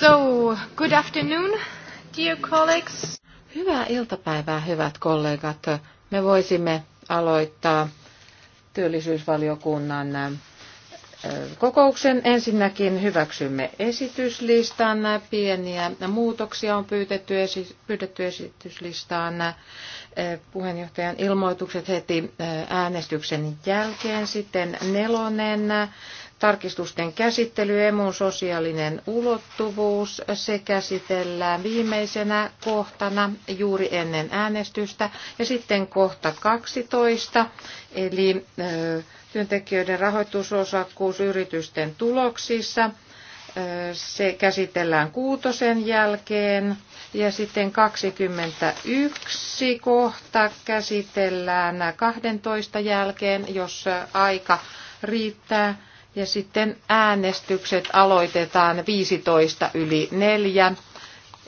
So, good afternoon, dear colleagues. Hyvää iltapäivää, hyvät kollegat. Me voisimme aloittaa työllisyysvaliokunnan kokouksen. Ensinnäkin hyväksymme esityslistan. Pieniä muutoksia on pyydetty, esi- pyydetty esityslistaan. Puheenjohtajan ilmoitukset heti äänestyksen jälkeen. Sitten nelonen Tarkistusten käsittely, emun sosiaalinen ulottuvuus, se käsitellään viimeisenä kohtana juuri ennen äänestystä. Ja sitten kohta 12, eli työntekijöiden rahoitusosakkuus yritysten tuloksissa. Se käsitellään kuutosen jälkeen ja sitten 21 kohta käsitellään 12 jälkeen, jos aika riittää ja sitten äänestykset aloitetaan 15 yli 4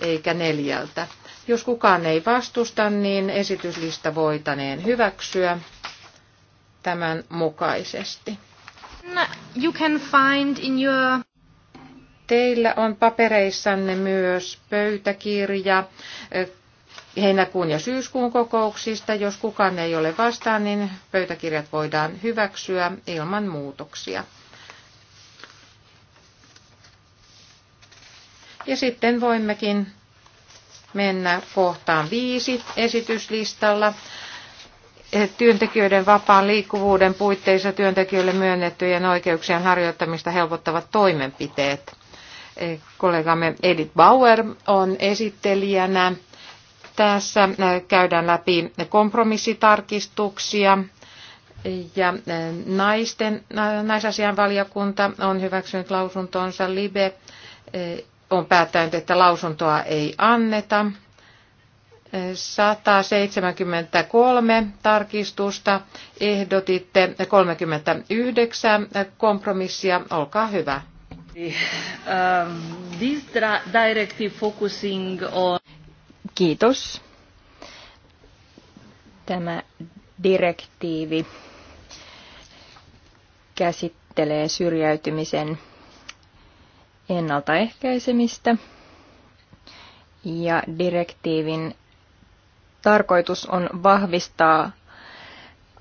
eikä neljältä. Jos kukaan ei vastusta, niin esityslista voitaneen hyväksyä tämän mukaisesti. You can find in your... Teillä on papereissanne myös pöytäkirja eh, heinäkuun ja syyskuun kokouksista. Jos kukaan ei ole vastaan, niin pöytäkirjat voidaan hyväksyä ilman muutoksia. Ja sitten voimmekin mennä kohtaan viisi esityslistalla. Työntekijöiden vapaan liikkuvuuden puitteissa työntekijöille myönnettyjen oikeuksien harjoittamista helpottavat toimenpiteet. Kollegamme Edith Bauer on esittelijänä. Tässä käydään läpi kompromissitarkistuksia ja naisten, naisasianvaliokunta on hyväksynyt lausuntonsa Libe on päättänyt, että lausuntoa ei anneta. 173 tarkistusta ehdotitte 39 kompromissia. Olkaa hyvä. on... Kiitos. Tämä direktiivi käsittelee syrjäytymisen ennaltaehkäisemistä. Ja direktiivin tarkoitus on vahvistaa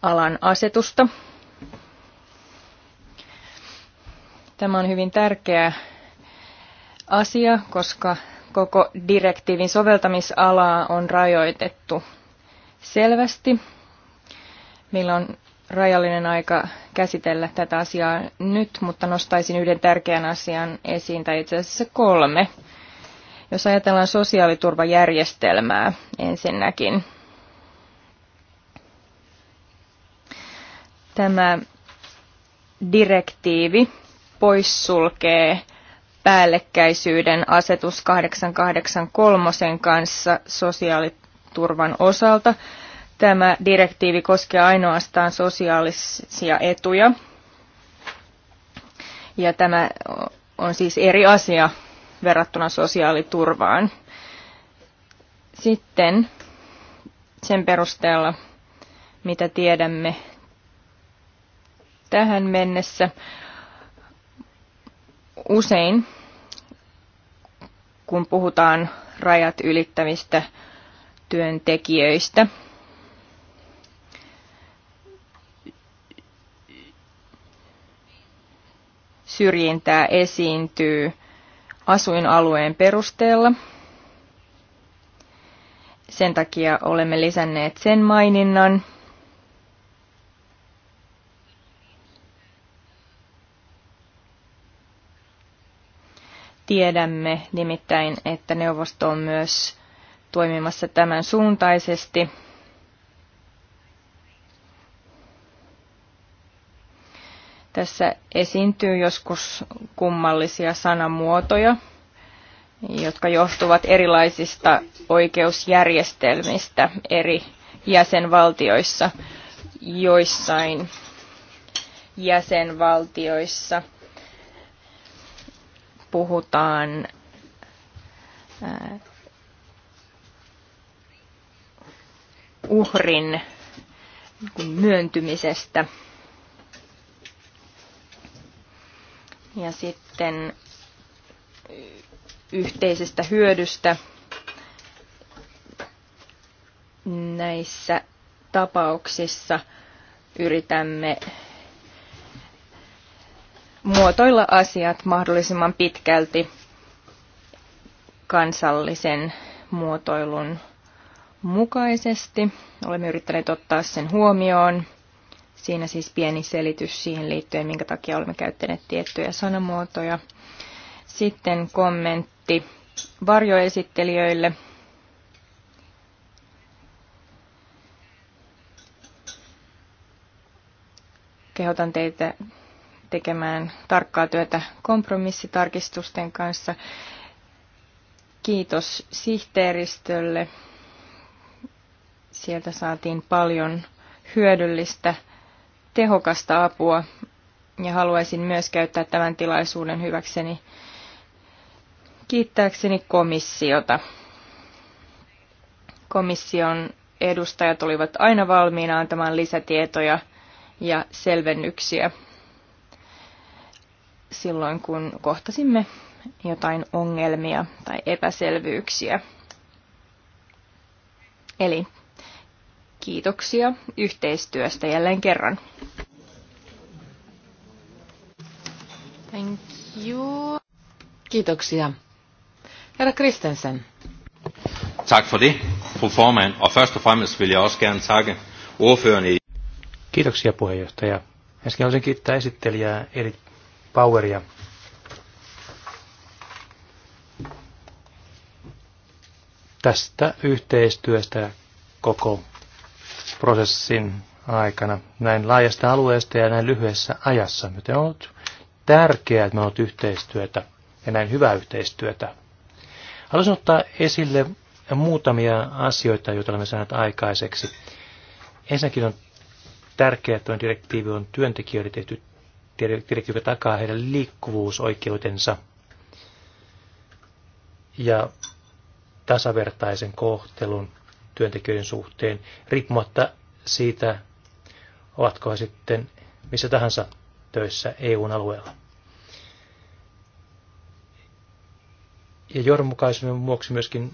alan asetusta. Tämä on hyvin tärkeä asia, koska koko direktiivin soveltamisalaa on rajoitettu selvästi. Meillä on rajallinen aika käsitellä tätä asiaa nyt, mutta nostaisin yhden tärkeän asian esiin, tai itse asiassa kolme. Jos ajatellaan sosiaaliturvajärjestelmää ensinnäkin. Tämä direktiivi poissulkee päällekkäisyyden asetus 883 kanssa sosiaaliturvan osalta, Tämä direktiivi koskee ainoastaan sosiaalisia etuja. Ja tämä on siis eri asia verrattuna sosiaaliturvaan. Sitten sen perusteella, mitä tiedämme tähän mennessä, usein kun puhutaan rajat ylittävistä työntekijöistä, syrjintää esiintyy asuinalueen perusteella. Sen takia olemme lisänneet sen maininnan. Tiedämme nimittäin, että neuvosto on myös toimimassa tämän suuntaisesti. Tässä esiintyy joskus kummallisia sanamuotoja, jotka johtuvat erilaisista oikeusjärjestelmistä eri jäsenvaltioissa, joissain jäsenvaltioissa puhutaan äh, uhrin myöntymisestä Ja sitten yhteisestä hyödystä näissä tapauksissa yritämme muotoilla asiat mahdollisimman pitkälti kansallisen muotoilun mukaisesti. Olemme yrittäneet ottaa sen huomioon Siinä siis pieni selitys siihen liittyen, minkä takia olemme käyttäneet tiettyjä sanamuotoja. Sitten kommentti varjoesittelijöille. Kehotan teitä tekemään tarkkaa työtä kompromissitarkistusten kanssa. Kiitos sihteeristölle. Sieltä saatiin paljon hyödyllistä tehokasta apua ja haluaisin myös käyttää tämän tilaisuuden hyväkseni kiittääkseni komissiota. Komission edustajat olivat aina valmiina antamaan lisätietoja ja selvennyksiä silloin, kun kohtasimme jotain ongelmia tai epäselvyyksiä. Eli Kiitoksia yhteistyöstä jälleen kerran. Thank you. Kiitoksia. Herra Kristensen. Tack för det, fru formand. Och först och främst vill jag också gärna tacka ordførerne i... Kiitoksia puheenjohtaja. Ensinnäkin haluaisin kiittää esittelijää Erik Poweria. Tästä yhteistyöstä koko prosessin aikana näin laajasta alueesta ja näin lyhyessä ajassa. Joten on ollut tärkeää, että me ollut yhteistyötä ja näin hyvää yhteistyötä. Haluaisin ottaa esille muutamia asioita, joita olemme saaneet aikaiseksi. Ensinnäkin on tärkeää, että direktiivi on työntekijöille tehty direktiivi, joka takaa heidän liikkuvuusoikeutensa ja tasavertaisen kohtelun työntekijöiden suhteen, riippumatta siitä, ovatko he sitten missä tahansa töissä EUn alueella. Ja johdonmukaisuuden vuoksi myöskin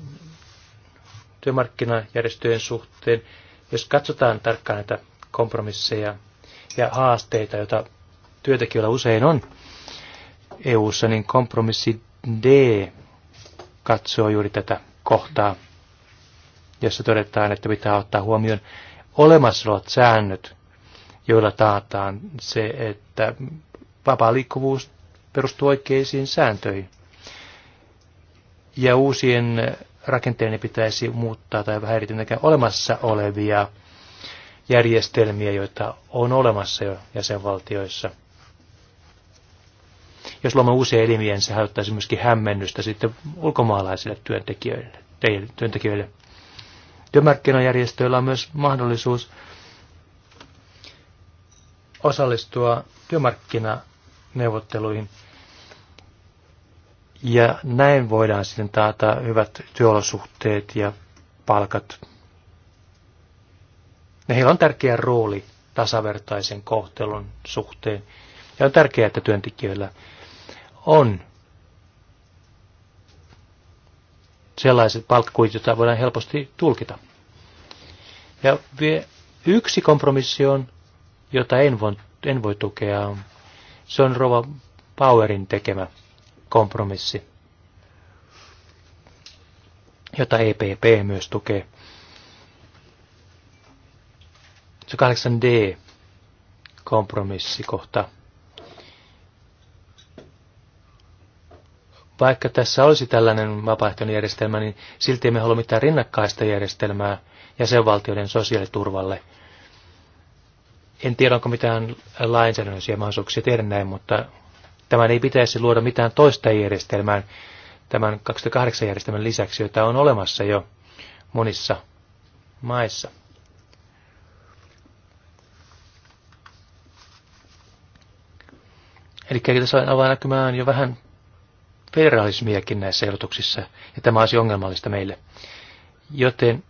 työmarkkinajärjestöjen suhteen, jos katsotaan tarkkaan näitä kompromisseja ja haasteita, joita työntekijöillä usein on EU:ssa, niin kompromissi D katsoo juuri tätä kohtaa jossa todetaan, että pitää ottaa huomioon olemassa olevat säännöt, joilla taataan se, että vapaa liikkuvuus perustuu oikeisiin sääntöihin. Ja uusien rakenteiden pitäisi muuttaa tai vähän näkään olemassa olevia järjestelmiä, joita on olemassa jo jäsenvaltioissa. Jos luomme uusia elimiä, niin se myöskin hämmennystä sitten ulkomaalaisille työntekijöille. työntekijöille. Työmarkkinajärjestöillä on myös mahdollisuus osallistua työmarkkinaneuvotteluihin. Ja näin voidaan sitten taata hyvät työolosuhteet ja palkat. Ja heillä on tärkeä rooli tasavertaisen kohtelun suhteen. Ja on tärkeää, että työntekijöillä on sellaiset palkkuit, joita voidaan helposti tulkita. Ja yksi kompromissi on, jota en voi, en voi tukea, se on Rova Powerin tekemä kompromissi, jota EPP myös tukee. Se 8D kompromissikohta. Vaikka tässä olisi tällainen vapaaehtoinen järjestelmä, niin silti emme halua mitään rinnakkaista järjestelmää jäsenvaltioiden sosiaaliturvalle. En tiedä, onko mitään lainsäädännöllisiä mahdollisuuksia tehdä näin, mutta tämän ei pitäisi luoda mitään toista järjestelmään tämän 2008 järjestelmän lisäksi, jota on olemassa jo monissa maissa. Eli tässä alkaa näkymään jo vähän federalismiakin näissä ehdotuksissa, ja tämä olisi ongelmallista meille. Joten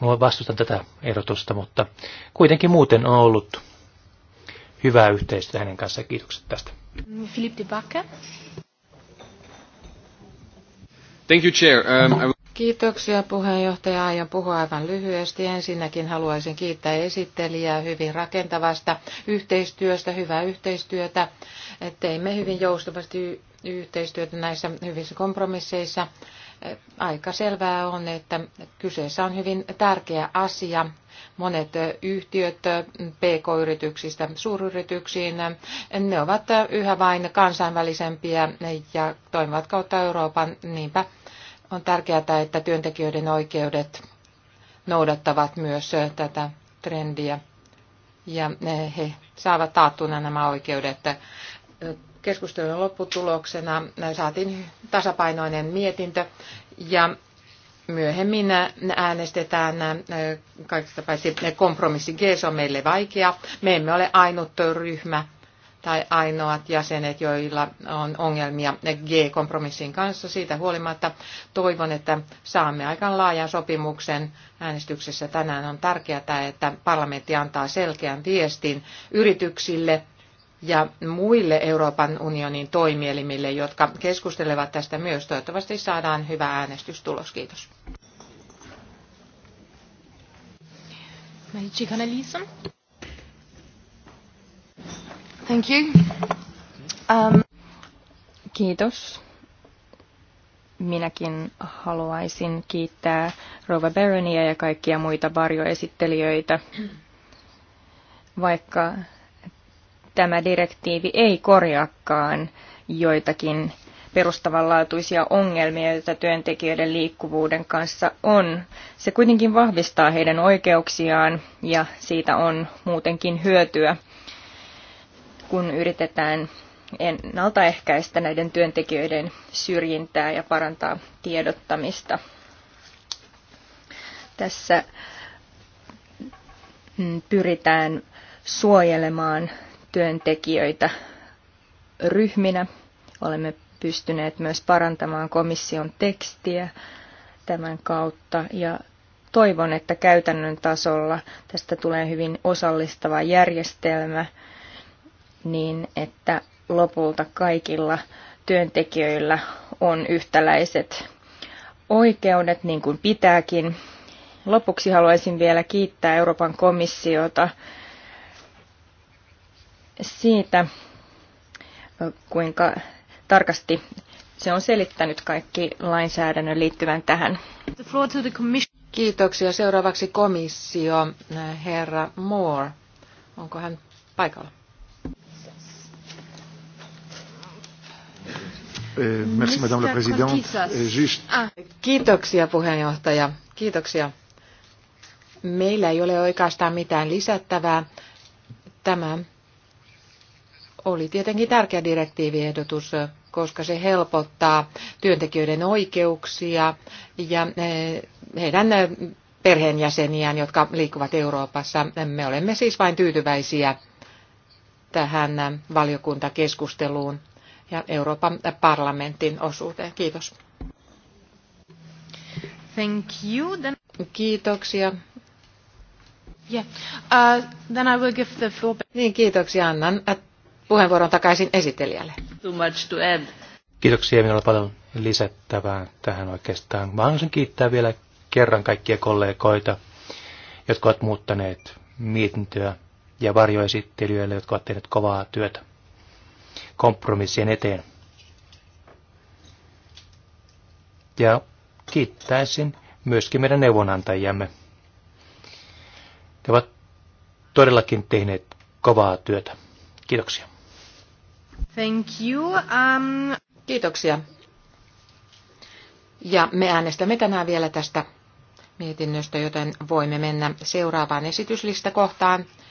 minua vastustan tätä ehdotusta, mutta kuitenkin muuten on ollut hyvää yhteistyötä hänen kanssaan. Kiitokset tästä. Philippe de Thank you, Chair. Um, I... Kiitoksia puheenjohtaja. Aion puhua aivan lyhyesti. Ensinnäkin haluaisin kiittää esittelijää hyvin rakentavasta yhteistyöstä, hyvää yhteistyötä. Teimme hyvin joustavasti yhteistyötä näissä hyvissä kompromisseissa. Aika selvää on, että kyseessä on hyvin tärkeä asia. Monet yhtiöt pk-yrityksistä suuryrityksiin, ne ovat yhä vain kansainvälisempiä ja toimivat kautta Euroopan, niinpä on tärkeää, että työntekijöiden oikeudet noudattavat myös tätä trendiä ja he saavat taattuna nämä oikeudet. Keskustelun lopputuloksena saatiin tasapainoinen mietintö ja myöhemmin äänestetään kaikista paitsi kompromissi G, on meille vaikea. Me emme ole ainut ryhmä, tai ainoat jäsenet, joilla on ongelmia G-kompromissin kanssa. Siitä huolimatta toivon, että saamme aikaan laajan sopimuksen äänestyksessä. Tänään on tärkeää, että parlamentti antaa selkeän viestin yrityksille ja muille Euroopan unionin toimielimille, jotka keskustelevat tästä myös. Toivottavasti saadaan hyvä äänestystulos. Kiitos. Magic Annalisa. Thank you. Um... Kiitos. Minäkin haluaisin kiittää Rova Baronia ja kaikkia muita varjoesittelijöitä. Vaikka tämä direktiivi ei korjaakaan joitakin perustavanlaatuisia ongelmia, joita työntekijöiden liikkuvuuden kanssa on. Se kuitenkin vahvistaa heidän oikeuksiaan ja siitä on muutenkin hyötyä kun yritetään ennaltaehkäistä näiden työntekijöiden syrjintää ja parantaa tiedottamista. Tässä mm, pyritään suojelemaan työntekijöitä ryhminä. Olemme pystyneet myös parantamaan komission tekstiä tämän kautta ja toivon, että käytännön tasolla tästä tulee hyvin osallistava järjestelmä, niin, että lopulta kaikilla työntekijöillä on yhtäläiset oikeudet, niin kuin pitääkin. Lopuksi haluaisin vielä kiittää Euroopan komissiota siitä, kuinka tarkasti se on selittänyt kaikki lainsäädännön liittyvän tähän. Kiitoksia. Seuraavaksi komissio, eh, herra Moore. Onko hän paikalla? Eh, merci, Madame la Présidente. Eh, Just... Ah. Kiitoksia puheenjohtaja. Kiitoksia. Meillä ei ole oikeastaan mitään lisättävää. Tämä oli tietenkin tärkeä direktiiviehdotus, koska se helpottaa työntekijöiden oikeuksia ja eh, heidän perheenjäseniään, jotka liikkuvat Euroopassa. Me olemme siis vain tyytyväisiä tähän valiokuntakeskusteluun ja Euroopan parlamentin osuuteen. Kiitos. Thank you. Then... Kiitoksia. Yeah. Uh, then I will give the floor... Niin, kiitoksia. Annan äh, puheenvuoron takaisin esittelijälle. Too much to add. Kiitoksia. Minulla on paljon lisättävää tähän oikeastaan. Mä haluaisin kiittää vielä kerran kaikkia kollegoita, jotka ovat muuttaneet mietintöä ja varjoesittelijöille, jotka ovat tehneet kovaa työtä kompromissien eteen. Ja kiittäisin myöskin meidän neuvonantajiamme. He ovat todellakin tehneet kovaa työtä. Kiitoksia. Thank you. Um... Kiitoksia. Ja me äänestämme tänään vielä tästä mietinnöstä, joten voimme mennä seuraavaan esityslistakohtaan. kohtaan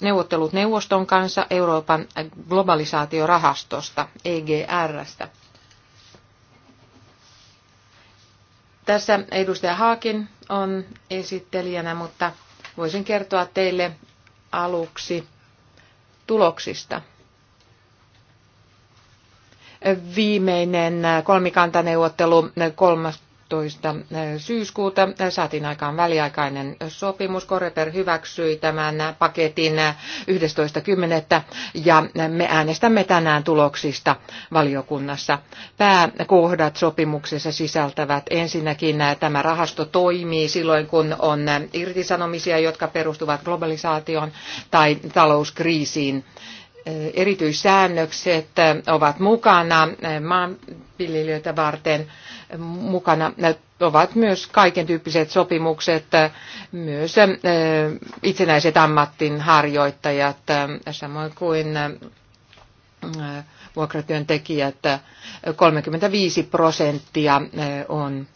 neuvottelut neuvoston kanssa Euroopan globalisaatiorahastosta, EGRstä. Tässä edustaja Haakin on esittelijänä, mutta voisin kertoa teille aluksi tuloksista. Viimeinen kolmikantaneuvottelu 30. 16. syyskuuta saatiin aikaan väliaikainen sopimus. Koreper hyväksyi tämän paketin 11.10. ja me äänestämme tänään tuloksista valiokunnassa. Pääkohdat sopimuksessa sisältävät ensinnäkin tämä rahasto toimii silloin, kun on irtisanomisia, jotka perustuvat globalisaatioon tai talouskriisiin erityissäännökset ovat mukana maanviljelijöitä varten mukana ovat myös kaiken tyyppiset sopimukset, myös eh, itsenäiset ammattinharjoittajat, eh, samoin kuin eh, vuokratyöntekijät. 35 prosenttia on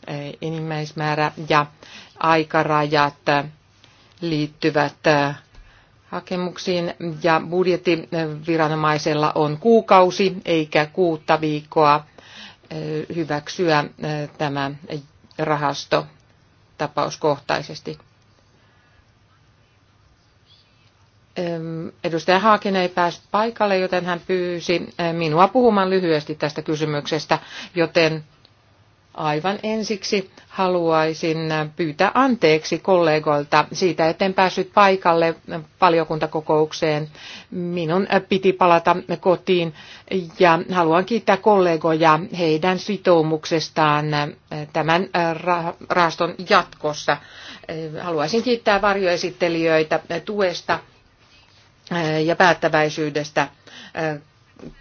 enimmäismäärä ja aikarajat liittyvät hakemuksiin ja budjettiviranomaisella on kuukausi eikä kuutta viikkoa hyväksyä tämä rahasto tapauskohtaisesti. Edustaja Haakin ei päässyt paikalle, joten hän pyysi minua puhumaan lyhyesti tästä kysymyksestä, joten Aivan ensiksi haluaisin pyytää anteeksi kollegoilta siitä, etten päässyt paikalle valiokuntakokoukseen. Minun piti palata kotiin ja haluan kiittää kollegoja heidän sitoumuksestaan tämän rahaston jatkossa. Haluaisin kiittää varjoesittelijöitä tuesta ja päättäväisyydestä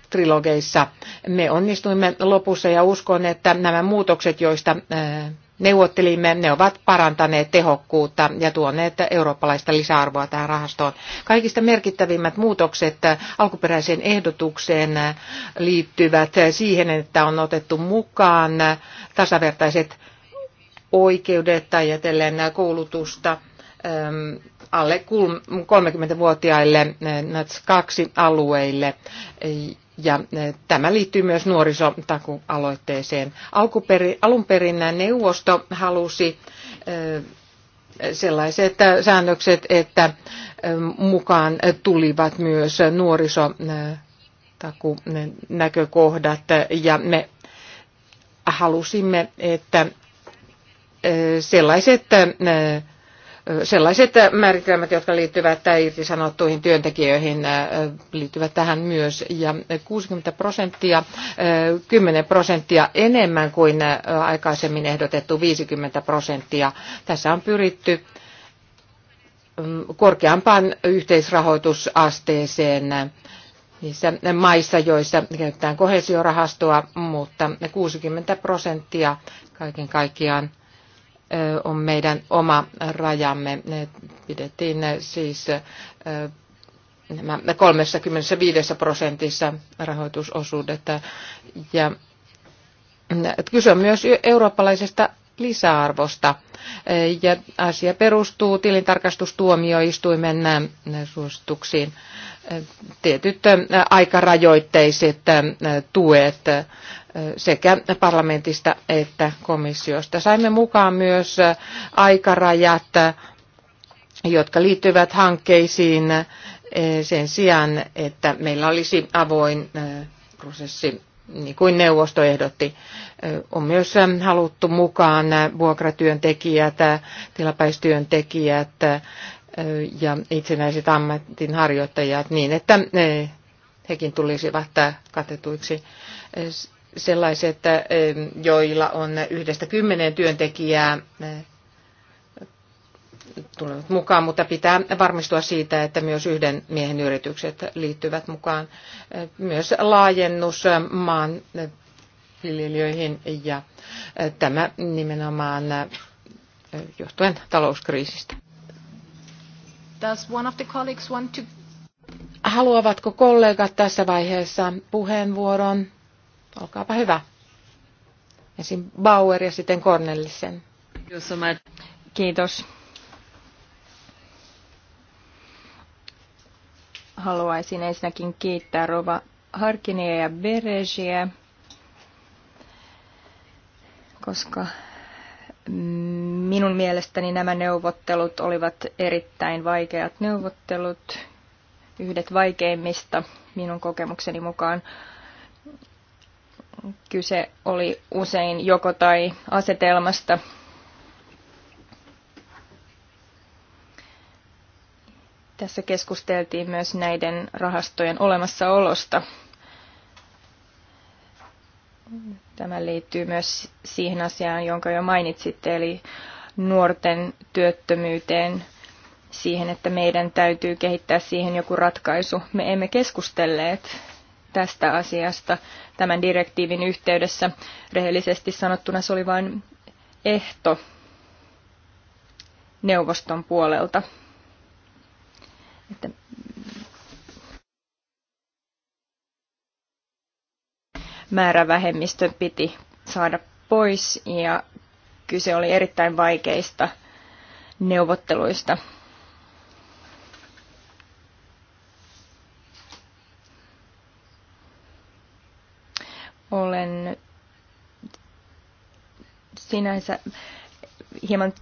trilogeissa. Me onnistuimme lopussa ja uskon, että nämä muutokset, joista äh, neuvottelimme, ne ovat parantaneet tehokkuutta ja tuoneet eurooppalaista lisäarvoa tähän rahastoon. Kaikista merkittävimmät muutokset äh, alkuperäiseen ehdotukseen äh, liittyvät siihen, että on otettu mukaan tasavertaiset oikeudet ajatellen koulutusta, ähm, alle 30-vuotiaille eh, NATS 2-alueille. Ja eh, tämä liittyy myös nuorisotakualoitteeseen. alun perin neuvosto halusi eh, sellaiset säännökset, että mukaan tulivat myös nuorisotakunäkökohdat ja me halusimme, että sellaiset sellaiset määritelmät, jotka liittyvät irtisanottuihin työntekijöihin, äh, liittyvät tähän myös. Ja 60 prosenttia, 10 äh, prosenttia enemmän kuin äh, aikaisemmin ehdotettu 50 prosenttia. Tässä on pyritty mm, korkeampaan yhteisrahoitusasteeseen niissä maissa, joissa käytetään kohesiorahastoa, mutta 60 prosenttia kaiken kaikkiaan on meidän oma rajamme. Ne pidettiin siis nämä 35 prosentissa rahoitusosuudet. Ja kyse on myös eurooppalaisesta lisäarvosta. Ja asia perustuu tilintarkastustuomioistuimen suosituksiin tietyt aikarajoitteiset tuet sekä parlamentista että komissiosta. Saimme mukaan myös aikarajat, jotka liittyvät hankkeisiin sen sijaan, että meillä olisi avoin prosessi, niin kuin neuvosto ehdotti. On myös haluttu mukaan vuokratyöntekijät, tilapäistyöntekijät ja itsenäiset ammatinharjoittajat niin, että hekin tulisivat katetuiksi sellaiset, joilla on yhdestä kymmeneen työntekijää tulevat mukaan, mutta pitää varmistua siitä, että myös yhden miehen yritykset liittyvät mukaan. Myös laajennus maan viljelijöihin ja tämä nimenomaan johtuen talouskriisistä. Does one of the colleagues want to... Haluavatko kollegat tässä vaiheessa puheenvuoron? Olkaapa hyvä. Ensin Bauer ja sitten Cornelissen. Kiitos. Haluaisin ensinnäkin kiittää Rova Harkinia ja Beresiä, koska Minun mielestäni nämä neuvottelut olivat erittäin vaikeat neuvottelut, yhdet vaikeimmista minun kokemukseni mukaan. Kyse oli usein joko tai asetelmasta. Tässä keskusteltiin myös näiden rahastojen olemassaolosta. Tämä liittyy myös siihen asiaan, jonka jo mainitsitte, eli nuorten työttömyyteen, siihen, että meidän täytyy kehittää siihen joku ratkaisu. Me emme keskustelleet tästä asiasta tämän direktiivin yhteydessä. Rehellisesti sanottuna se oli vain ehto neuvoston puolelta. Että määrävähemmistö piti saada pois ja kyse oli erittäin vaikeista neuvotteluista. Olen sinänsä hieman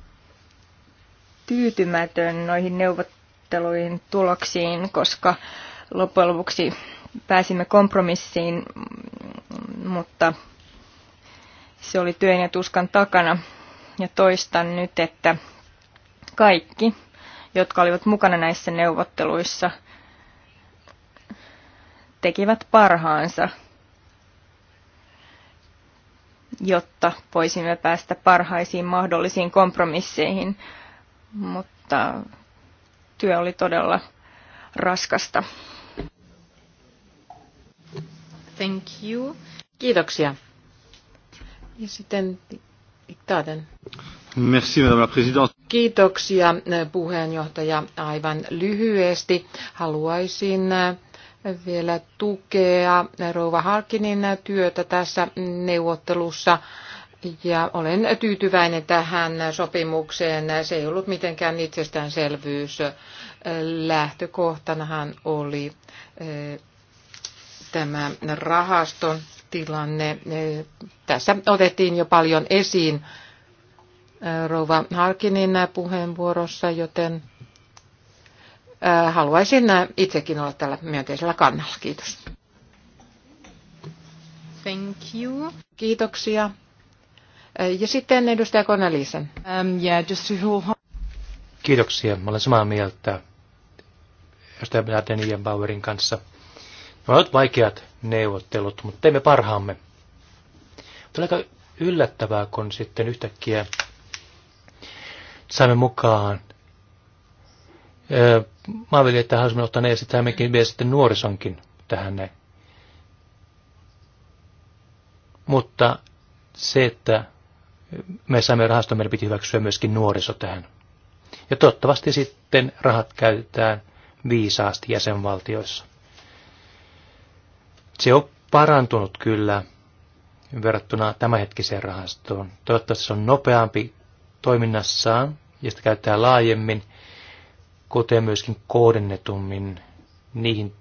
tyytymätön noihin neuvotteluihin tuloksiin, koska loppujen lopuksi pääsimme kompromissiin, mutta se oli työn ja tuskan takana. Ja toistan nyt, että kaikki, jotka olivat mukana näissä neuvotteluissa, tekivät parhaansa, jotta voisimme päästä parhaisiin mahdollisiin kompromisseihin. Mutta työ oli todella raskasta. Thank you. Kiitoksia. Ja sitten Merci, madame la présidente. Kiitoksia eh, puheenjohtaja. Aivan lyhyesti haluaisin eh, vielä tukea Rouva Harkinin työtä tässä neuvottelussa. Ja olen tyytyväinen tähän sopimukseen. Se ei ollut mitenkään itsestäänselvyys. Eh, lähtökohtanahan oli tämä rahaston tilanne. E, tässä otettiin jo paljon esiin e, rouva Harkinin puheenvuorossa, joten e, haluaisin itsekin olla tällä myönteisellä kannalla. Kiitos. Thank you. Kiitoksia. Ja sitten edustaja Konaliisen. Um, yeah, just to... Kiitoksia. Mä olen samaa mieltä edustaja Bjardenin ja Bauerin kanssa – ovat vaikeat neuvottelut, mutta teemme parhaamme. Mutta aika yllättävää, kun sitten yhtäkkiä saimme mukaan maanviljelijät tähän halusimme ottaa ne ja sitten mekin vie sitten nuorisonkin tähän ne. Mutta se, että me saimme rahaston, meidän piti hyväksyä myöskin nuoriso tähän. Ja toivottavasti sitten rahat käytetään viisaasti jäsenvaltioissa. Se on parantunut kyllä verrattuna tämänhetkiseen rahastoon. Toivottavasti se on nopeampi toiminnassaan ja sitä käyttää laajemmin, kuten myöskin kohdennetummin niihin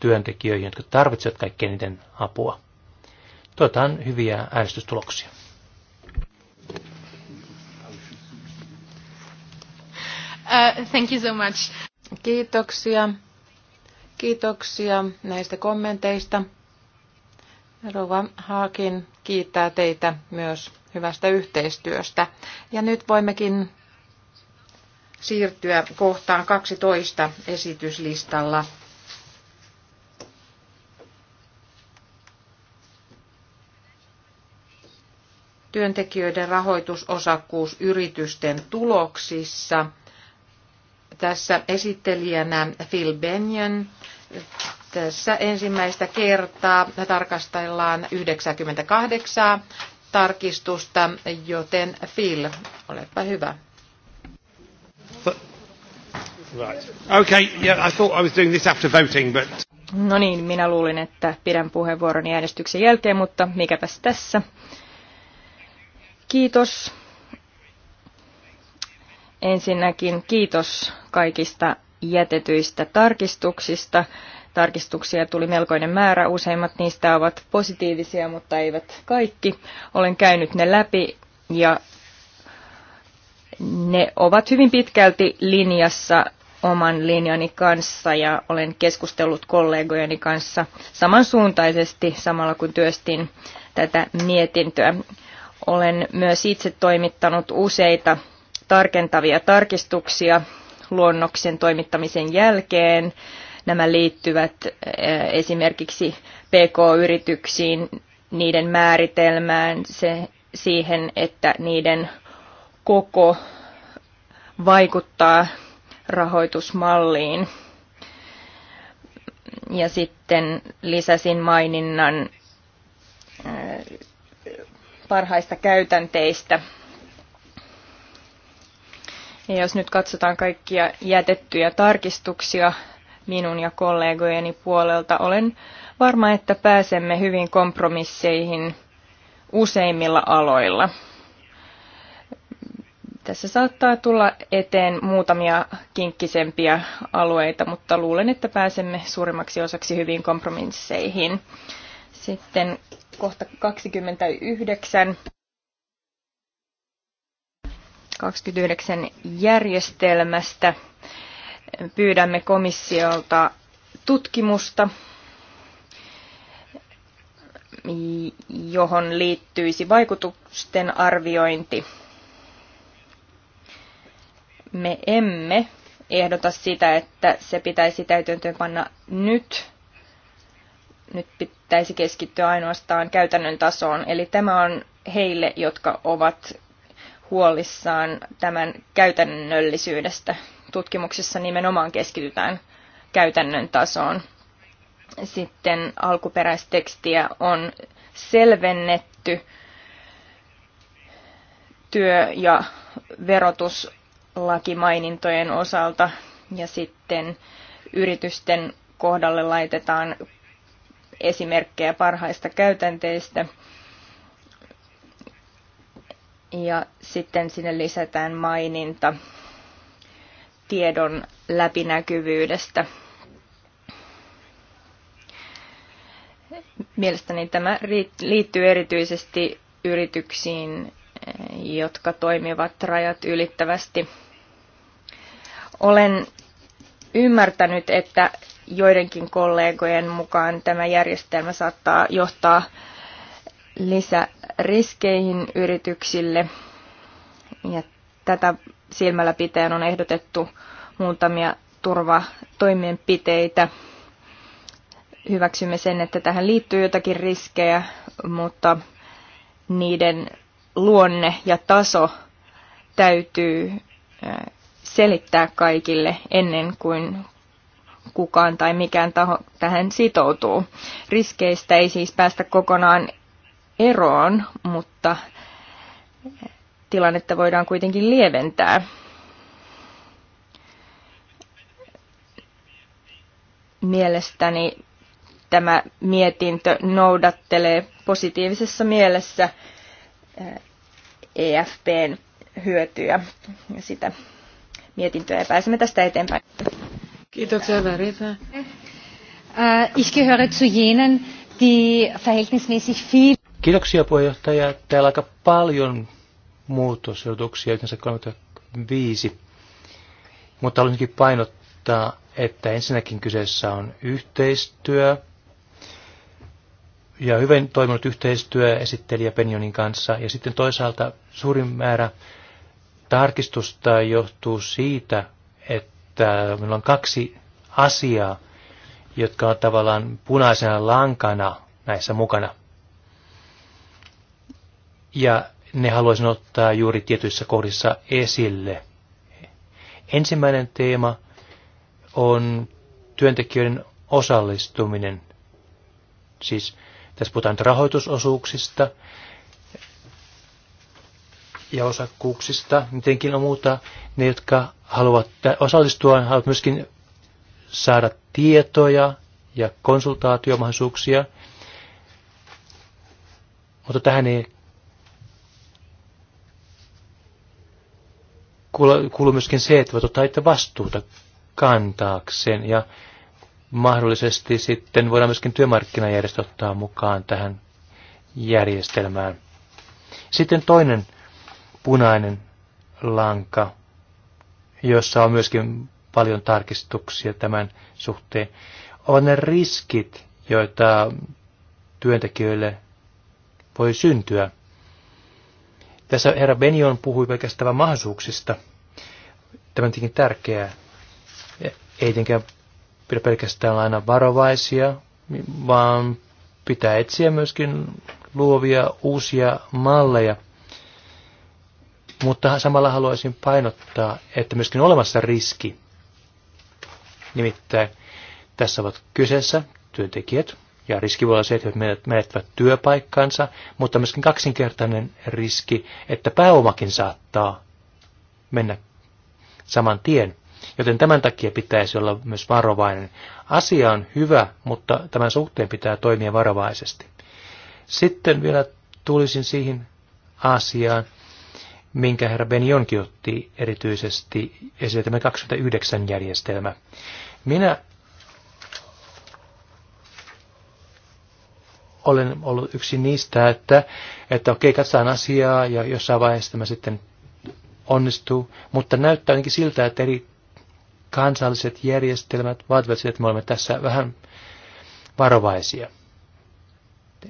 työntekijöihin, jotka tarvitsevat kaikkein eniten apua. Toivotaan hyviä äänestystuloksia. Uh, thank you so much. Kiitoksia. Kiitoksia näistä kommenteista. Rova Haakin kiittää teitä myös hyvästä yhteistyöstä. Ja nyt voimmekin siirtyä kohtaan 12 esityslistalla. Työntekijöiden rahoitusosakkuus yritysten tuloksissa – tässä esittelijänä Phil Benyon. Tässä ensimmäistä kertaa tarkastellaan 98 tarkistusta, joten Phil, olepa hyvä. No niin, minä luulin, että pidän puheenvuoroni äänestyksen jälkeen, mutta mikäpäs tässä. Kiitos Ensinnäkin kiitos kaikista jätetyistä tarkistuksista. Tarkistuksia tuli melkoinen määrä, useimmat niistä ovat positiivisia, mutta eivät kaikki. Olen käynyt ne läpi ja ne ovat hyvin pitkälti linjassa oman linjani kanssa ja olen keskustellut kollegojeni kanssa samansuuntaisesti samalla kun työstin tätä mietintöä. Olen myös itse toimittanut useita tarkentavia tarkistuksia luonnoksen toimittamisen jälkeen. Nämä liittyvät eh, esimerkiksi PK-yrityksiin, niiden määritelmään, se, siihen, että niiden koko vaikuttaa rahoitusmalliin. Ja sitten lisäsin maininnan eh, parhaista käytänteistä ja jos nyt katsotaan kaikkia jätettyjä tarkistuksia minun ja kollegojeni puolelta, olen varma, että pääsemme hyvin kompromisseihin useimmilla aloilla. Tässä saattaa tulla eteen muutamia kinkkisempiä alueita, mutta luulen, että pääsemme suurimmaksi osaksi hyvin kompromisseihin. Sitten kohta 29. 29 järjestelmästä. Pyydämme komissiolta tutkimusta, johon liittyisi vaikutusten arviointi. Me emme ehdota sitä, että se pitäisi täytäntöön panna nyt. Nyt pitäisi keskittyä ainoastaan käytännön tasoon. Eli tämä on heille, jotka ovat huolissaan tämän käytännöllisyydestä. Tutkimuksessa nimenomaan keskitytään käytännön tasoon. Sitten alkuperäistekstiä on selvennetty työ- ja verotuslakimainintojen osalta ja sitten yritysten kohdalle laitetaan esimerkkejä parhaista käytänteistä ja sitten sinne lisätään maininta tiedon läpinäkyvyydestä. Mielestäni tämä liittyy erityisesti yrityksiin, eh, jotka toimivat rajat ylittävästi. Olen ymmärtänyt, että joidenkin kollegojen mukaan tämä järjestelmä saattaa johtaa lisäriskeihin yrityksille. Ja tätä silmällä pitäen on ehdotettu muutamia turvatoimenpiteitä. Hyväksymme sen, että tähän liittyy jotakin riskejä, mutta niiden luonne ja taso täytyy selittää kaikille ennen kuin kukaan tai mikään taho tähän sitoutuu. Riskeistä ei siis päästä kokonaan eroon, mutta tilannetta voidaan kuitenkin lieventää. Mielestäni tämä mietintö noudattelee positiivisessa mielessä EFPn eh, e hyötyjä ja sitä mietintöä ja pääsemme tästä eteenpäin. Kiitoksia Verita. Eh, ich gehöre zu jenen, die verhältnismäßig viel Kiitoksia puheenjohtaja. Täällä aika paljon muutosjoituksia, yhteensä 35. Mutta haluaisinkin painottaa, että ensinnäkin kyseessä on yhteistyö ja hyvin toiminut yhteistyö esittelijä Penjonin kanssa. Ja sitten toisaalta suurin määrä tarkistusta johtuu siitä, että meillä on kaksi asiaa, jotka on tavallaan punaisena lankana näissä mukana ja ne haluaisin ottaa juuri tietyissä kohdissa esille. Ensimmäinen teema on työntekijöiden osallistuminen. Siis tässä puhutaan rahoitusosuuksista ja osakkuuksista. Mitenkin on muuta ne, jotka haluavat osallistua, haluavat myöskin saada tietoja ja konsultaatiomahdollisuuksia. Mutta tähän ei kuuluu myöskin se, että voit ottaa itse vastuuta kantaakseen ja mahdollisesti sitten voidaan myöskin työmarkkinajärjestö ottaa mukaan tähän järjestelmään. Sitten toinen punainen lanka, jossa on myöskin paljon tarkistuksia tämän suhteen, ovat ne riskit, joita työntekijöille voi syntyä tässä herra Benion puhui pelkästään mahdollisuuksista. Tämä on tietenkin tärkeää. Ei tietenkään pidä pelkästään aina varovaisia, vaan pitää etsiä myöskin luovia uusia malleja. Mutta samalla haluaisin painottaa, että myöskin olemassa riski. Nimittäin tässä ovat kyseessä työntekijät, ja riski voi olla se, että he menettävät työpaikkansa, mutta myöskin kaksinkertainen riski, että pääomakin saattaa mennä saman tien. Joten tämän takia pitäisi olla myös varovainen. Asia on hyvä, mutta tämän suhteen pitää toimia varovaisesti. Sitten vielä tulisin siihen asiaan, minkä herra Benjonkin otti erityisesti esille tämä 29 järjestelmä. Minä olen ollut yksi niistä, että, että okei, katsotaan asiaa ja jossain vaiheessa tämä sitten onnistuu, mutta näyttää ainakin siltä, että eri kansalliset järjestelmät vaativat sitä, että me olemme tässä vähän varovaisia.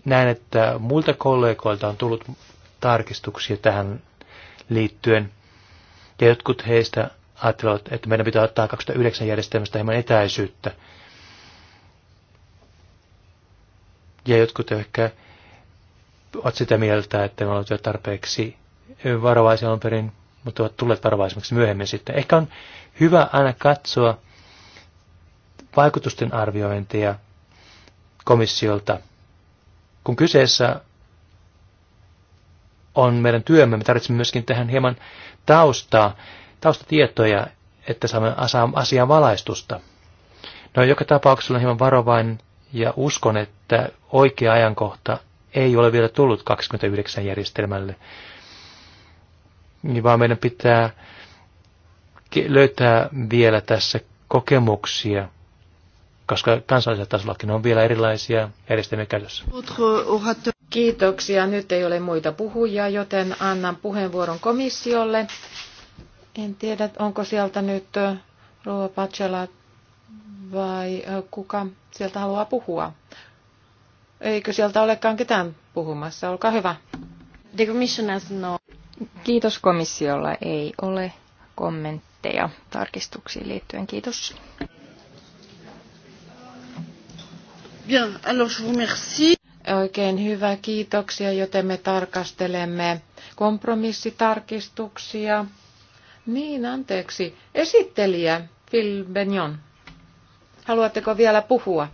Näen, että muilta kollegoilta on tullut tarkistuksia tähän liittyen, ja jotkut heistä ajattelevat, että meidän pitää ottaa 2009 järjestelmästä hieman etäisyyttä, Ja jotkut ehkä ovat sitä mieltä, että me ollaan tarpeeksi varovaisia on perin, mutta ovat tulleet varovaisemmiksi myöhemmin sitten. Ehkä on hyvä aina katsoa vaikutusten arviointia komissiolta. Kun kyseessä on meidän työmme, me tarvitsemme myöskin tähän hieman taustaa, taustatietoja, että saamme asiaan valaistusta. No joka tapauksessa on hieman varovainen ja uskon, että oikea ajankohta ei ole vielä tullut 29 järjestelmälle, niin vaan meidän pitää löytää vielä tässä kokemuksia, koska kansallisella tasollakin on vielä erilaisia järjestelmiä käytössä. Kiitoksia. Nyt ei ole muita puhujia, joten annan puheenvuoron komissiolle. En tiedä, onko sieltä nyt äh, Rouva Bachelat vai kuka sieltä haluaa puhua? Eikö sieltä olekaan ketään puhumassa? Olkaa hyvä. The commission has no. Kiitos komissiolla. Ei ole kommentteja tarkistuksiin liittyen. Kiitos. Bien, alors je vous remercie. Oikein hyvä, kiitoksia, joten me tarkastelemme kompromissitarkistuksia. Niin, anteeksi. Esittelijä Phil Benjon. Haluatteko vielä puhua?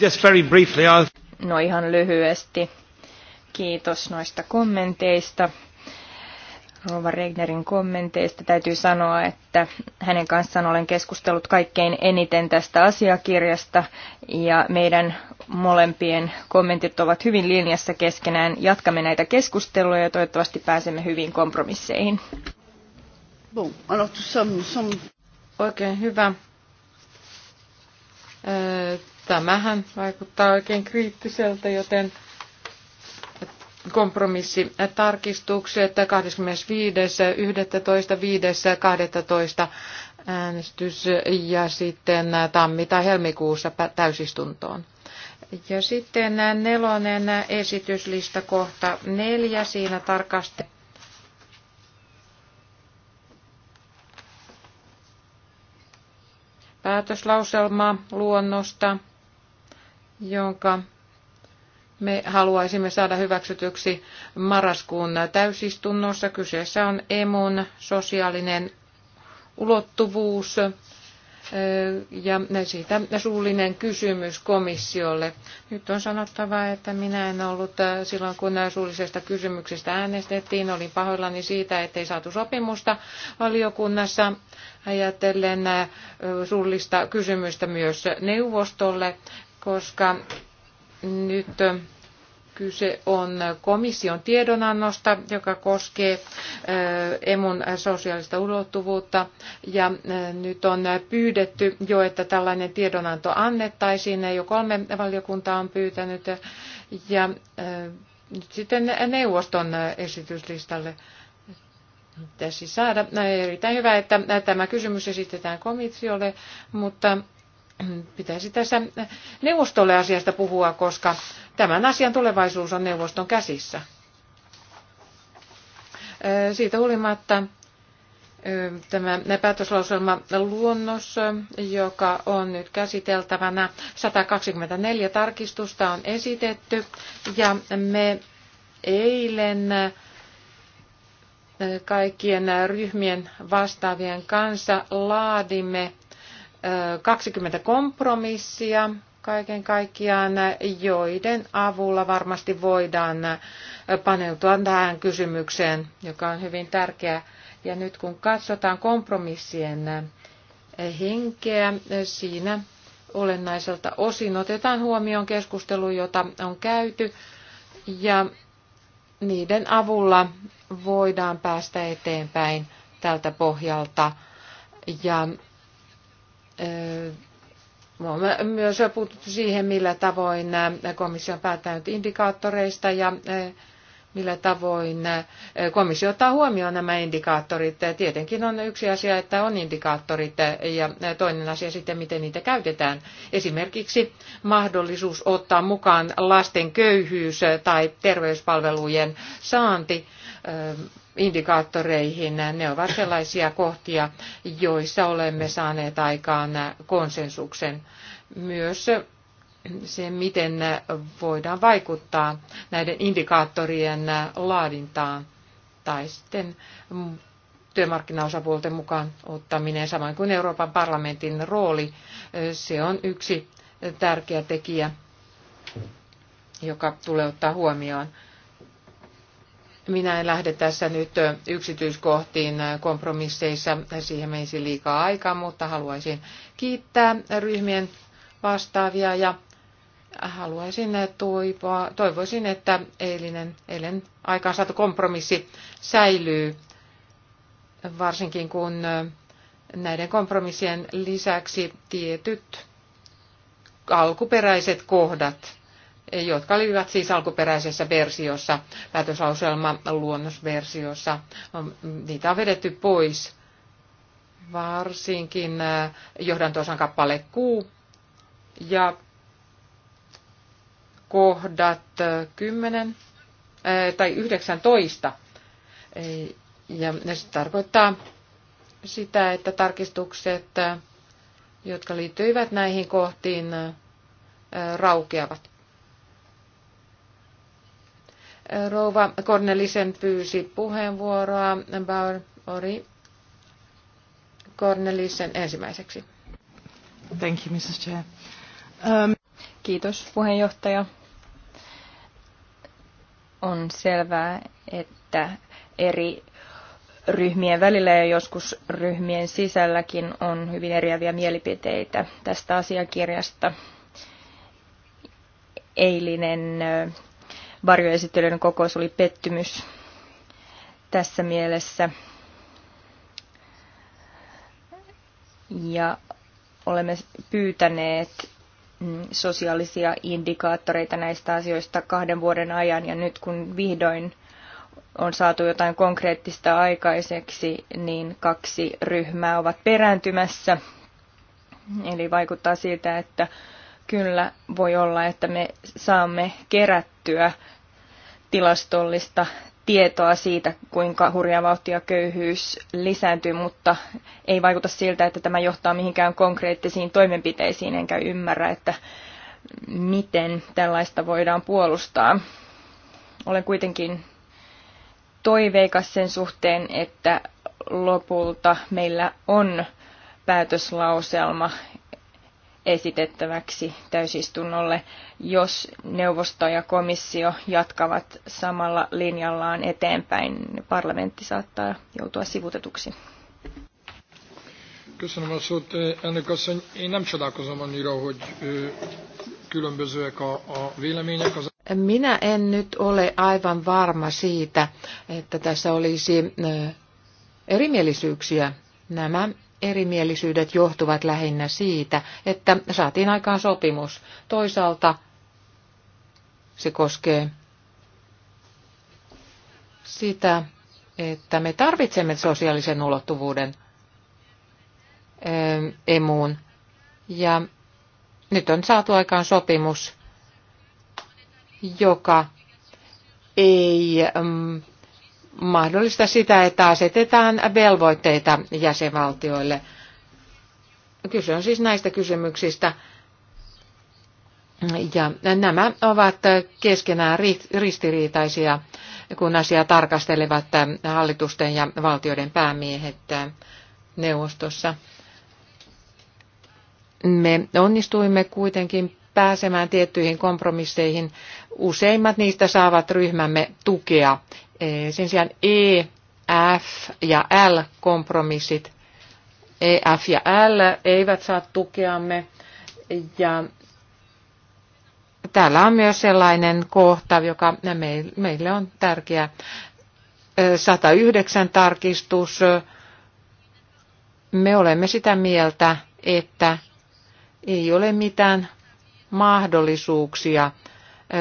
Just very briefly, I'll... No ihan lyhyesti. Kiitos noista kommenteista. Rova Regnerin kommenteista täytyy sanoa, että hänen kanssaan olen keskustellut kaikkein eniten tästä asiakirjasta ja meidän molempien kommentit ovat hyvin linjassa keskenään. Jatkamme näitä keskusteluja ja toivottavasti pääsemme hyvin kompromisseihin. Bon, alors tout ça Oikein hyvä. Tämähän vaikuttaa oikein kriittiseltä, joten kompromissi kompromissitarkistukset 25.11.5.12 äänestys ja sitten tammi- tai helmikuussa täysistuntoon. Ja sitten nelonen esityslista kohta neljä, siinä tarkastetaan päätöslauselma luonnosta, jonka me haluaisimme saada hyväksytyksi marraskuun täysistunnossa. Kyseessä on emun sosiaalinen ulottuvuus ja siitä suullinen kysymys komissiolle. Nyt on sanottava, että minä en ollut silloin, kun suullisesta kysymyksestä äänestettiin. Olin pahoillani siitä, ettei saatu sopimusta valiokunnassa ajatellen suullista kysymystä myös neuvostolle, koska nyt Kyse on komission tiedonannosta, joka koskee emun sosiaalista ulottuvuutta. Ja nyt on pyydetty jo, että tällainen tiedonanto annettaisiin. Jo kolme valiokuntaa on pyytänyt. Ja nyt sitten neuvoston esityslistalle pitäisi saada. No, erittäin hyvä, että tämä kysymys esitetään komissiolle, mutta pitäisi tässä neuvostolle asiasta puhua, koska tämän asian tulevaisuus on neuvoston käsissä. Siitä huolimatta tämä päätöslauselma luonnos, joka on nyt käsiteltävänä. 124 tarkistusta on esitetty ja me eilen kaikkien ryhmien vastaavien kanssa laadimme 20 kompromissia kaiken kaikkiaan, joiden avulla varmasti voidaan paneutua tähän kysymykseen, joka on hyvin tärkeä. Ja nyt kun katsotaan kompromissien henkeä, siinä olennaiselta osin otetaan huomioon keskustelu, jota on käyty, ja niiden avulla voidaan päästä eteenpäin tältä pohjalta. Ja myös puututtu siihen, millä tavoin komissio on päättänyt indikaattoreista ja millä tavoin komissio ottaa huomioon nämä indikaattorit. Tietenkin on yksi asia, että on indikaattorit ja toinen asia sitten, miten niitä käytetään. Esimerkiksi mahdollisuus ottaa mukaan lasten köyhyys tai terveyspalvelujen saanti indikaattoreihin. Ne ovat sellaisia kohtia, joissa olemme saaneet aikaan konsensuksen. Myös se, miten voidaan vaikuttaa näiden indikaattorien laadintaan tai sitten työmarkkinaosapuolten mukaan ottaminen, samoin kuin Euroopan parlamentin rooli. Se on yksi tärkeä tekijä, joka tulee ottaa huomioon. Minä en lähde tässä nyt yksityiskohtiin kompromisseissa, siihen menisi liikaa aikaa, mutta haluaisin kiittää ryhmien vastaavia ja haluaisin toivoa, toivoisin, että eilinen, eilen aikaan saatu kompromissi säilyy, varsinkin kun näiden kompromissien lisäksi tietyt alkuperäiset kohdat jotka olivat siis alkuperäisessä versiossa, päätöslauselma luonnosversiossa. Niitä on vedetty pois, varsinkin äh, johdantosan kappale Q ja kohdat 10 äh, äh, tai 19. Ja se tarkoittaa sitä, että tarkistukset, jotka liittyivät näihin kohtiin, raukeavat. Rouva Kornelisen pyysi puheenvuoroa. Bauer Ori Kornelisen ensimmäiseksi. Thank you, Mrs. Chair. Um... Kiitos puheenjohtaja. On selvää, että eri ryhmien välillä ja joskus ryhmien sisälläkin on hyvin eriäviä mielipiteitä tästä asiakirjasta. Eilinen varjoesittelyiden kokous oli pettymys tässä mielessä. Ja olemme pyytäneet mm, sosiaalisia indikaattoreita näistä asioista kahden vuoden ajan ja nyt kun vihdoin on saatu jotain konkreettista aikaiseksi, niin kaksi ryhmää ovat perääntymässä. Eli vaikuttaa siltä, että kyllä voi olla, että me saamme kerättyä tilastollista tietoa siitä, kuinka hurjaa vauhtia köyhyys lisääntyy, mutta ei vaikuta siltä, että tämä johtaa mihinkään konkreettisiin toimenpiteisiin, enkä ymmärrä, että miten tällaista voidaan puolustaa. Olen kuitenkin toiveikas sen suhteen, että lopulta meillä on päätöslauselma, esitettäväksi täysistunnolle, jos neuvosto ja komissio jatkavat samalla linjallaan eteenpäin. Parlamentti saattaa joutua sivutetuksi. Köszönöm a szót, elnök asszony. Én nem csodálkozom annyira, hogy különbözőek a, a vélemények. Az... Minä en nyt ole aivan varma siitä, että tässä olisi erimielisyyksiä. Nämä erimielisyydet johtuvat lähinnä siitä, että saatiin aikaan sopimus. Toisaalta se koskee sitä, että me tarvitsemme sosiaalisen ulottuvuuden ähm, emuun. Ja nyt on saatu aikaan sopimus, joka ei ähm, mahdollista sitä, että asetetaan velvoitteita jäsenvaltioille. Kyse on siis näistä kysymyksistä. Ja nämä ovat keskenään ristiriitaisia, kun asiaa tarkastelevat hallitusten ja valtioiden päämiehet neuvostossa. Me onnistuimme kuitenkin pääsemään tiettyihin kompromisseihin. Useimmat niistä saavat ryhmämme tukea E, sen sijaan E, F ja L kompromissit, E, F ja L eivät saa tukeamme. Ja täällä on myös sellainen kohta, joka meille on tärkeä. 109 e, tarkistus. Me olemme sitä mieltä, että ei ole mitään mahdollisuuksia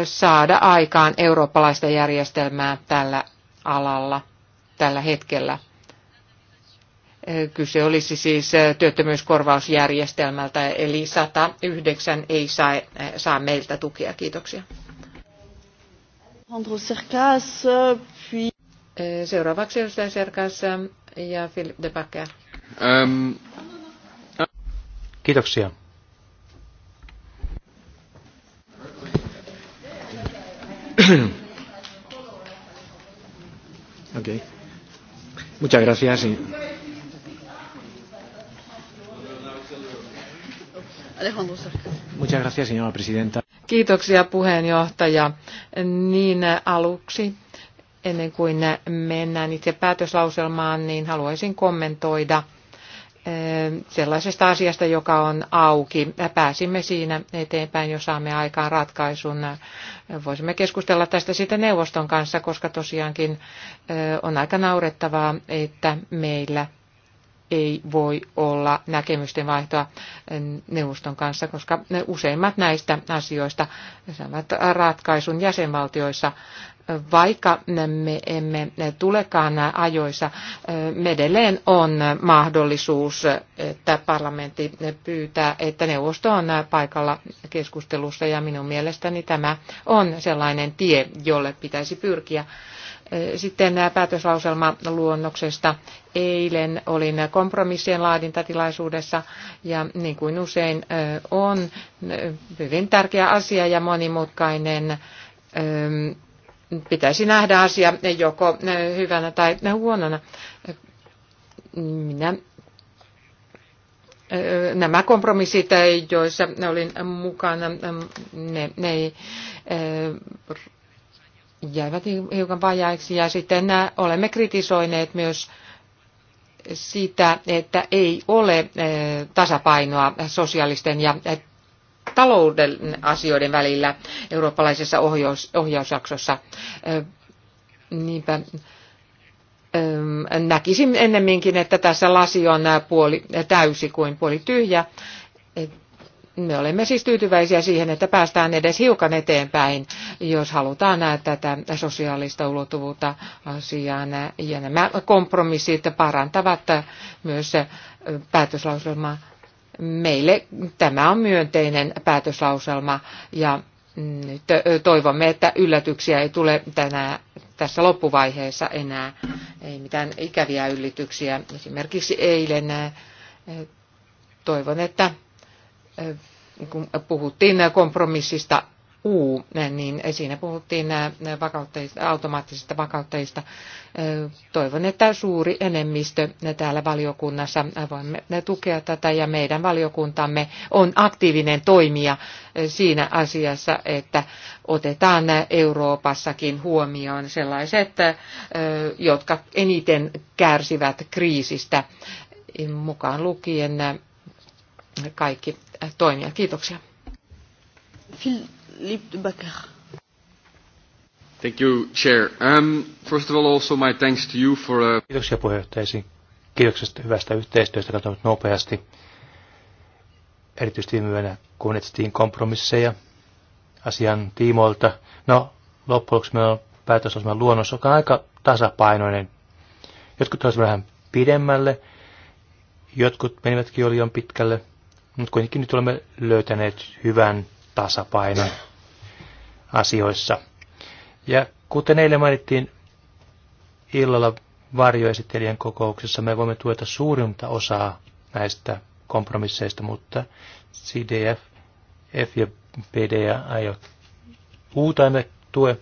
saada aikaan eurooppalaista järjestelmää tällä alalla tällä hetkellä. Kyse olisi siis työttömyyskorvausjärjestelmältä, eli 109 ei saa, saa meiltä tukea. Kiitoksia. Seuraavaksi edustaja Serkas ja Philippe de Backer. Ähm, äh- Kiitoksia. okay. Muchas gracias. Y... Muchas gracias, señora presidenta. Kiitoksia puheenjohtaja. Niin aluksi, ennen kuin mennään itse päätöslauselmaan, niin haluaisin kommentoida sellaisesta asiasta, joka on auki. Pääsimme siinä eteenpäin, jos saamme aikaan ratkaisun. Voisimme keskustella tästä sitten neuvoston kanssa, koska tosiaankin on aika naurettavaa, että meillä ei voi olla näkemysten vaihtoa neuvoston kanssa, koska useimmat näistä asioista saavat ratkaisun jäsenvaltioissa vaikka me emme tulekaan ajoissa, edelleen on mahdollisuus, että parlamentti pyytää, että neuvosto on paikalla keskustelussa ja minun mielestäni tämä on sellainen tie, jolle pitäisi pyrkiä. Sitten päätöslauselma luonnoksesta. Eilen olin kompromissien laadintatilaisuudessa ja niin kuin usein on hyvin tärkeä asia ja monimutkainen pitäisi nähdä asia joko eh, hyvänä tai huonona. Minä eh, nämä kompromissit, joissa olin mukana, ne, ne eh, jäivät hiukan vajaiksi. Ja sitten olemme kritisoineet myös sitä, että ei ole tasapainoa sosiaalisten ja talouden asioiden välillä eurooppalaisessa ohjaus, ohjausjaksossa. Niinpä näkisin ennemminkin, että tässä lasi on puoli täysi kuin puoli tyhjä. Me olemme siis tyytyväisiä siihen, että päästään edes hiukan eteenpäin, jos halutaan tätä sosiaalista ulottuvuutta asiaan. Ja nämä kompromissit parantavat myös päätöslauselmaa meille tämä on myönteinen päätöslauselma ja nyt toivomme, että yllätyksiä ei tule tänään tässä loppuvaiheessa enää. Ei mitään ikäviä yllätyksiä. Esimerkiksi eilen toivon, että kun puhuttiin kompromissista U, niin siinä puhuttiin äh, vakautteista, automaattisista vakautteista. Äh, toivon, että suuri enemmistö täällä valiokunnassa voimme tukea tätä ja meidän valiokuntamme on aktiivinen toimija äh, siinä asiassa, että otetaan Euroopassakin huomioon sellaiset, jotka eniten kärsivät kriisistä mukaan lukien kaikki toimijat. Kiitoksia. Liep Becker. Thank you, Chair. Um, first of all, also my thanks to you for... Uh... Kiitoksia puheenjohtajasi. Kiitoksesta hyvästä yhteistyöstä, katsotaan nopeasti. Erityisesti myönnä, kun etsittiin kompromisseja asian tiimoilta. No, loppujen lopuksi meillä on päätösosman luonnos, joka on aika tasapainoinen. Jotkut toisivat vähän pidemmälle, jotkut menivätkin jo liian pitkälle, mutta kuitenkin nyt olemme löytäneet hyvän tasapainon asioissa. Ja kuten eilen mainittiin illalla varjoesittelijän kokouksessa, me voimme tueta suurinta osaa näistä kompromisseista, mutta CDF, F ja PDA ei ole uuta emme tue.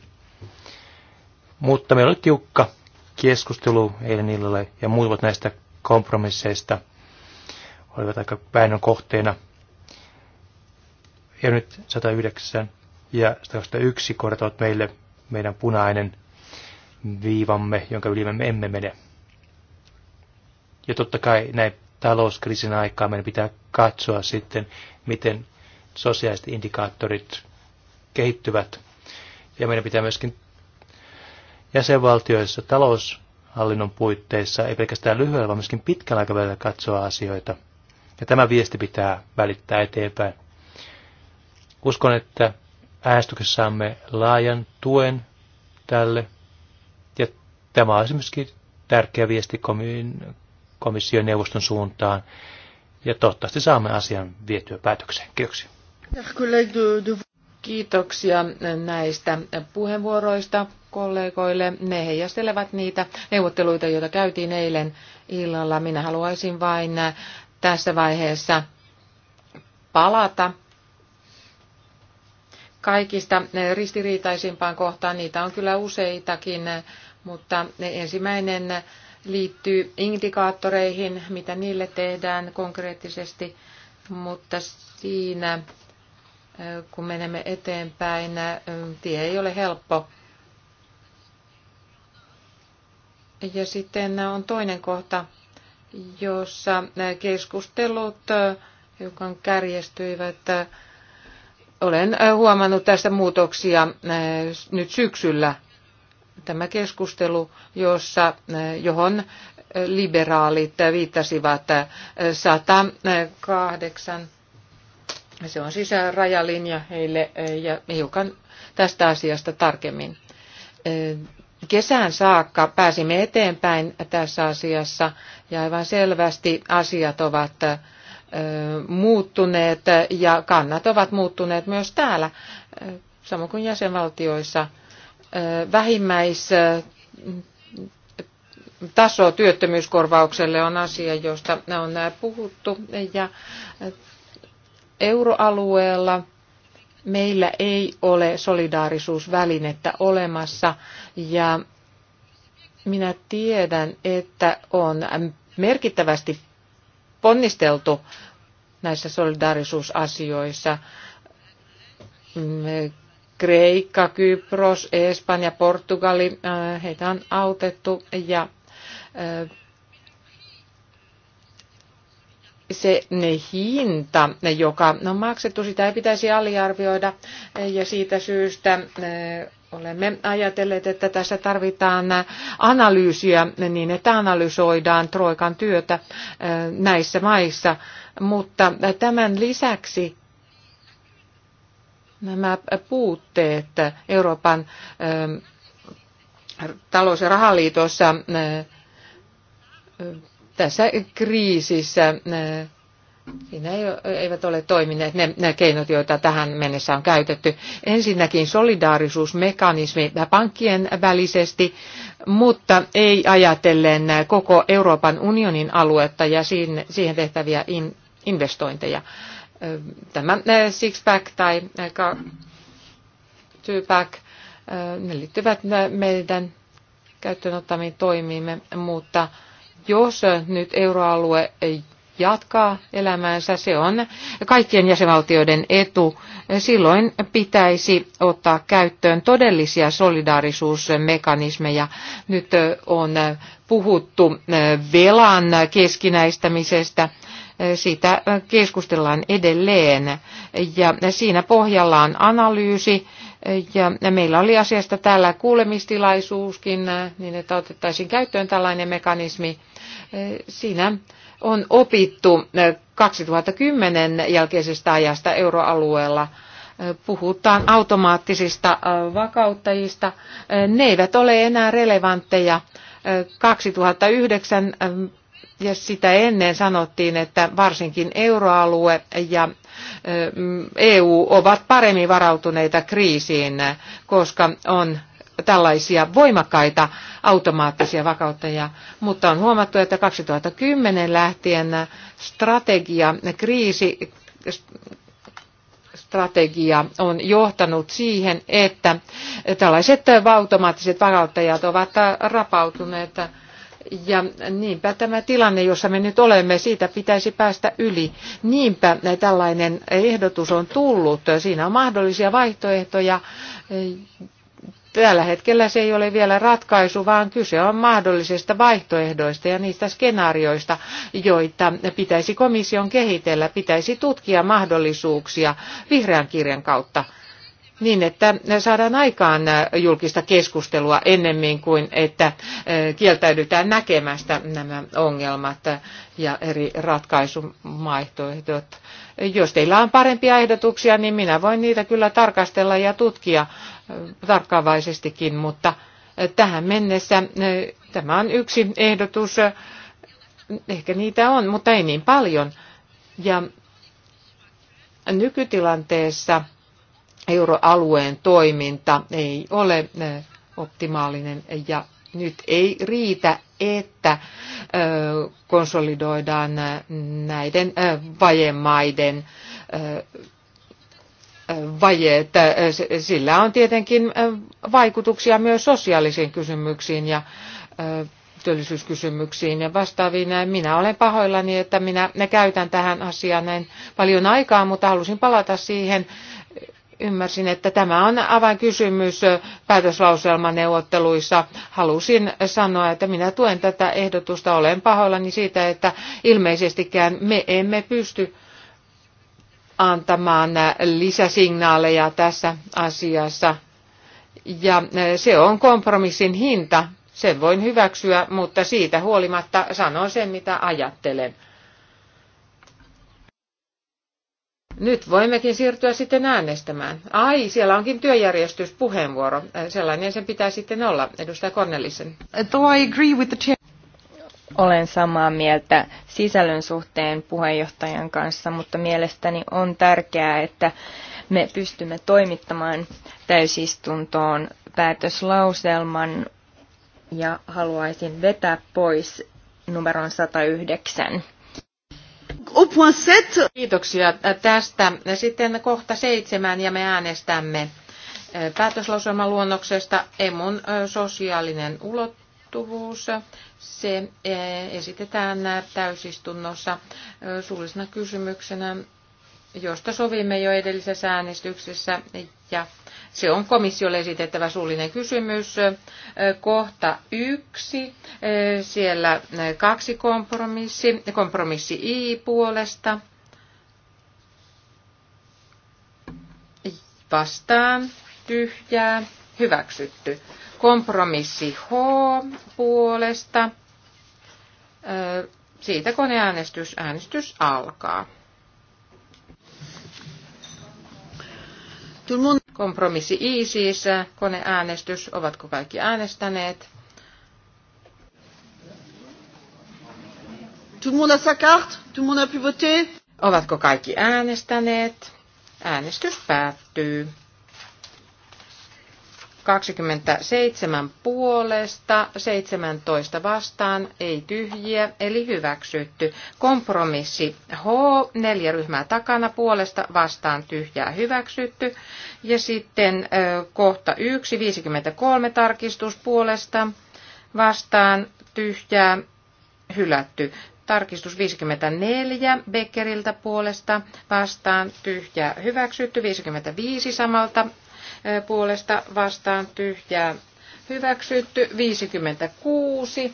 Mutta meillä oli tiukka keskustelu eilen illalla ja muut näistä kompromisseista olivat aika väinön kohteena – ja nyt 109 ja 101 kohdat meille meidän punainen viivamme, jonka yli me emme mene. Ja totta kai näin talouskriisin aikaa meidän pitää katsoa sitten, miten sosiaaliset indikaattorit kehittyvät. Ja meidän pitää myöskin jäsenvaltioissa taloushallinnon puitteissa, ei pelkästään lyhyellä, vaan myöskin pitkällä aikavälillä katsoa asioita. Ja tämä viesti pitää välittää eteenpäin. Uskon, että äänestyksessä saamme laajan tuen tälle. Ja tämä on esimerkiksi tärkeä viesti komission neuvoston suuntaan. Ja toivottavasti saamme asian vietyä päätökseen. Kiitoksia. Kiitoksia näistä puheenvuoroista kollegoille. Ne heijastelevat niitä neuvotteluita, joita käytiin eilen illalla. Minä haluaisin vain tässä vaiheessa palata kaikista eh, ristiriitaisimpaan kohtaan. Niitä on kyllä useitakin, eh, mutta ensimmäinen liittyy indikaattoreihin, mitä niille tehdään konkreettisesti, mutta siinä eh, kun menemme eteenpäin, tie ei ole helppo. Ja sitten on toinen kohta, jossa keskustelut, jotka kärjestyivät olen huomannut tästä muutoksia nyt syksyllä tämä keskustelu, jossa, johon liberaalit viittasivat 108. Se on sisärajalinja heille ja hiukan tästä asiasta tarkemmin. Kesään saakka pääsimme eteenpäin tässä asiassa ja aivan selvästi asiat ovat muuttuneet ja kannat ovat muuttuneet myös täällä, samoin kuin jäsenvaltioissa. Vähimmäis taso työttömyyskorvaukselle on asia, josta on puhuttu ja euroalueella meillä ei ole solidaarisuusvälinettä olemassa ja minä tiedän, että on merkittävästi ponnisteltu näissä solidaarisuusasioissa. Kreikka, Kypros, Espanja, Portugali, äh, heitä on autettu ja äh, se hinta, joka on maksettu, sitä ei pitäisi aliarvioida äh, ja siitä syystä olemme ajatelleet, että tässä tarvitaan analyysiä niin, että analysoidaan Troikan työtä äh, näissä maissa, mutta tämän lisäksi nämä puutteet Euroopan äh, talous- ja rahaliitossa äh, tässä kriisissä Siinä eivät ole toimineet ne, ne keinot, joita tähän mennessä on käytetty. Ensinnäkin solidaarisuusmekanismi pankkien välisesti, mutta ei ajatellen koko Euroopan unionin aluetta ja siihen tehtäviä investointeja. Tämä eh, six-pack tai eh, two-pack, eh, ne liittyvät meidän käyttöönottamiin toimiimme, mutta jos nyt euroalue jatkaa elämäänsä. Se on kaikkien jäsenvaltioiden etu. Silloin pitäisi ottaa käyttöön todellisia solidaarisuusmekanismeja. Nyt on puhuttu velan keskinäistämisestä. Sitä keskustellaan edelleen ja siinä pohjalla on analyysi ja meillä oli asiasta täällä kuulemistilaisuuskin, niin että otettaisiin käyttöön tällainen mekanismi. Siinä on opittu 2010 jälkeisestä ajasta euroalueella. Puhutaan automaattisista vakauttajista. Ne eivät ole enää relevantteja. 2009 ja sitä ennen sanottiin, että varsinkin euroalue ja EU ovat paremmin varautuneita kriisiin, koska on tällaisia voimakkaita automaattisia vakauttajia, mutta on huomattu, että 2010 lähtien strategia, kriisi, strategia on johtanut siihen, että tällaiset automaattiset vakauttajat ovat rapautuneet ja niinpä tämä tilanne, jossa me nyt olemme, siitä pitäisi päästä yli. Niinpä tällainen ehdotus on tullut. Siinä on mahdollisia vaihtoehtoja Tällä hetkellä se ei ole vielä ratkaisu, vaan kyse on mahdollisista vaihtoehdoista ja niistä skenaarioista, joita pitäisi komission kehitellä, pitäisi tutkia mahdollisuuksia vihreän kirjan kautta niin, että saadaan aikaan julkista keskustelua ennemmin kuin, että eh, kieltäydytään näkemästä nämä ongelmat ja eri ratkaisumaihtoehdot. Jos teillä on parempia ehdotuksia, niin minä voin niitä kyllä tarkastella ja tutkia tarkkaavaisestikin, mutta tähän mennessä eh, tämä on yksi ehdotus. Ehkä niitä on, mutta ei niin paljon. Ja nykytilanteessa euroalueen toiminta ei ole eh, optimaalinen ja nyt ei riitä, että eh, konsolidoidaan näiden vajemaiden vajeet, sillä on tietenkin vaikutuksia myös sosiaalisiin kysymyksiin ja työllisyyskysymyksiin ja vastaaviin. Minä olen pahoillani, että minä käytän tähän asiaan näin paljon aikaa, mutta halusin palata siihen. Ymmärsin, että tämä on avainkysymys päätöslauselmaneuvotteluissa. Halusin sanoa, että minä tuen tätä ehdotusta. Olen pahoillani siitä, että ilmeisestikään me emme pysty antamaan lisäsignaaleja tässä asiassa. Ja se on kompromissin hinta. Sen voin hyväksyä, mutta siitä huolimatta sanon sen, mitä ajattelen. Nyt voimmekin siirtyä sitten äänestämään. Ai, siellä onkin työjärjestyspuheenvuoro. Sellainen sen pitää sitten olla, edustaja Cornelissen olen samaa mieltä sisällön suhteen puheenjohtajan kanssa, mutta mielestäni on tärkeää, että me pystymme toimittamaan täysistuntoon päätöslauselman ja haluaisin vetää pois numeron 109. Kiitoksia tästä. Sitten kohta seitsemän ja me äänestämme päätöslauselman luonnoksesta emun sosiaalinen ulottuvuus ulottuvuus. Se eh, esitetään täysistunnossa eh, suullisena kysymyksenä, josta sovimme jo edellisessä äänestyksessä. Ja se on komissiolle esitettävä suullinen kysymys. Eh, kohta yksi, siellä kaksi kompromissi, kompromissi I puolesta. Vastaan, tyhjää, hyväksytty. Kompromissi H puolesta. Siitä koneäänestys äänestys alkaa. Kompromissi I siis, koneäänestys, ovatko kaikki äänestäneet? Tout le monde a sa carte? Tout le monde a pu voter? Ovatko kaikki äänestäneet? Äänestys päättyy. 27 puolesta, 17 vastaan, ei tyhjiä, eli hyväksytty. Kompromissi H, neljä ryhmää takana, puolesta vastaan tyhjää hyväksytty. Ja sitten kohta 1, 53 tarkistus puolesta, vastaan tyhjää hylätty. Tarkistus 54 Beckeriltä puolesta vastaan tyhjä hyväksytty 55 samalta puolesta vastaan tyhjää hyväksytty 56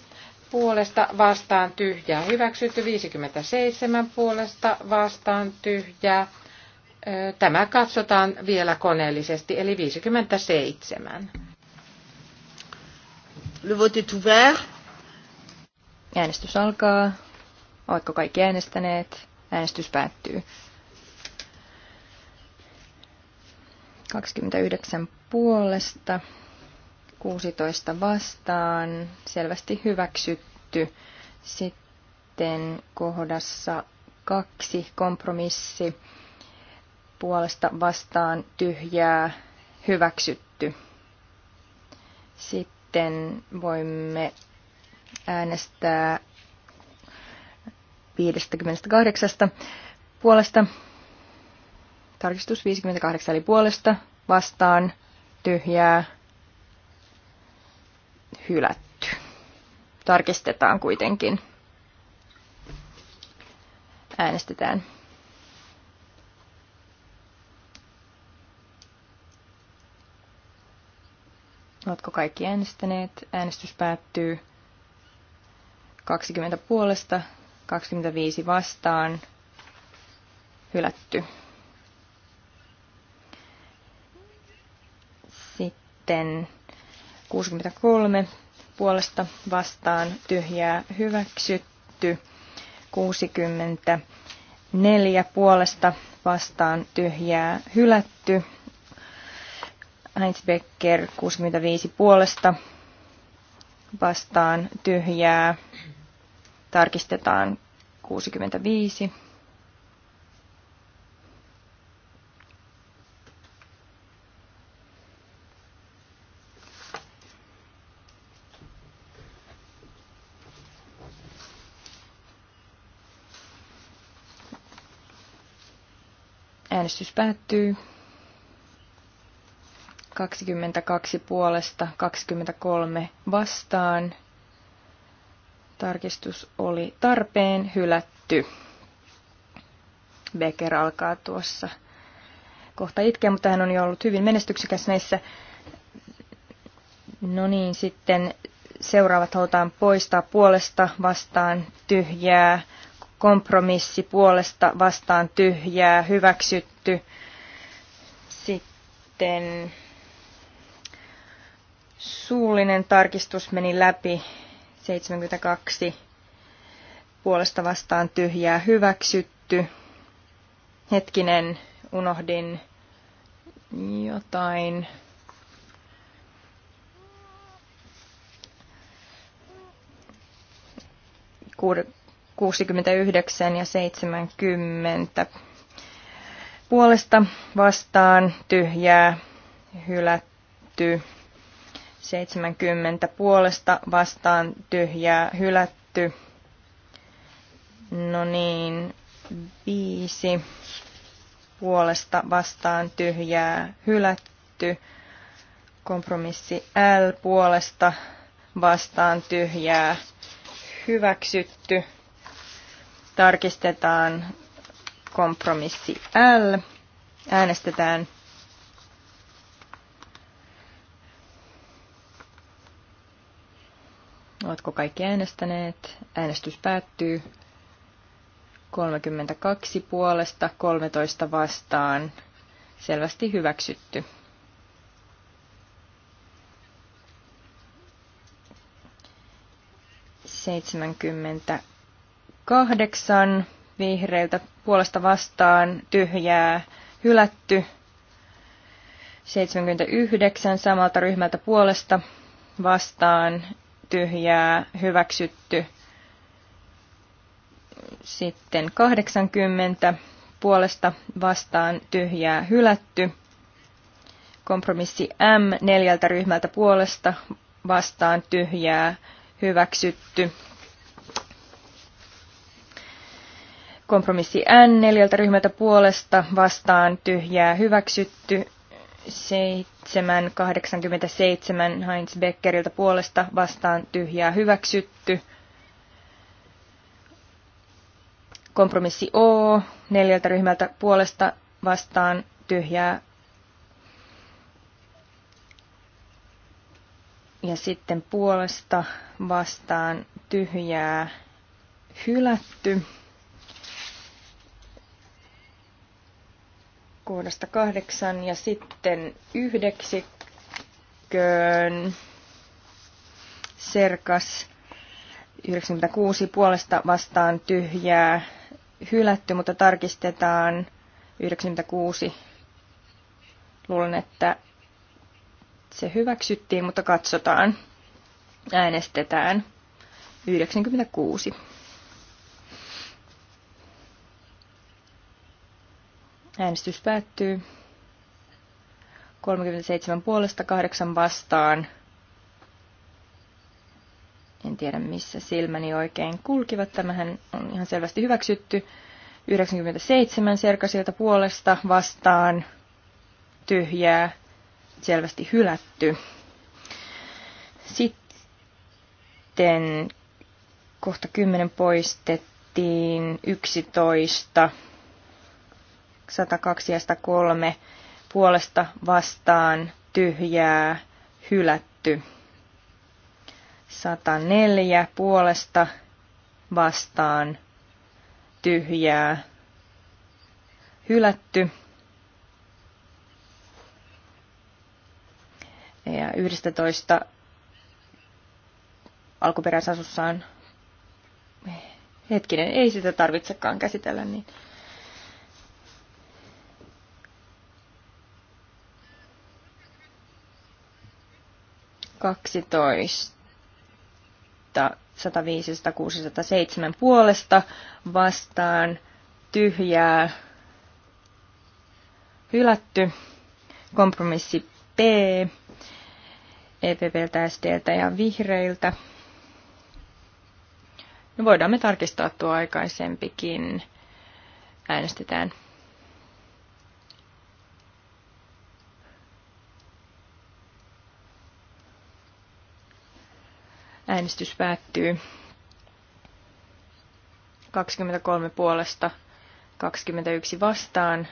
puolesta vastaan tyhjää hyväksytty 57 puolesta vastaan tyhjää. Tämä katsotaan vielä koneellisesti, eli 57. Le vote est ouvert. Äänestys alkaa. Oletko kaikki äänestäneet? Äänestys päättyy. 29 puolesta, 16 vastaan, selvästi hyväksytty. Sitten kohdassa kaksi kompromissi puolesta vastaan tyhjää hyväksytty. Sitten voimme äänestää 58 puolesta Tarkistus 58 eli puolesta vastaan tyhjää hylätty. Tarkistetaan kuitenkin. Äänestetään. Oletko kaikki äänestäneet? Äänestys päättyy 20 puolesta, 25 vastaan, hylätty. sitten 63 puolesta vastaan tyhjää hyväksytty. 64 puolesta vastaan tyhjää hylätty. Heinz Becker 65 puolesta vastaan tyhjää. Tarkistetaan 65. Äänestys päättyy. 22 puolesta, 23 vastaan. Tarkistus oli tarpeen hylätty. Becker alkaa tuossa kohta itkeä, mutta hän on jo ollut hyvin menestyksekäs näissä. No niin, sitten seuraavat halutaan poistaa puolesta vastaan tyhjää, kompromissi puolesta vastaan tyhjää, hyväksytty tehty. Sitten suullinen tarkistus meni läpi 72 puolesta vastaan tyhjää hyväksytty. Hetkinen, unohdin jotain. Kuud- 69 ja 70 puolesta vastaan tyhjää hylätty. 70 puolesta vastaan tyhjää hylätty. No niin, viisi puolesta vastaan tyhjää hylätty. Kompromissi L puolesta vastaan tyhjää hyväksytty. Tarkistetaan kompromissi L. Äänestetään. Oletko kaikki äänestäneet? Äänestys päättyy. 32 puolesta, 13 vastaan. Selvästi hyväksytty. Seitsemänkymmentä kahdeksan vihreiltä puolesta vastaan tyhjää hylätty. 79 samalta ryhmältä puolesta vastaan tyhjää hyväksytty. Sitten 80 puolesta vastaan tyhjää hylätty. Kompromissi M neljältä ryhmältä puolesta vastaan tyhjää hyväksytty. Kompromissi N neljältä ryhmältä puolesta vastaan tyhjää hyväksytty. 787 Heinz Beckeriltä puolesta vastaan tyhjää hyväksytty. Kompromissi O neljältä ryhmältä puolesta vastaan tyhjää. Ja sitten puolesta vastaan tyhjää hylätty. kohdasta kahdeksan ja sitten yhdeksikköön Serkas 96 puolesta vastaan tyhjää hylätty, mutta tarkistetaan 96. Luulen, että se hyväksyttiin, mutta katsotaan. Äänestetään 96. Äänestys päättyy. 37 puolesta, 8 vastaan. En tiedä, missä silmäni oikein kulkivat. Tämähän on ihan selvästi hyväksytty. 97 serkasilta puolesta vastaan. Tyhjää. Selvästi hylätty. Sitten kohta 10 poistettiin 11 102 ja 103 puolesta vastaan tyhjää hylätty. 104 puolesta vastaan tyhjää hylätty. Ja 11 alkuperäisasussa on hetkinen, ei sitä tarvitsekaan käsitellä, niin 12. 105, 106, 107 puolesta vastaan tyhjää hylätty. Kompromissi P EPPltä, SDltä ja vihreiltä. No voidaan me tarkistaa tuo aikaisempikin. Äänestetään. Äänestys päättyy. 23 puolesta, 21 vastaan.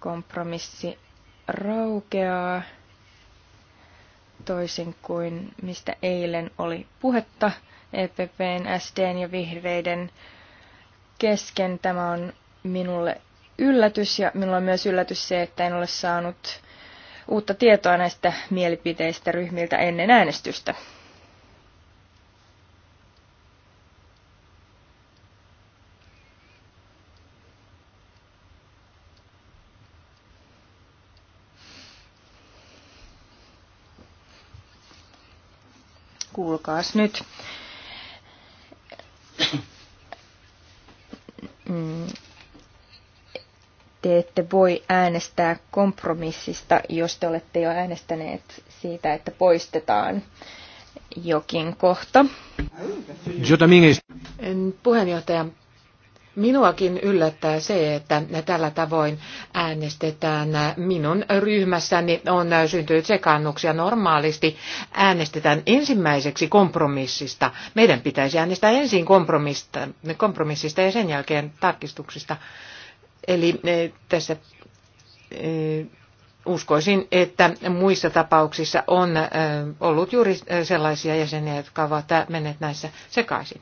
Kompromissi raukeaa toisin kuin mistä eilen oli puhetta EPPn, SDn ja vihreiden kesken. Tämä on minulle yllätys ja minulla on myös yllätys se, että en ole saanut uutta tietoa näistä mielipiteistä ryhmiltä ennen äänestystä. kuulkaas nyt te ette voi äänestää kompromissista, jos te olette jo äänestäneet siitä, että poistetaan jokin kohta. Puheenjohtaja, minuakin yllättää se, että tällä tavoin äänestetään. Minun ryhmässäni on syntynyt sekannuksia. Normaalisti äänestetään ensimmäiseksi kompromissista. Meidän pitäisi äänestää ensin kompromissista ja sen jälkeen tarkistuksista. Eli eh, tässä eh, uskoisin, että muissa tapauksissa on eh, ollut juuri sellaisia jäseniä, jotka ovat menneet näissä sekaisin.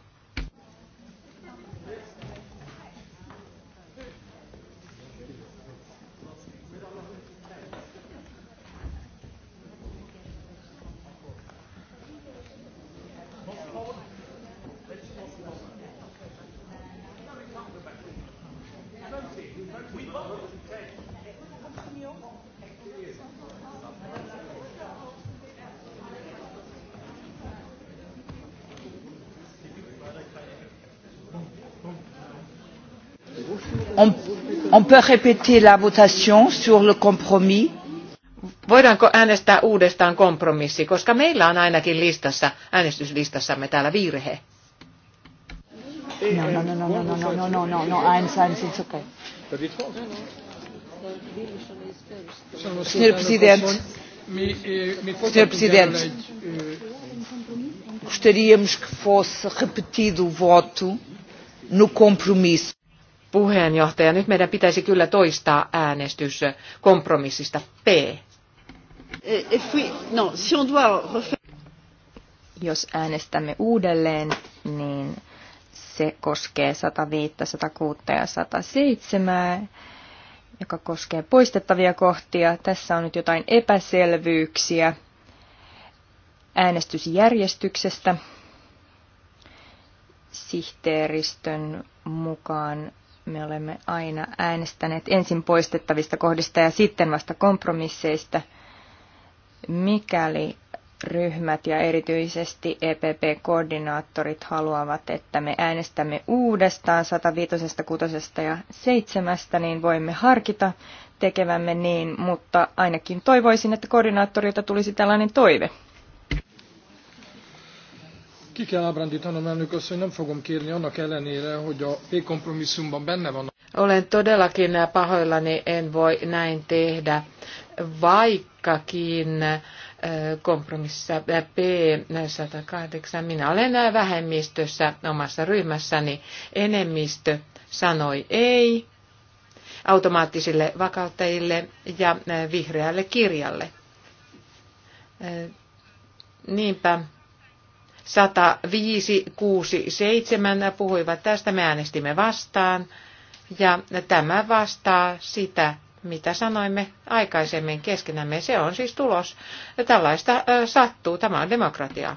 Voidaanko äänestää uudestaan kompromissi, koska meillä on ainakin listassa, äänestyslistassamme täällä virhe. No, no, no, no, no, no, no, no, no, no, no, eins, eins, it's okay. Signor Presidente, Signor Presidente, gostaríamos que fosse repetido o voto no compromisso puheenjohtaja. Nyt meidän pitäisi kyllä toistaa äänestys kompromissista P. No, Jos äänestämme uudelleen, niin se koskee 105, 106 ja 107, joka koskee poistettavia kohtia. Tässä on nyt jotain epäselvyyksiä äänestysjärjestyksestä. Sihteeristön mukaan me olemme aina äänestäneet ensin poistettavista kohdista ja sitten vasta kompromisseista, mikäli ryhmät ja erityisesti EPP-koordinaattorit haluavat, että me äänestämme uudestaan 105, 6 ja 7, niin voimme harkita tekevämme niin, mutta ainakin toivoisin, että koordinaattorilta tulisi tällainen toive. Ki kell ábrándítanom, elnök asszony, nem fogom kérni annak ellenére, hogy a B-kompromisszumban benne van. Olen todellakin pahoillani, en voi näin tehdä, vaikkakin kompromississa P108. Minä olen vähemmistössä omassa ryhmässäni. Enemmistö sanoi ei automaattisille vakauttajille ja vihreälle kirjalle. Niinpä 1567 puhuivat tästä, me äänestimme vastaan. Ja tämä vastaa sitä, mitä sanoimme aikaisemmin keskenämme. Se on siis tulos. Tällaista sattuu. Tämä on demokratia.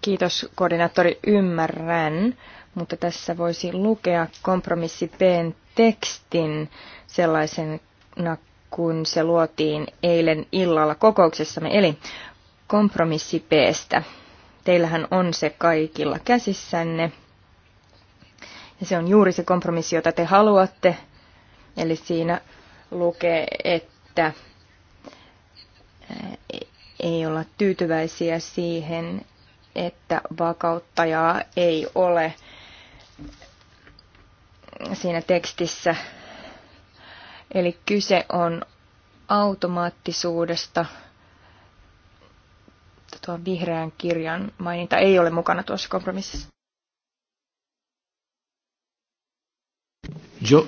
Kiitos, koordinaattori. Ymmärrän, mutta tässä voisi lukea kompromissi B:n tekstin sellaisena, kun se luotiin eilen illalla kokouksessamme, eli kompromissi Bstä. Teillähän on se kaikilla käsissänne. Ja se on juuri se kompromissi, jota te haluatte. Eli siinä lukee, että ei olla tyytyväisiä siihen, että vakauttajaa ei ole siinä tekstissä. Eli kyse on automaattisuudesta, että tuo vihreän kirjan maininta ei ole mukana tuossa kompromississa. Jo.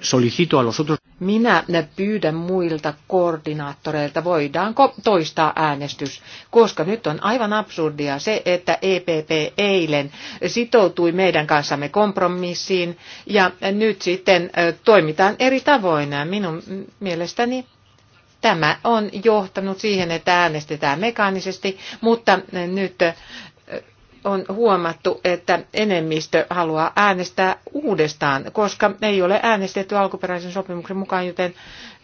solicito a los otros... Minä pyydän muilta koordinaattoreilta, voidaanko toistaa äänestys, koska nyt on aivan absurdia se, että EPP eilen sitoutui meidän kanssamme kompromissiin ja nyt sitten toimitaan eri tavoin. Minun mielestäni Tämä on johtanut siihen, että äänestetään mekaanisesti, mutta nyt äh, on huomattu, että enemmistö haluaa äänestää uudestaan, koska ei ole äänestetty alkuperäisen sopimuksen mukaan, joten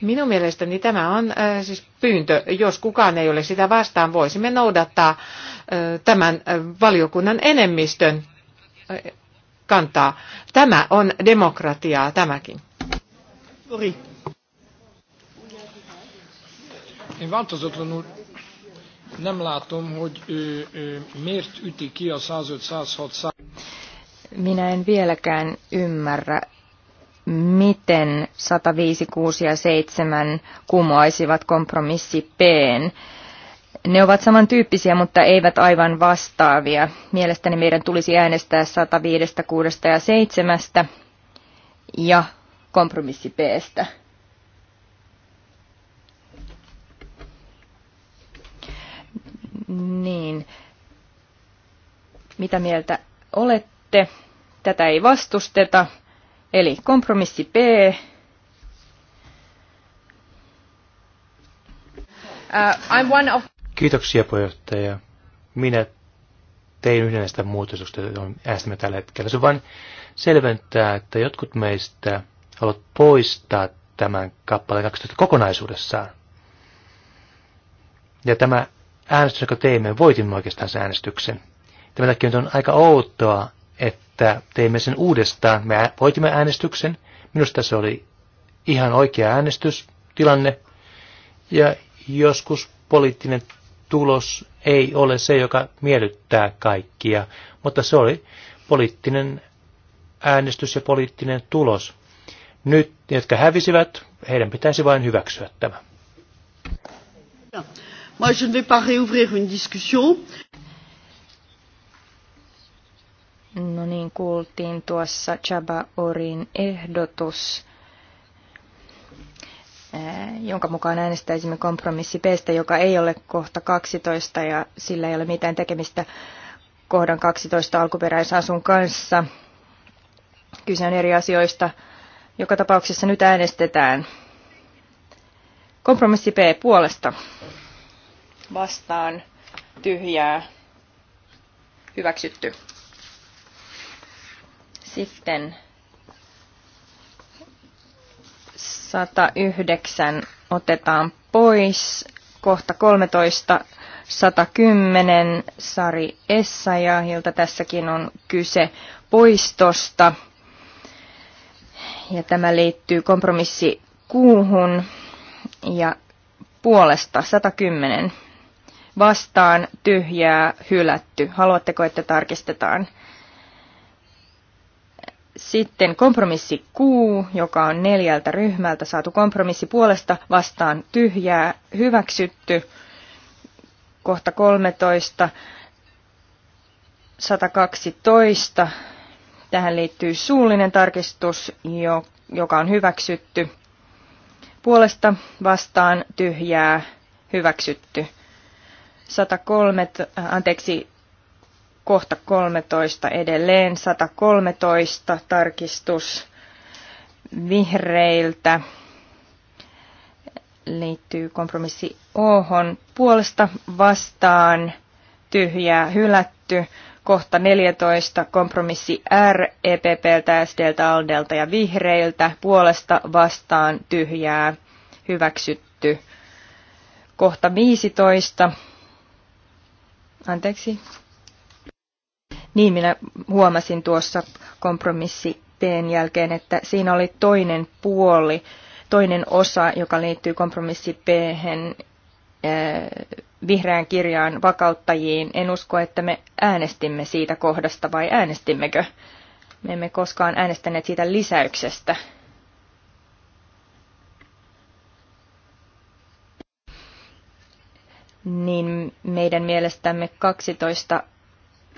minun mielestäni tämä on äh, siis pyyntö. Jos kukaan ei ole sitä vastaan, voisimme noudattaa äh, tämän valiokunnan enemmistön kantaa. Tämä on demokratiaa tämäkin. Sorry én változatlanul nem látom, hogy ö, ö, miért üti ki a 105-106 szá... Minä en vieläkään ymmärrä, miten 156 ja 7 kumoaisivat kompromissi P. Ne ovat samantyyppisiä, mutta eivät aivan vastaavia. Mielestäni meidän tulisi äänestää 105, 6 ja 7 ja kompromissi Pstä. Niin, mitä mieltä olette? Tätä ei vastusteta. Eli kompromissi B. Uh, I'm one of... Kiitoksia puheenjohtaja. Minä tein yhden näistä muutosusta, joita äänestämme tällä hetkellä. Se vain selventää, että jotkut meistä haluat poistaa tämän kappaleen 12 kokonaisuudessaan. Ja tämä äänestys, joka teimme, voitimme oikeastaan sen äänestyksen. Tämän takia on aika outoa, että teimme sen uudestaan. Me voitimme äänestyksen. Minusta se oli ihan oikea äänestystilanne. Ja joskus poliittinen tulos ei ole se, joka miellyttää kaikkia, mutta se oli poliittinen äänestys ja poliittinen tulos. Nyt, jotka hävisivät, heidän pitäisi vain hyväksyä tämä. Moi, je ne vais pas réouvrir une discussion. No niin, kuultiin tuossa Chaba Orin ehdotus, eh, jonka mukaan äänestäisimme kompromissi B, joka ei ole kohta 12 ja sillä ei ole mitään tekemistä kohdan 12 alkuperäisasun kanssa. Kyse on eri asioista. Joka tapauksessa nyt äänestetään. Kompromissi B puolesta vastaan tyhjää hyväksytty. Sitten 109 otetaan pois. Kohta 13, 110, Sari Essayahilta. Tässäkin on kyse poistosta. Ja tämä liittyy kompromissi kuuhun ja puolesta 110 vastaan tyhjää hylätty. Haluatteko, että tarkistetaan? Sitten kompromissi Q, joka on neljältä ryhmältä saatu kompromissi puolesta vastaan tyhjää hyväksytty. Kohta 13, 112. Tähän liittyy suullinen tarkistus, joka on hyväksytty. Puolesta vastaan tyhjää hyväksytty. 103, äh, anteeksi, kohta 13 edelleen, 113 tarkistus vihreiltä liittyy kompromissi Ohon puolesta vastaan tyhjää hylätty. Kohta 14 kompromissi R EPPltä, SDltä, Aldelta ja vihreiltä puolesta vastaan tyhjää hyväksytty. Kohta 15 Anteeksi. Niin, minä huomasin tuossa kompromissi teen jälkeen, että siinä oli toinen puoli, toinen osa, joka liittyy kompromissi p vihreään kirjaan vakauttajiin. En usko, että me äänestimme siitä kohdasta vai äänestimmekö. Me emme koskaan äänestäneet siitä lisäyksestä. niin meidän mielestämme 12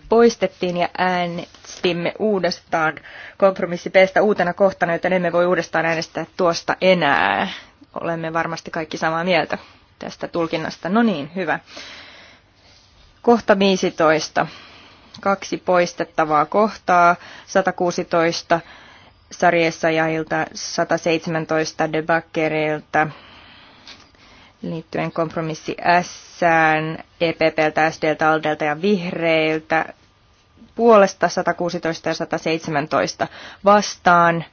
poistettiin ja äänestimme uudestaan kompromissi Bstä uutena kohtana, joten emme voi uudestaan äänestää tuosta enää. Olemme varmasti kaikki samaa mieltä tästä tulkinnasta. No niin, hyvä. Kohta 15. Kaksi poistettavaa kohtaa. 116 sarjessa ja 117 debakkereilta liittyen kompromissi e S, EPPltä, SDltä, ALDelta ja vihreiltä puolesta 116 ja 117 vastaan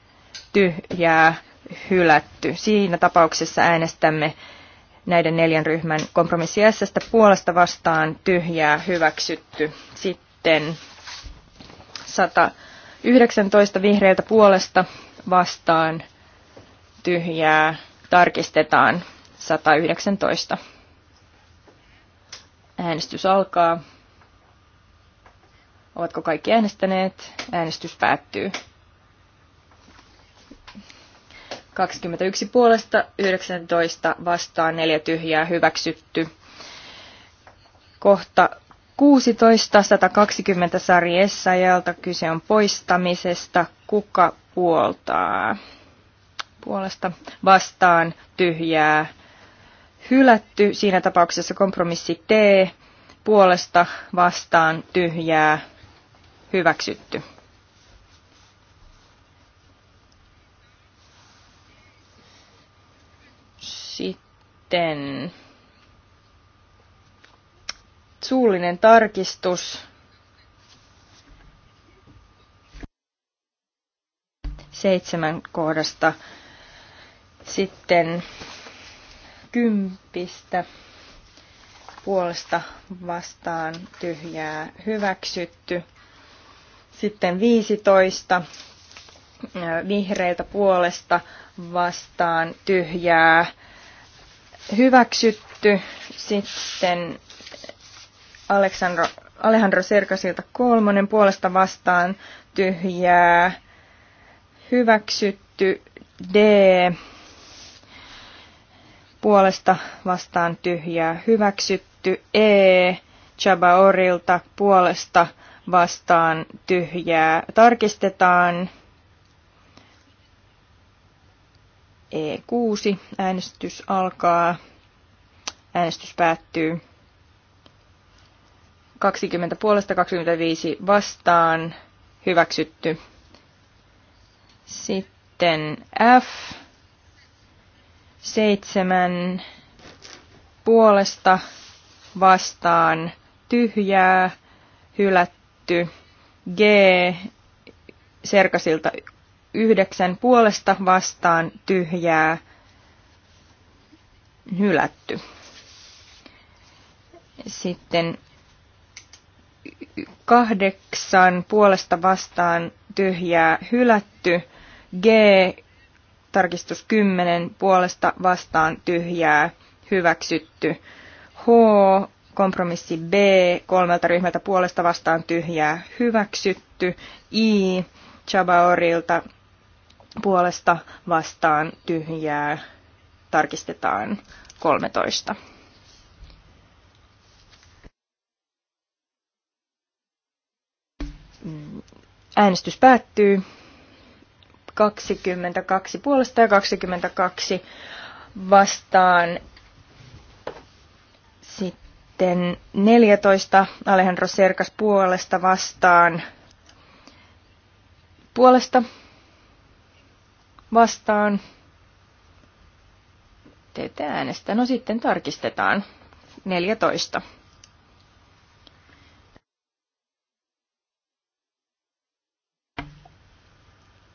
tyhjää hylätty. Siinä tapauksessa äänestämme näiden neljän ryhmän kompromissi S puolesta vastaan tyhjää hyväksytty. Sitten 119 vihreiltä puolesta vastaan tyhjää tarkistetaan. 119. Äänestys alkaa. Ovatko kaikki äänestäneet? Äänestys päättyy. 21 puolesta, 19 vastaan, 4 tyhjää hyväksytty. Kohta 16, 120 Sari Essajalta kyse on poistamisesta. Kuka puoltaa? Puolesta vastaan tyhjää hylätty. Siinä tapauksessa kompromissi T puolesta vastaan tyhjää hyväksytty. Sitten suullinen tarkistus. Seitsemän kohdasta. Sitten kympistä puolesta vastaan tyhjää hyväksytty. Sitten 15 vihreiltä puolesta vastaan tyhjää hyväksytty. Sitten Aleksandro, Alejandro Serkasilta kolmonen puolesta vastaan tyhjää hyväksytty. D puolesta vastaan tyhjää hyväksytty. E. Chabaorilta puolesta vastaan tyhjää tarkistetaan. E6. Äänestys alkaa. Äänestys päättyy. 20 puolesta 25 vastaan. Hyväksytty. Sitten F seitsemän puolesta vastaan tyhjää, hylätty. G Serkasilta yhdeksän puolesta vastaan tyhjää, hylätty. Sitten kahdeksan puolesta vastaan tyhjää, hylätty. G Tarkistus 10 puolesta vastaan tyhjää hyväksytty. H, kompromissi B, kolmelta ryhmältä puolesta vastaan tyhjää hyväksytty. I, Chabaorilta puolesta vastaan tyhjää tarkistetaan 13. Mm, äänestys päättyy. 22 puolesta ja 22 vastaan. Sitten 14 Alejandro Serkas puolesta vastaan. Puolesta vastaan. Teitä äänestä. No sitten tarkistetaan. 14.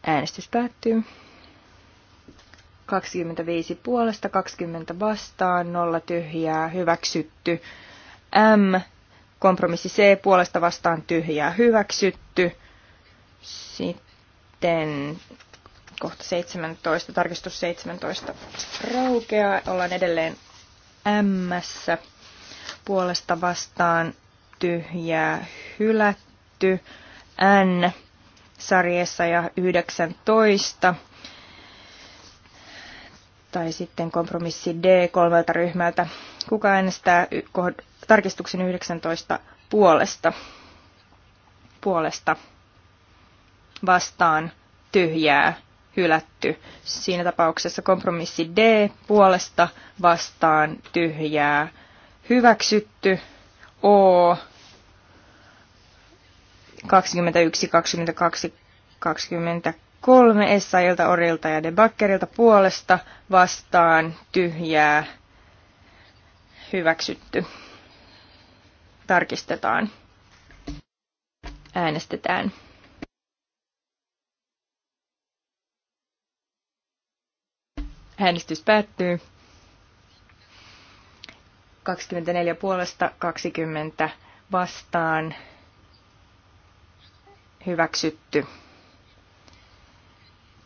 Äänestys päättyy. 25 puolesta, 20 vastaan, 0 tyhjää, hyväksytty. M, kompromissi C, puolesta vastaan tyhjää, hyväksytty. Sitten kohta 17, tarkistus 17 raukeaa. Ollaan edelleen M, puolesta vastaan tyhjää, hylätty. N, sarjassa ja 19. Tai sitten kompromissi D kolmelta ryhmältä. Kuka äänestää tarkistuksen 19 puolesta? Puolesta vastaan tyhjää hylätty. Siinä tapauksessa kompromissi D puolesta vastaan tyhjää hyväksytty. O 21, 22, 23 Essayilta, Orilta ja Debakkerilta puolesta vastaan tyhjää hyväksytty. Tarkistetaan. Äänestetään. Äänestys päättyy. 24 puolesta 20 vastaan hyväksytty.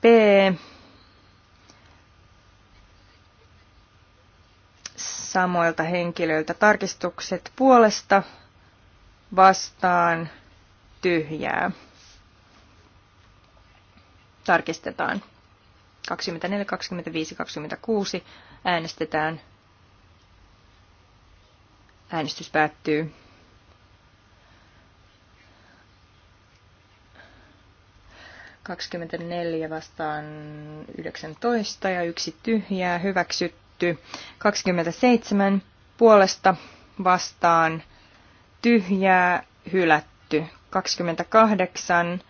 P. Samoilta henkilöiltä tarkistukset puolesta vastaan tyhjää. Tarkistetaan. 24, 25, 26 äänestetään. Äänestys päättyy. 24 vastaan 19 ja yksi tyhjää hyväksytty. 27 puolesta vastaan tyhjää hylätty. 28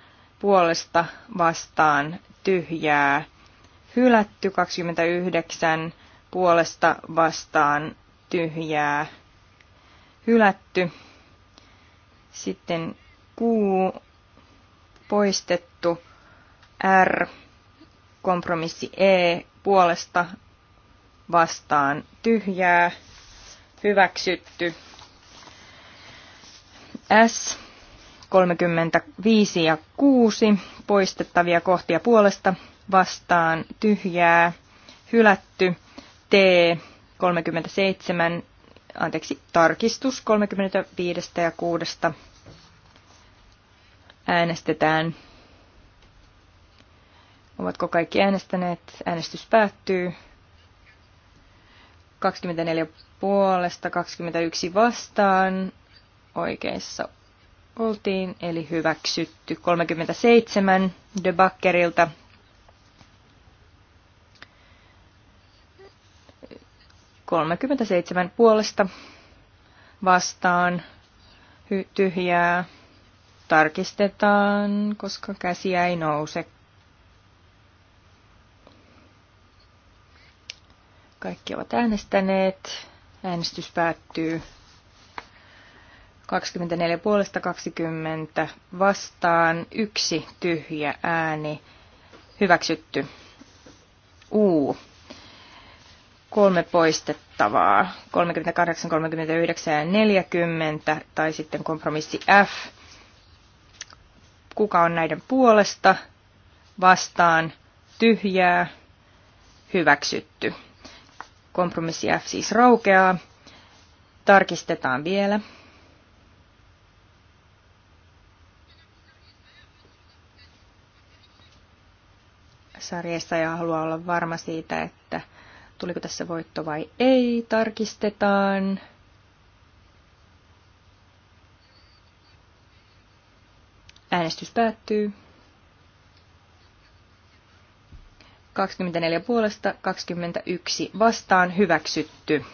puolesta vastaan tyhjää hylätty. 29 puolesta vastaan tyhjää hylätty. Sitten kuu poistettu R, kompromissi E, puolesta vastaan tyhjää, hyväksytty. S, 35 ja 6, poistettavia kohtia puolesta vastaan tyhjää, hylätty. T, 37, anteeksi, tarkistus 35 ja 6 äänestetään Ovatko kaikki äänestäneet? Äänestys päättyy. 24 puolesta, 21 vastaan. Oikeissa oltiin, eli hyväksytty. 37 Debakkerilta. seitsemän puolesta vastaan tyhjää tarkistetaan, koska käsiä ei nouse Kaikki ovat äänestäneet. Äänestys päättyy 24 puolesta 20 vastaan, yksi tyhjä ääni, hyväksytty. U. Kolme poistettavaa, 38, 39 ja 40, tai sitten kompromissi F. Kuka on näiden puolesta? Vastaan, tyhjää, hyväksytty. Kompromissi F siis raukeaa. Tarkistetaan vielä. sarjassa ja haluaa olla varma siitä, että tuliko tässä voitto vai ei. Tarkistetaan. Äänestys päättyy. 24 puolesta 21 vastaan hyväksytty.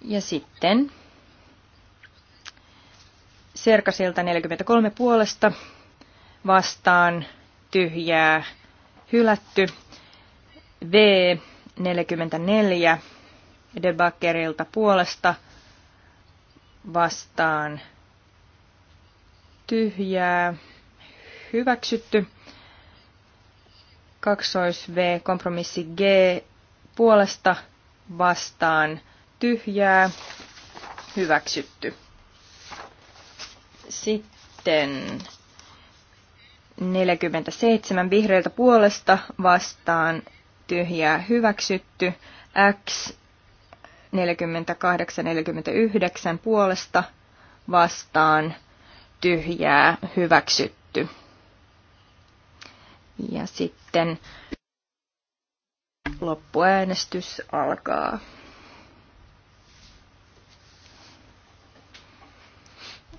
Ja sitten Serkasilta 43 puolesta vastaan tyhjää hylätty. V 44 Debakkerilta puolesta vastaan tyhjää hyväksytty. Kaksois V, kompromissi G, puolesta vastaan tyhjää, hyväksytty. Sitten 47 vihreiltä puolesta vastaan tyhjää hyväksytty. X 48-49 puolesta vastaan tyhjää hyväksytty. Ja sitten loppuäänestys alkaa.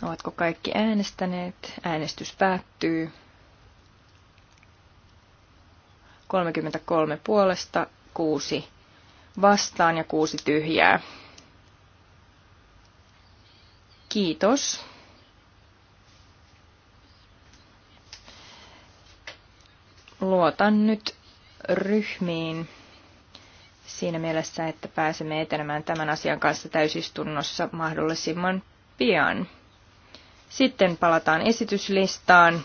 Ovatko kaikki äänestäneet? Äänestys päättyy. 33 puolesta, 6 vastaan ja 6 tyhjää. Kiitos. luotan nyt ryhmiin siinä mielessä, että pääsemme etenemään tämän asian kanssa täysistunnossa mahdollisimman pian. Sitten palataan esityslistaan.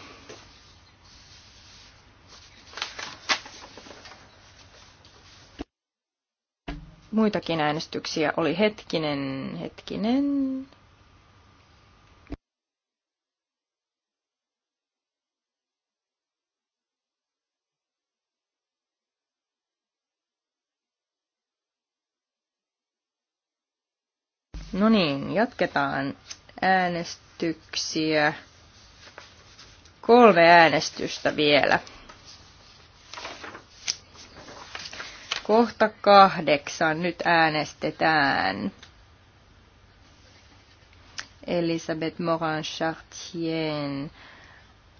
Muitakin äänestyksiä oli hetkinen, hetkinen, No niin, jatketaan äänestyksiä. Kolme äänestystä vielä. Kohta kahdeksan nyt äänestetään. Elisabeth Morin-Chartien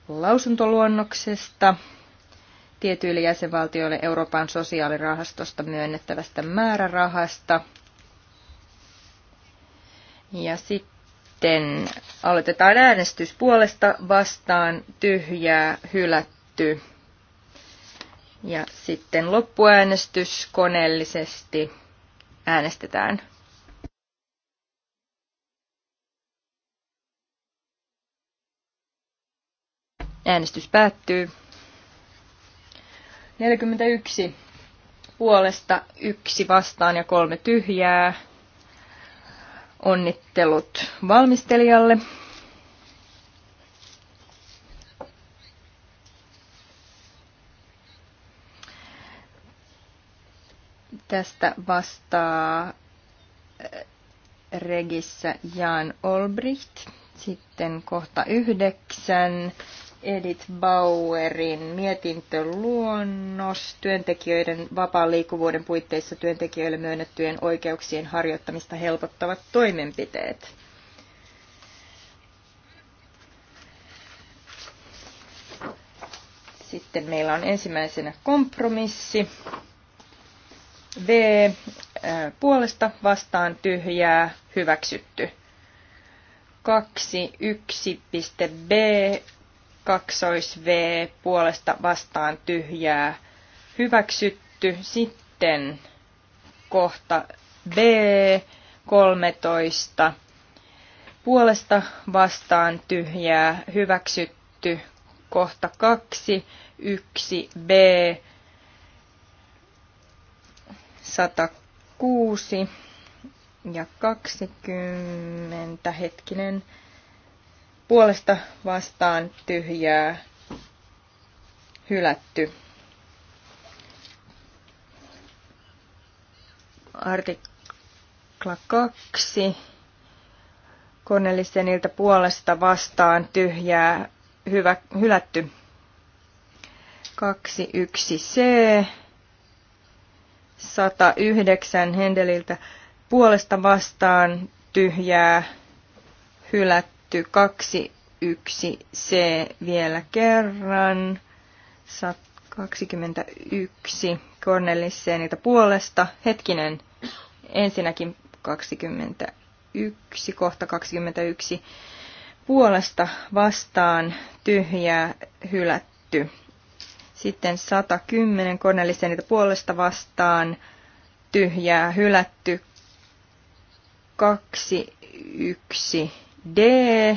lausuntoluonnoksesta tietyille jäsenvaltioille Euroopan sosiaalirahastosta myönnettävästä määrärahasta – ja sitten aloitetaan äänestys puolesta vastaan tyhjää hylätty. Ja sitten loppuäänestys koneellisesti äänestetään. Äänestys päättyy. 41 puolesta, yksi vastaan ja kolme tyhjää. Onnittelut valmistelijalle. Tästä vastaa eh, regissä Jan Olbricht. Sitten kohta yhdeksän Edith Bauerin mietintöluonnos työntekijöiden vapaan liikkuvuuden puitteissa työntekijöille myönnettyjen oikeuksien harjoittamista helpottavat toimenpiteet. Sitten meillä on ensimmäisenä kompromissi. V puolesta vastaan tyhjää hyväksytty. 2.1.b kaksois V puolesta vastaan tyhjää hyväksytty. Sitten kohta B 13 puolesta vastaan tyhjää hyväksytty. Kohta 2 1 B 106 ja 20 hetkinen puolesta vastaan tyhjää hylätty. Artikla 2. Cornelisseniltä puolesta vastaan tyhjää hyvä, hylätty. 21c. 109 Hendeliltä puolesta vastaan tyhjää hylätty hylätty 21C vielä kerran. 21 Cornelissenilta puolesta. Hetkinen, ensinnäkin 21, kohta 21 puolesta vastaan tyhjää hylätty. Sitten 110 Cornelissenilta puolesta vastaan tyhjää hylätty. 21 D,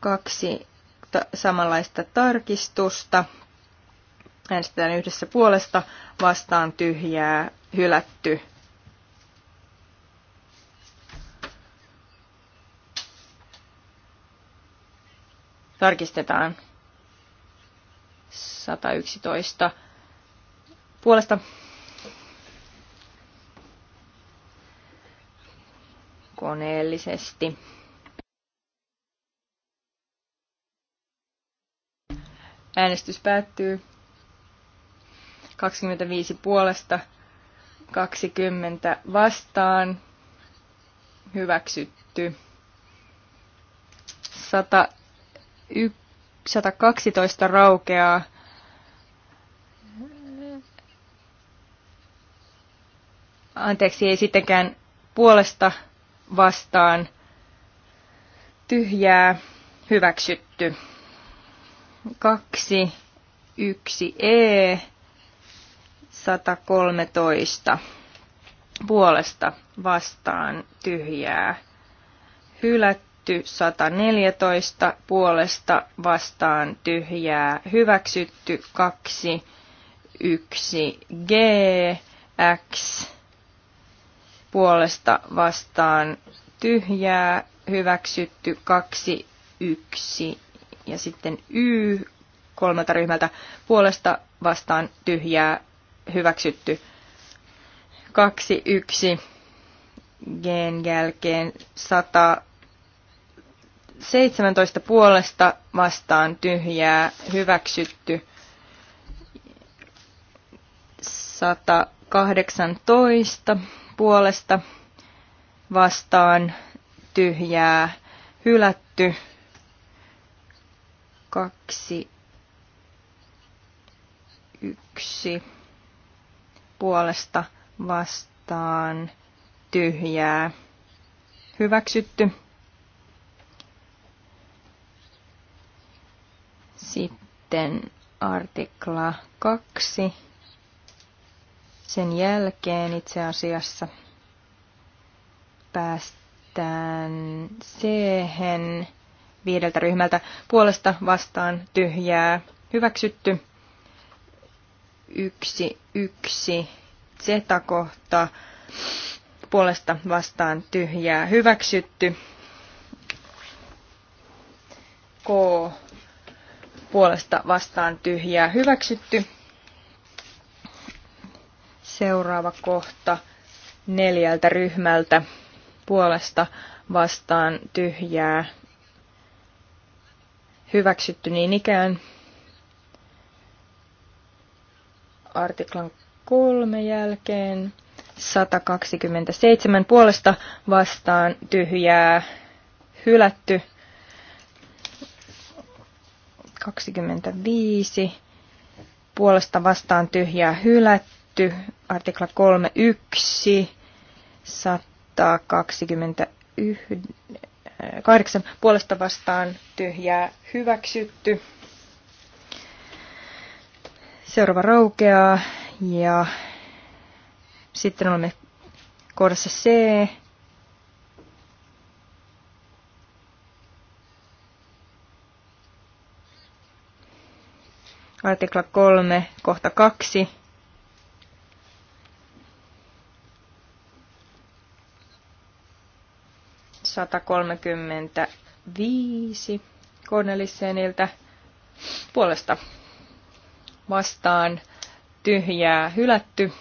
kaksi samanlaista tarkistusta. Äänestetään yhdessä puolesta, vastaan tyhjää, hylätty. Tarkistetaan. 111 puolesta koneellisesti. Äänestys päättyy. 25 puolesta, 20 vastaan. Hyväksytty. 101, 112 raukeaa. Anteeksi, ei sittenkään puolesta vastaan tyhjää hyväksytty. 2, 1 E, 113 puolesta vastaan tyhjää hylätty, 114 puolesta vastaan tyhjää hyväksytty, 2, 1 G, X, puolesta vastaan tyhjää, hyväksytty 2, 1 ja sitten Y kolmelta ryhmältä puolesta vastaan tyhjää, hyväksytty 2, 1 Gen jälkeen 100 17 puolesta vastaan tyhjää, hyväksytty 118 puolesta vastaan tyhjää hylätty. Kaksi, yksi puolesta vastaan tyhjää hyväksytty. Sitten artikla 2 sen jälkeen itse asiassa päästään siihen viideltä ryhmältä puolesta vastaan tyhjää hyväksytty. Yksi, yksi, Z-kohta puolesta vastaan tyhjää hyväksytty. K puolesta vastaan tyhjää hyväksytty. Seuraava kohta neljältä ryhmältä puolesta vastaan tyhjää. Hyväksytty niin ikään. Artiklan kolme jälkeen 127 puolesta vastaan tyhjää hylätty. 25 puolesta vastaan tyhjää hylätty hyväksytty. Artikla 3.1, 128 puolesta vastaan tyhjää hyväksytty. Seuraava raukeaa ja sitten olemme kohdassa C. Artikla 3, kohta 2. 135 Cornelisseniltä puolesta vastaan tyhjää hylätty.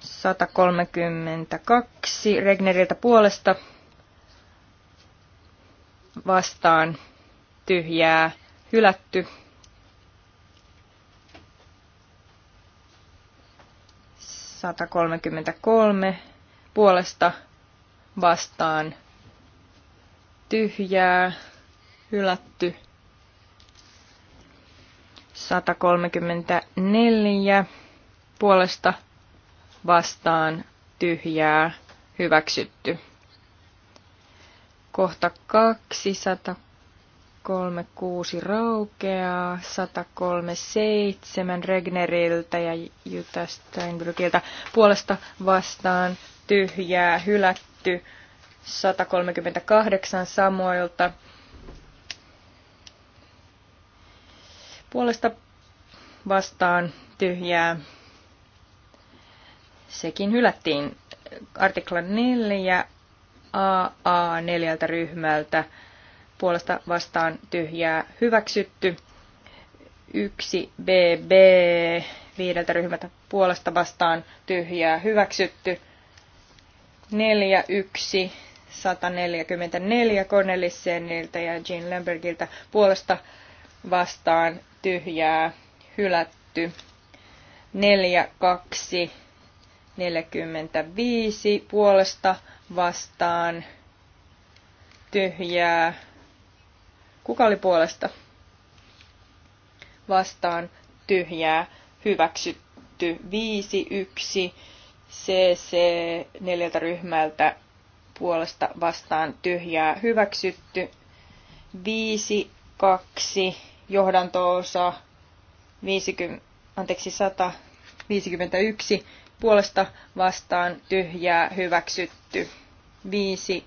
132 Regneriltä puolesta vastaan tyhjää hylätty. 133 puolesta vastaan tyhjää, hylätty. 134 puolesta vastaan tyhjää, hyväksytty. Kohta 236 raukeaa, 137 Regneriltä ja Jutta Steinbrückiltä puolesta vastaan tyhjää, hylätty hylätty. 138 Samoilta. Puolesta vastaan tyhjää. Sekin hylättiin. Artikla 4 AA neljältä ryhmältä. Puolesta vastaan tyhjää hyväksytty. 1 BB viideltä ryhmältä puolesta vastaan tyhjää hyväksytty. 41 144 Cornelisseniltä ja Jean Lembergiltä puolesta vastaan tyhjää hylätty. 42 45 puolesta vastaan tyhjää. Kuka oli puolesta? Vastaan tyhjää hyväksytty 51 CC neljältä ryhmältä puolesta vastaan tyhjää hyväksytty. 5, 2, johdantoosa 50, anteeksi 151 puolesta vastaan tyhjää hyväksytty. 5,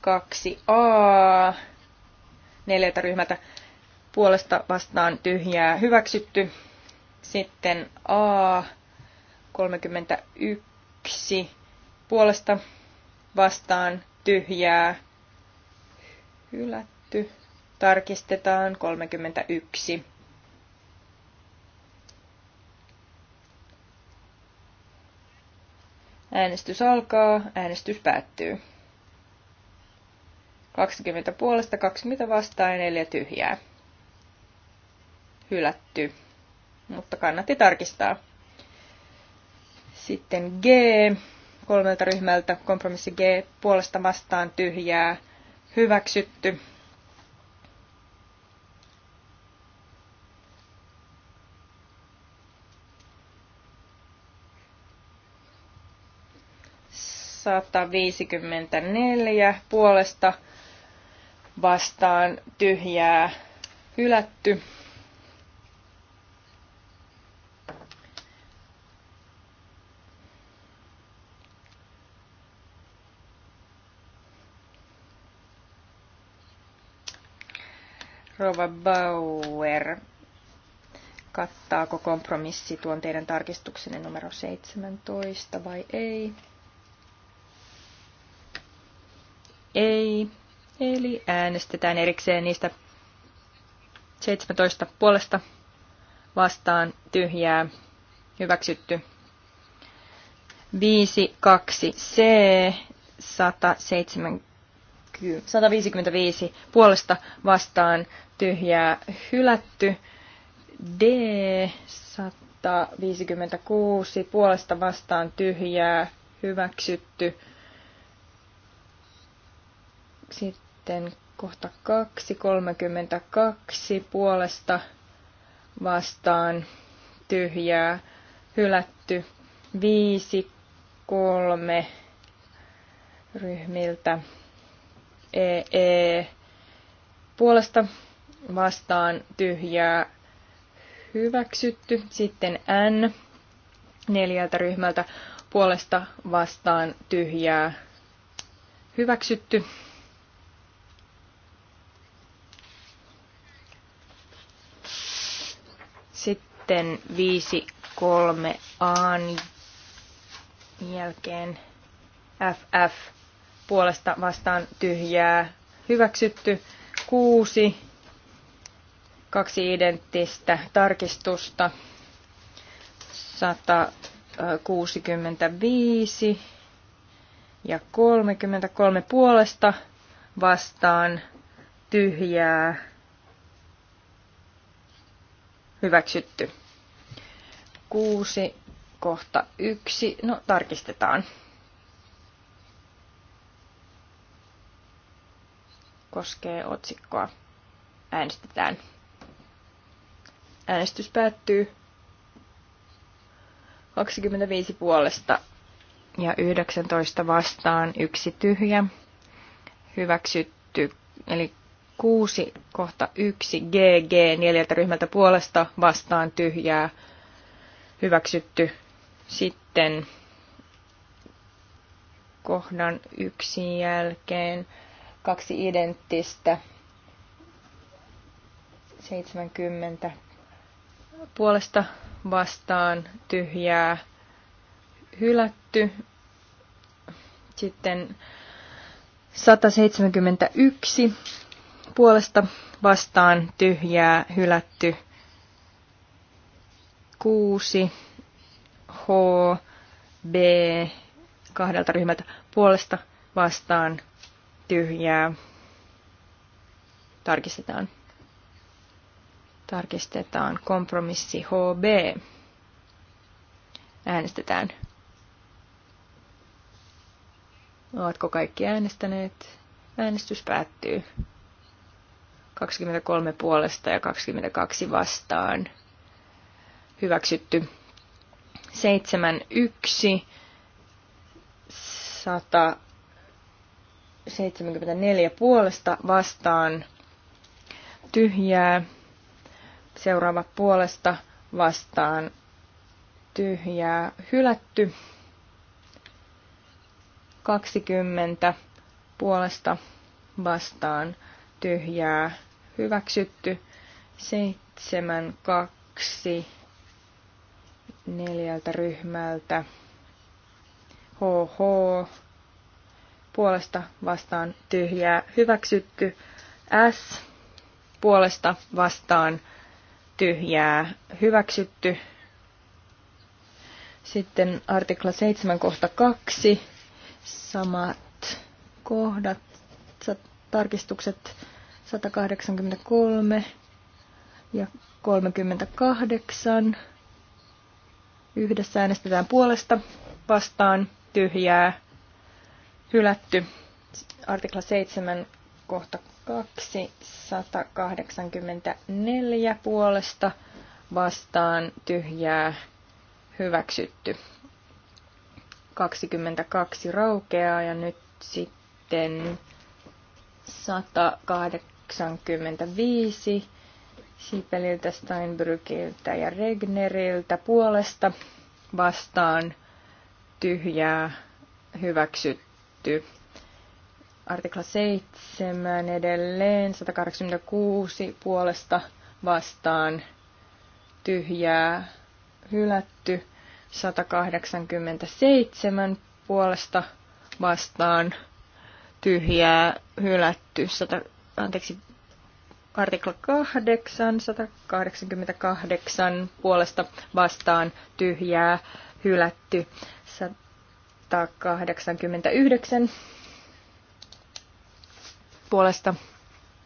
2, A neljältä ryhmältä puolesta vastaan tyhjää hyväksytty. Sitten A 31 puolesta vastaan tyhjää hylätty. Tarkistetaan 31. Äänestys alkaa, äänestys päättyy. 20 puolesta, 20 vastaan ja 4 tyhjää. Hylätty. Mutta kannatti tarkistaa. Sitten G kolmelta ryhmältä, kompromissi G puolesta vastaan tyhjää, hyväksytty. saattaa 54 puolesta vastaan tyhjää hylätty. Rova Bauer kattaako kompromissi tuon teidän tarkistuksenne numero 17 vai ei? Ei. Eli äänestetään erikseen niistä 17 puolesta vastaan tyhjää hyväksytty. 5, 2, C, 170. 155 puolesta vastaan tyhjää hylätty. D 156 puolesta vastaan tyhjää hyväksytty. Sitten kohta 2, 32 puolesta vastaan tyhjää hylätty. 5, 3 ryhmiltä EE e puolesta vastaan tyhjää hyväksytty. Sitten N neljältä ryhmältä puolesta vastaan tyhjää hyväksytty. Sitten 5 3 a jälkeen FF puolesta vastaan tyhjää hyväksytty. Kuusi, kaksi identtistä tarkistusta, 165 ja 33 puolesta vastaan tyhjää hyväksytty. 6 kohta 1. No tarkistetaan. koskee otsikkoa. Äänestetään. Äänestys päättyy 25 puolesta ja 19 vastaan yksi tyhjä. Hyväksytty, eli 6 kohta 1 GG neljältä ryhmältä puolesta vastaan tyhjää. Hyväksytty. Sitten kohdan yksi jälkeen kaksi identtistä 70 puolesta vastaan tyhjää hylätty. Sitten 171 puolesta vastaan tyhjää hylätty. 6 H B kahdelta ryhmältä puolesta vastaan tyhjää. Tarkistetaan. Tarkistetaan kompromissi HB. Äänestetään. Ovatko kaikki äänestäneet? Äänestys päättyy. 23 puolesta ja 22 vastaan. Hyväksytty. 71 100 74 puolesta vastaan tyhjää. Seuraava puolesta vastaan tyhjää hylätty. 20 puolesta vastaan tyhjää hyväksytty. 7, 2 neljältä ryhmältä. HH puolesta vastaan tyhjää hyväksytty. S puolesta vastaan tyhjää hyväksytty. Sitten artikla 7 kohta 2. Samat kohdat, tarkistukset 183 ja 38. Yhdessä äänestetään puolesta vastaan tyhjää hylätty. Artikla 7 kohta 2, 184 puolesta vastaan tyhjää hyväksytty. 22 raukeaa ja nyt sitten 185 Siipeliltä, Steinbrückiltä ja Regneriltä puolesta vastaan tyhjää hyväksytty hylätty. Artikla 7 edelleen 186 puolesta vastaan tyhjää hylätty. 187 puolesta vastaan tyhjää hylätty. 100, anteeksi, artikla 8, 188 puolesta vastaan tyhjää hylätty. 189 puolesta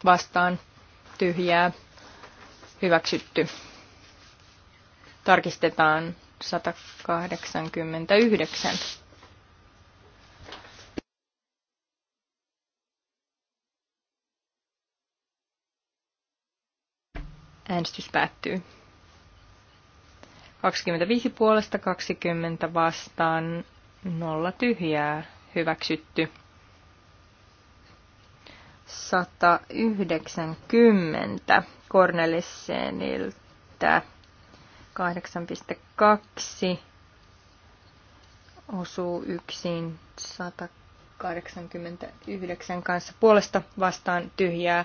vastaan tyhjää hyväksytty. Tarkistetaan 189. Äänestys päättyy. 25 puolesta 20 vastaan Nolla tyhjää. Hyväksytty. 190 Cornelisseniltä. 8.2 osuu yksin 189 kanssa puolesta vastaan tyhjää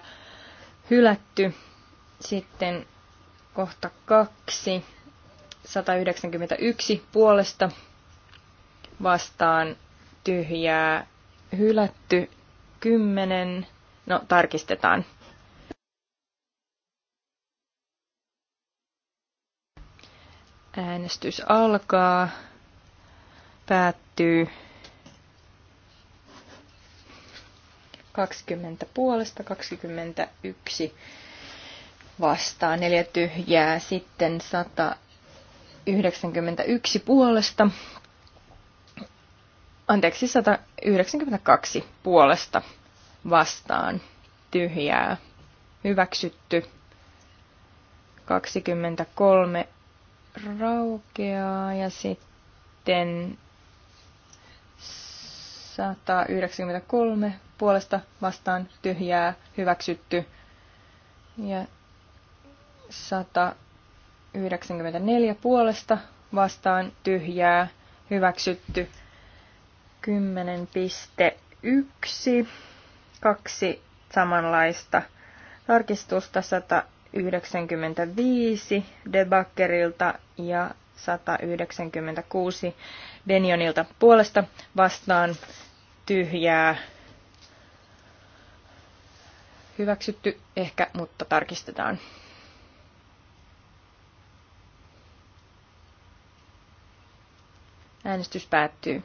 hylätty. Sitten kohta 2 191 puolesta vastaan tyhjää hylätty kymmenen, No, tarkistetaan. Äänestys alkaa, päättyy 20 puolesta, 21 vastaan, neljä tyhjää, sitten 191 puolesta anteeksi, 192 puolesta vastaan tyhjää hyväksytty. 23 raukeaa ja sitten 193 puolesta vastaan tyhjää hyväksytty ja 194 puolesta vastaan tyhjää hyväksytty 10.1. Kaksi samanlaista tarkistusta 195 Debakkerilta ja 196 Denionilta puolesta vastaan tyhjää. Hyväksytty ehkä, mutta tarkistetaan. Äänestys päättyy.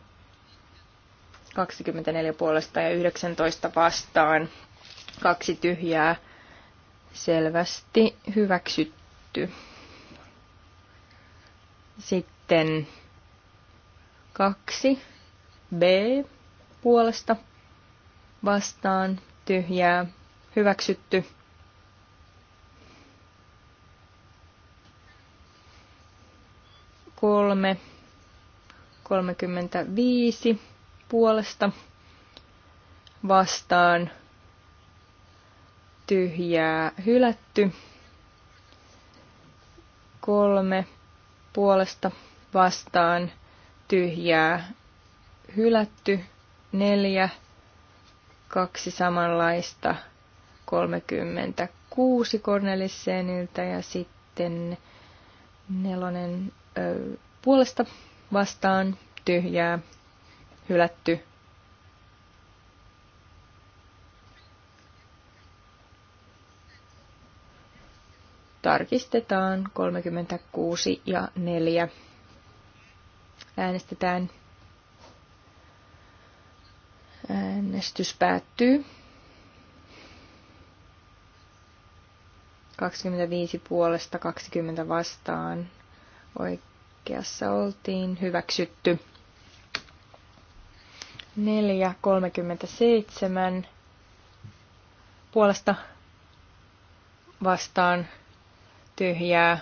24 puolesta ja 19 vastaan. Kaksi tyhjää selvästi hyväksytty. Sitten kaksi B puolesta vastaan tyhjää hyväksytty. Kolme, kolmekymmentä viisi puolesta vastaan tyhjää hylätty. Kolme puolesta vastaan tyhjää hylätty. Neljä, kaksi samanlaista, 36 Cornelisseniltä ja sitten nelonen ö, puolesta vastaan tyhjää hylätty. Tarkistetaan 36 ja 4. Äänestetään. Äänestys päättyy. 25 puolesta 20 vastaan. Oikeassa oltiin hyväksytty. 4.37 puolesta vastaan tyhjää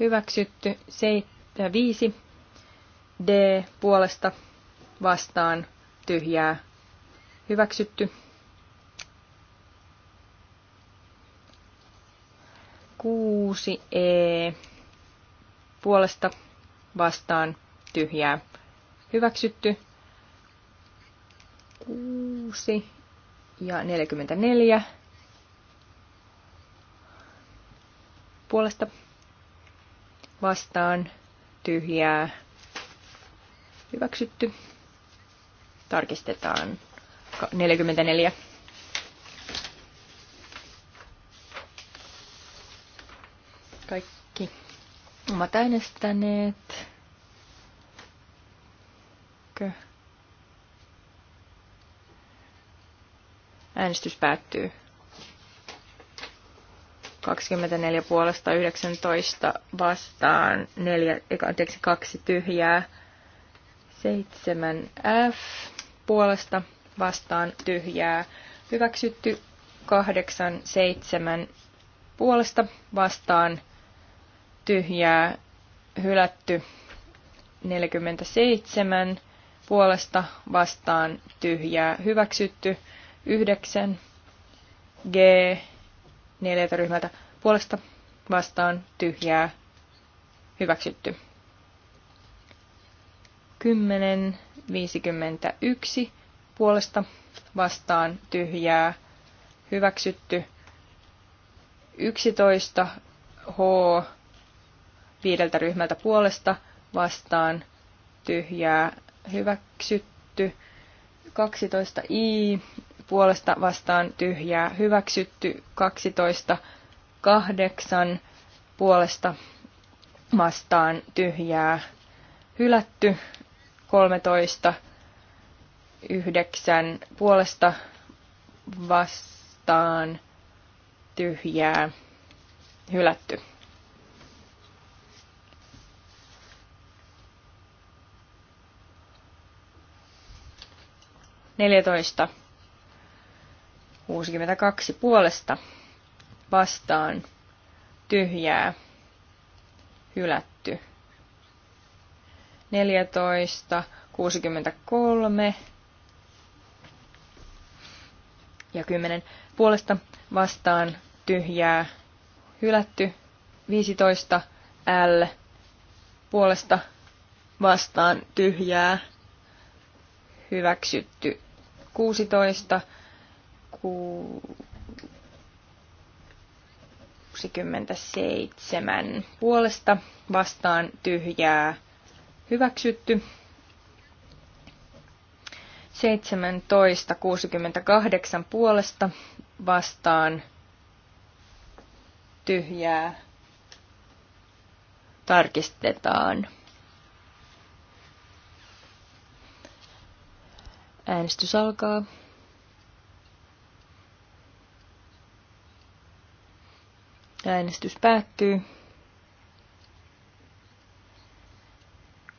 hyväksytty seitsemän 5 D puolesta vastaan tyhjää hyväksytty 6 E puolesta vastaan tyhjää hyväksytty 6 ja 44 puolesta vastaan tyhjää hyväksytty. Tarkistetaan 44. Kaikki omat äänestäneet. Kö? Äänestys päättyy. 24 puolesta 19 vastaan, 4, anteeksi, 2 tyhjää, 7 F puolesta vastaan tyhjää, hyväksytty 8, 7 puolesta vastaan tyhjää, hylätty 47 puolesta vastaan tyhjää, hyväksytty 9 G neljältä ryhmältä puolesta vastaan tyhjää hyväksytty. 10 51 puolesta vastaan tyhjää hyväksytty. 11 H viideltä ryhmältä puolesta vastaan tyhjää hyväksytty. 12 I puolesta vastaan tyhjää hyväksytty, 12 8 puolesta vastaan tyhjää hylätty, 13 9 puolesta vastaan tyhjää hylätty. Neljätoista 62 puolesta vastaan tyhjää hylätty. 14, 63 ja 10 puolesta vastaan tyhjää hylätty. 15 L puolesta vastaan tyhjää hyväksytty. 16 67 puolesta vastaan tyhjää hyväksytty. 1768 puolesta vastaan tyhjää tarkistetaan. Äänestys alkaa. Äänestys päättyy.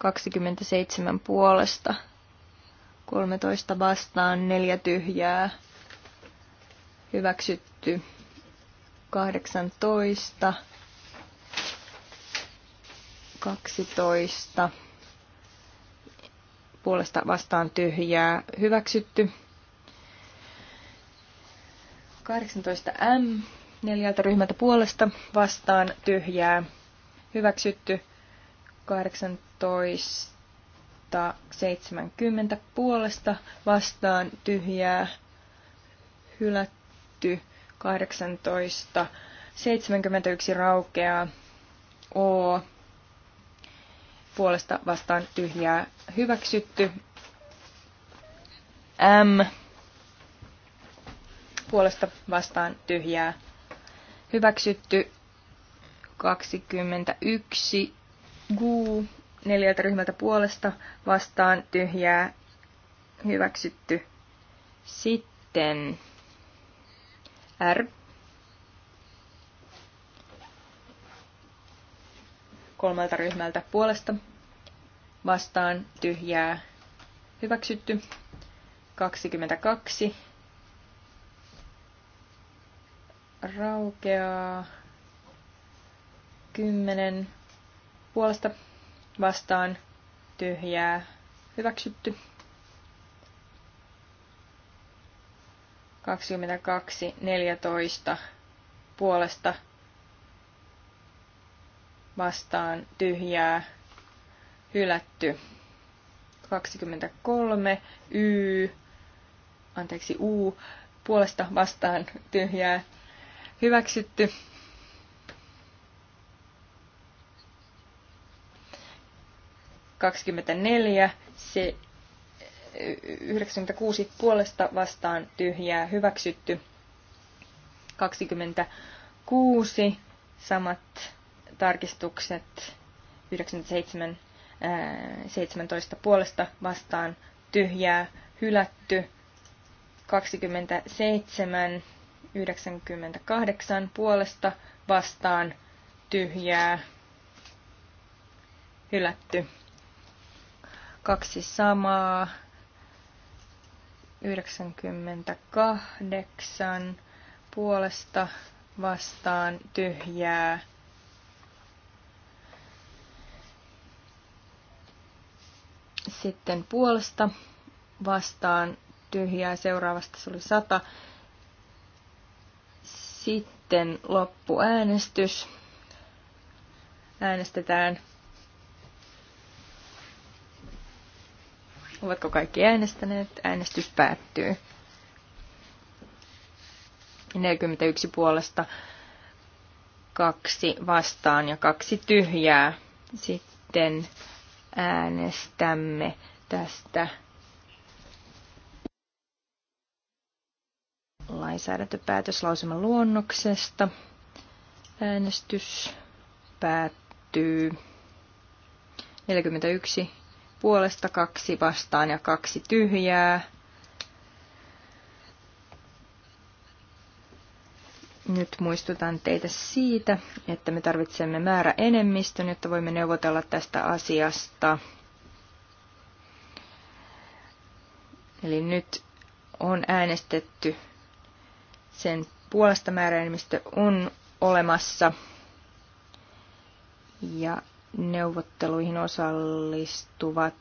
27 puolesta, 13 vastaan, 4 tyhjää, hyväksytty 18, 12, puolesta vastaan tyhjää, hyväksytty 18 M neljältä ryhmältä puolesta vastaan tyhjää. Hyväksytty 1870 puolesta vastaan tyhjää. Hylätty 1871 raukeaa. O puolesta vastaan tyhjää hyväksytty. M puolesta vastaan tyhjää Hyväksytty 21 GU neljältä ryhmältä puolesta vastaan tyhjää hyväksytty. Sitten R. Kolmelta ryhmältä puolesta vastaan tyhjää hyväksytty. 22 raukeaa kymmenen puolesta vastaan tyhjää hyväksytty. 22, 14 puolesta vastaan tyhjää hylätty. 23, Y, anteeksi U, puolesta vastaan tyhjää Hyväksytty. Kaksikymmentäneljä, se 96 puolesta vastaan tyhjää hyväksytty. 26 samat tarkistukset 97 17 puolesta vastaan tyhjää hylätty. 27 98 puolesta vastaan tyhjää hylätty. Kaksi samaa. 98 puolesta vastaan tyhjää. Sitten puolesta vastaan tyhjää. Seuraavasta se oli 100 sitten loppuäänestys. Äänestetään. Ovatko kaikki äänestäneet? Äänestys päättyy. 41 puolesta, kaksi vastaan ja kaksi tyhjää. Sitten äänestämme tästä lainsäädäntöpäätöslauseman luonnoksesta. Äänestys päättyy 41 puolesta, kaksi vastaan ja kaksi tyhjää. Nyt muistutan teitä siitä, että me tarvitsemme määrä enemmistön, jotta voimme neuvotella tästä asiasta. Eli nyt on äänestetty sen puolesta määräenemmistö on olemassa ja neuvotteluihin osallistuvat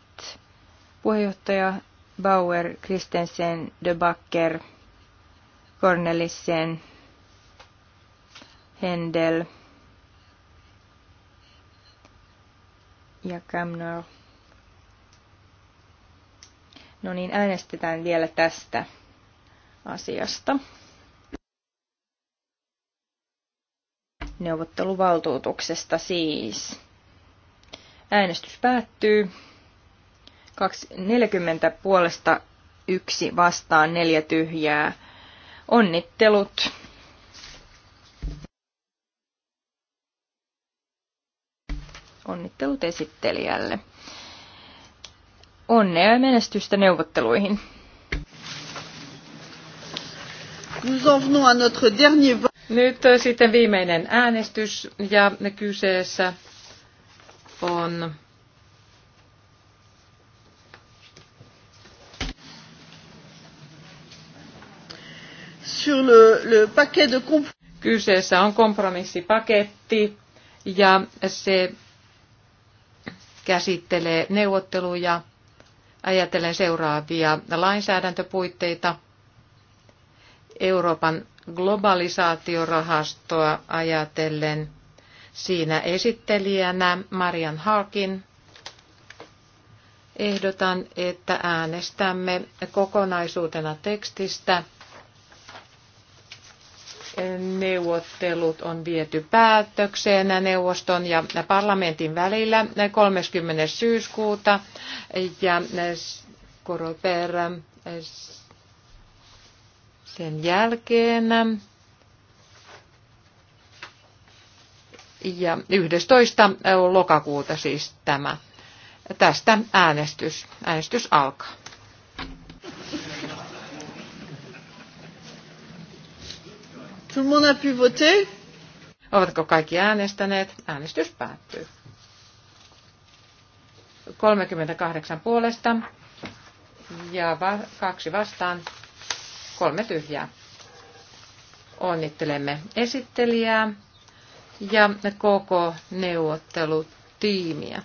puheenjohtaja Bauer, Kristensen, De Backer, Cornelissen, Händel ja Kamner. No niin, äänestetään vielä tästä asiasta. neuvotteluvaltuutuksesta siis. Äänestys päättyy. 40 puolesta yksi vastaan neljä tyhjää. Onnittelut. Onnittelut esittelijälle. Onnea ja menestystä neuvotteluihin. Nous en venons à notre dernier vote. Nyt äh, sitten viimeinen äänestys ja kyseessä on sur le, le paquet de Kyseessä on kompromissipaketti ja se käsittelee neuvotteluja ajatellen seuraavia lainsäädäntöpuitteita Euroopan globalisaatiorahastoa ajatellen. Siinä esittelijänä Marian Harkin. Ehdotan, että äänestämme kokonaisuutena tekstistä. Neuvottelut on viety päätökseen neuvoston ja parlamentin välillä 30. syyskuuta ja Koroper sen jälkeen. Ja 11. lokakuuta siis tämä. Tästä äänestys. Äänestys alkaa. Tout le monde a pu voter? Ovatko kaikki äänestäneet? Äänestys päättyy. 38 puolesta ja kaksi vastaan Kolme tyhjää. Onnittelemme esittelijää ja koko neuvottelutiimiä.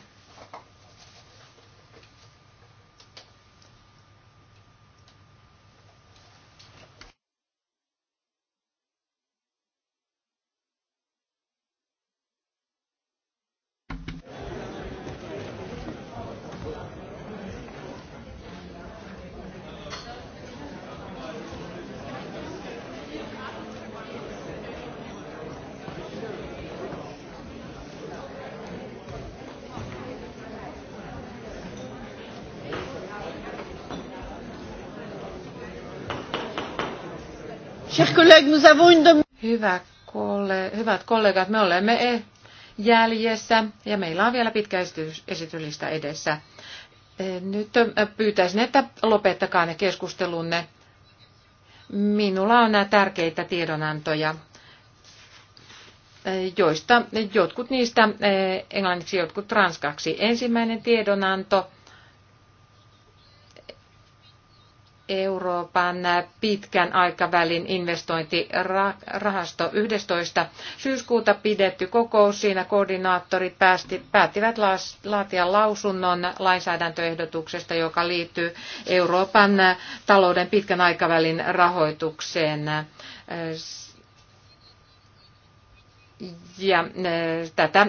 Hyvä kolle, hyvät kollegat, me olemme e- jäljessä ja meillä on vielä pitkä esityslista edessä. E, nyt pyytäisin, että lopettakaa ne keskustelunne. Minulla on nämä tärkeitä tiedonantoja, e, joista jotkut niistä englanniksi, jotkut ranskaksi. Ensimmäinen tiedonanto Euroopan pitkän aikavälin investointirahasto 11. syyskuuta pidetty kokous. Siinä koordinaattorit päästi, päättivät laatia lausunnon lainsäädäntöehdotuksesta, joka liittyy Euroopan talouden pitkän aikavälin rahoitukseen. Äh, ja äh, tätä, äh,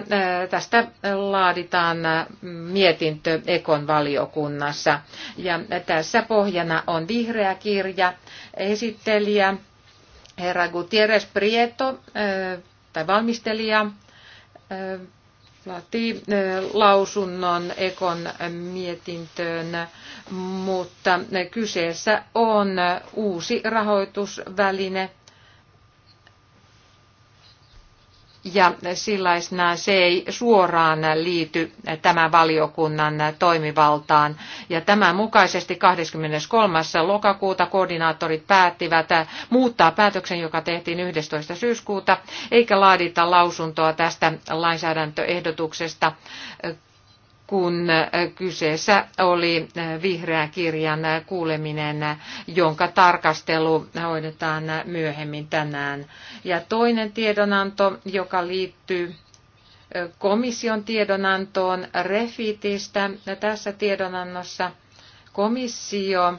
tästä laaditaan äh, mietintö Ekon valiokunnassa. Ja tässä pohjana on vihreä kirja, esittelijä herra Gutierrez Prieto, tai valmistelija, laatii lausunnon Ekon mietintöön, mutta kyseessä on uusi rahoitusväline – ja sillaisena se ei suoraan liity tämän valiokunnan toimivaltaan. Ja tämän mukaisesti 23. lokakuuta koordinaattorit päättivät muuttaa päätöksen, joka tehtiin 11. syyskuuta, eikä laadita lausuntoa tästä lainsäädäntöehdotuksesta, kun äh, kyseessä oli äh, vihreän kirjan äh, kuuleminen, jonka tarkastelu hoidetaan myöhemmin tänään. Ja toinen tiedonanto, joka liittyy komission tiedonantoon Refitistä. Tässä tiedonannossa komissio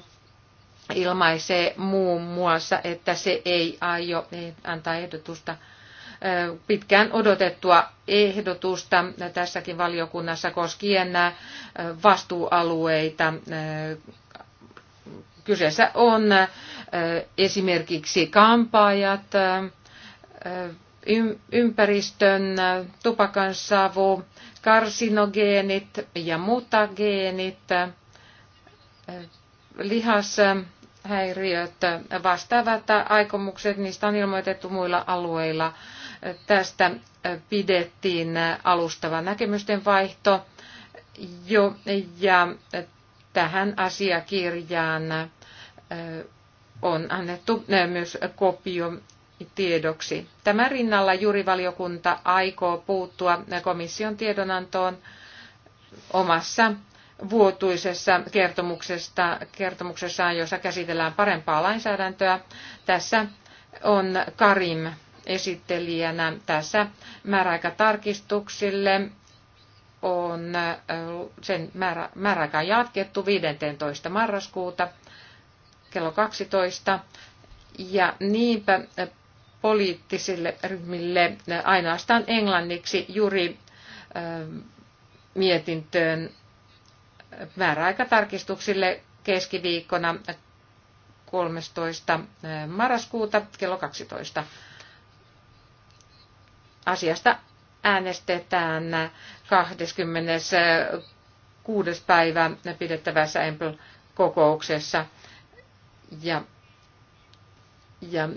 ilmaisee muun muassa, että se ei aio antaa ehdotusta pitkään odotettua ehdotusta tässäkin valiokunnassa koskien vastuualueita. Kyseessä on esimerkiksi kampaajat, ympäristön tupakansavu, karsinogeenit ja mutageenit, lihashäiriöt, vastaavat aikomukset, niistä on ilmoitettu muilla alueilla – Tästä pidettiin alustava näkemysten vaihto jo, ja tähän asiakirjaan on annettu myös kopio tiedoksi. Tämän rinnalla jurivaliokunta aikoo puuttua komission tiedonantoon omassa vuotuisessa kertomuksesta, kertomuksessaan, jossa käsitellään parempaa lainsäädäntöä. Tässä on Karim esittelijänä tässä määräaikatarkistuksille on äh, sen määrä, määräaika jatkettu 15. marraskuuta kello 12. Ja niinpä äh, poliittisille ryhmille äh, ainoastaan englanniksi juuri ähm, mietintöön määräaikatarkistuksille keskiviikkona 13. marraskuuta kello 12 asiasta äänestetään 26. päivä pidettävässä Empel-kokouksessa. Ja, ja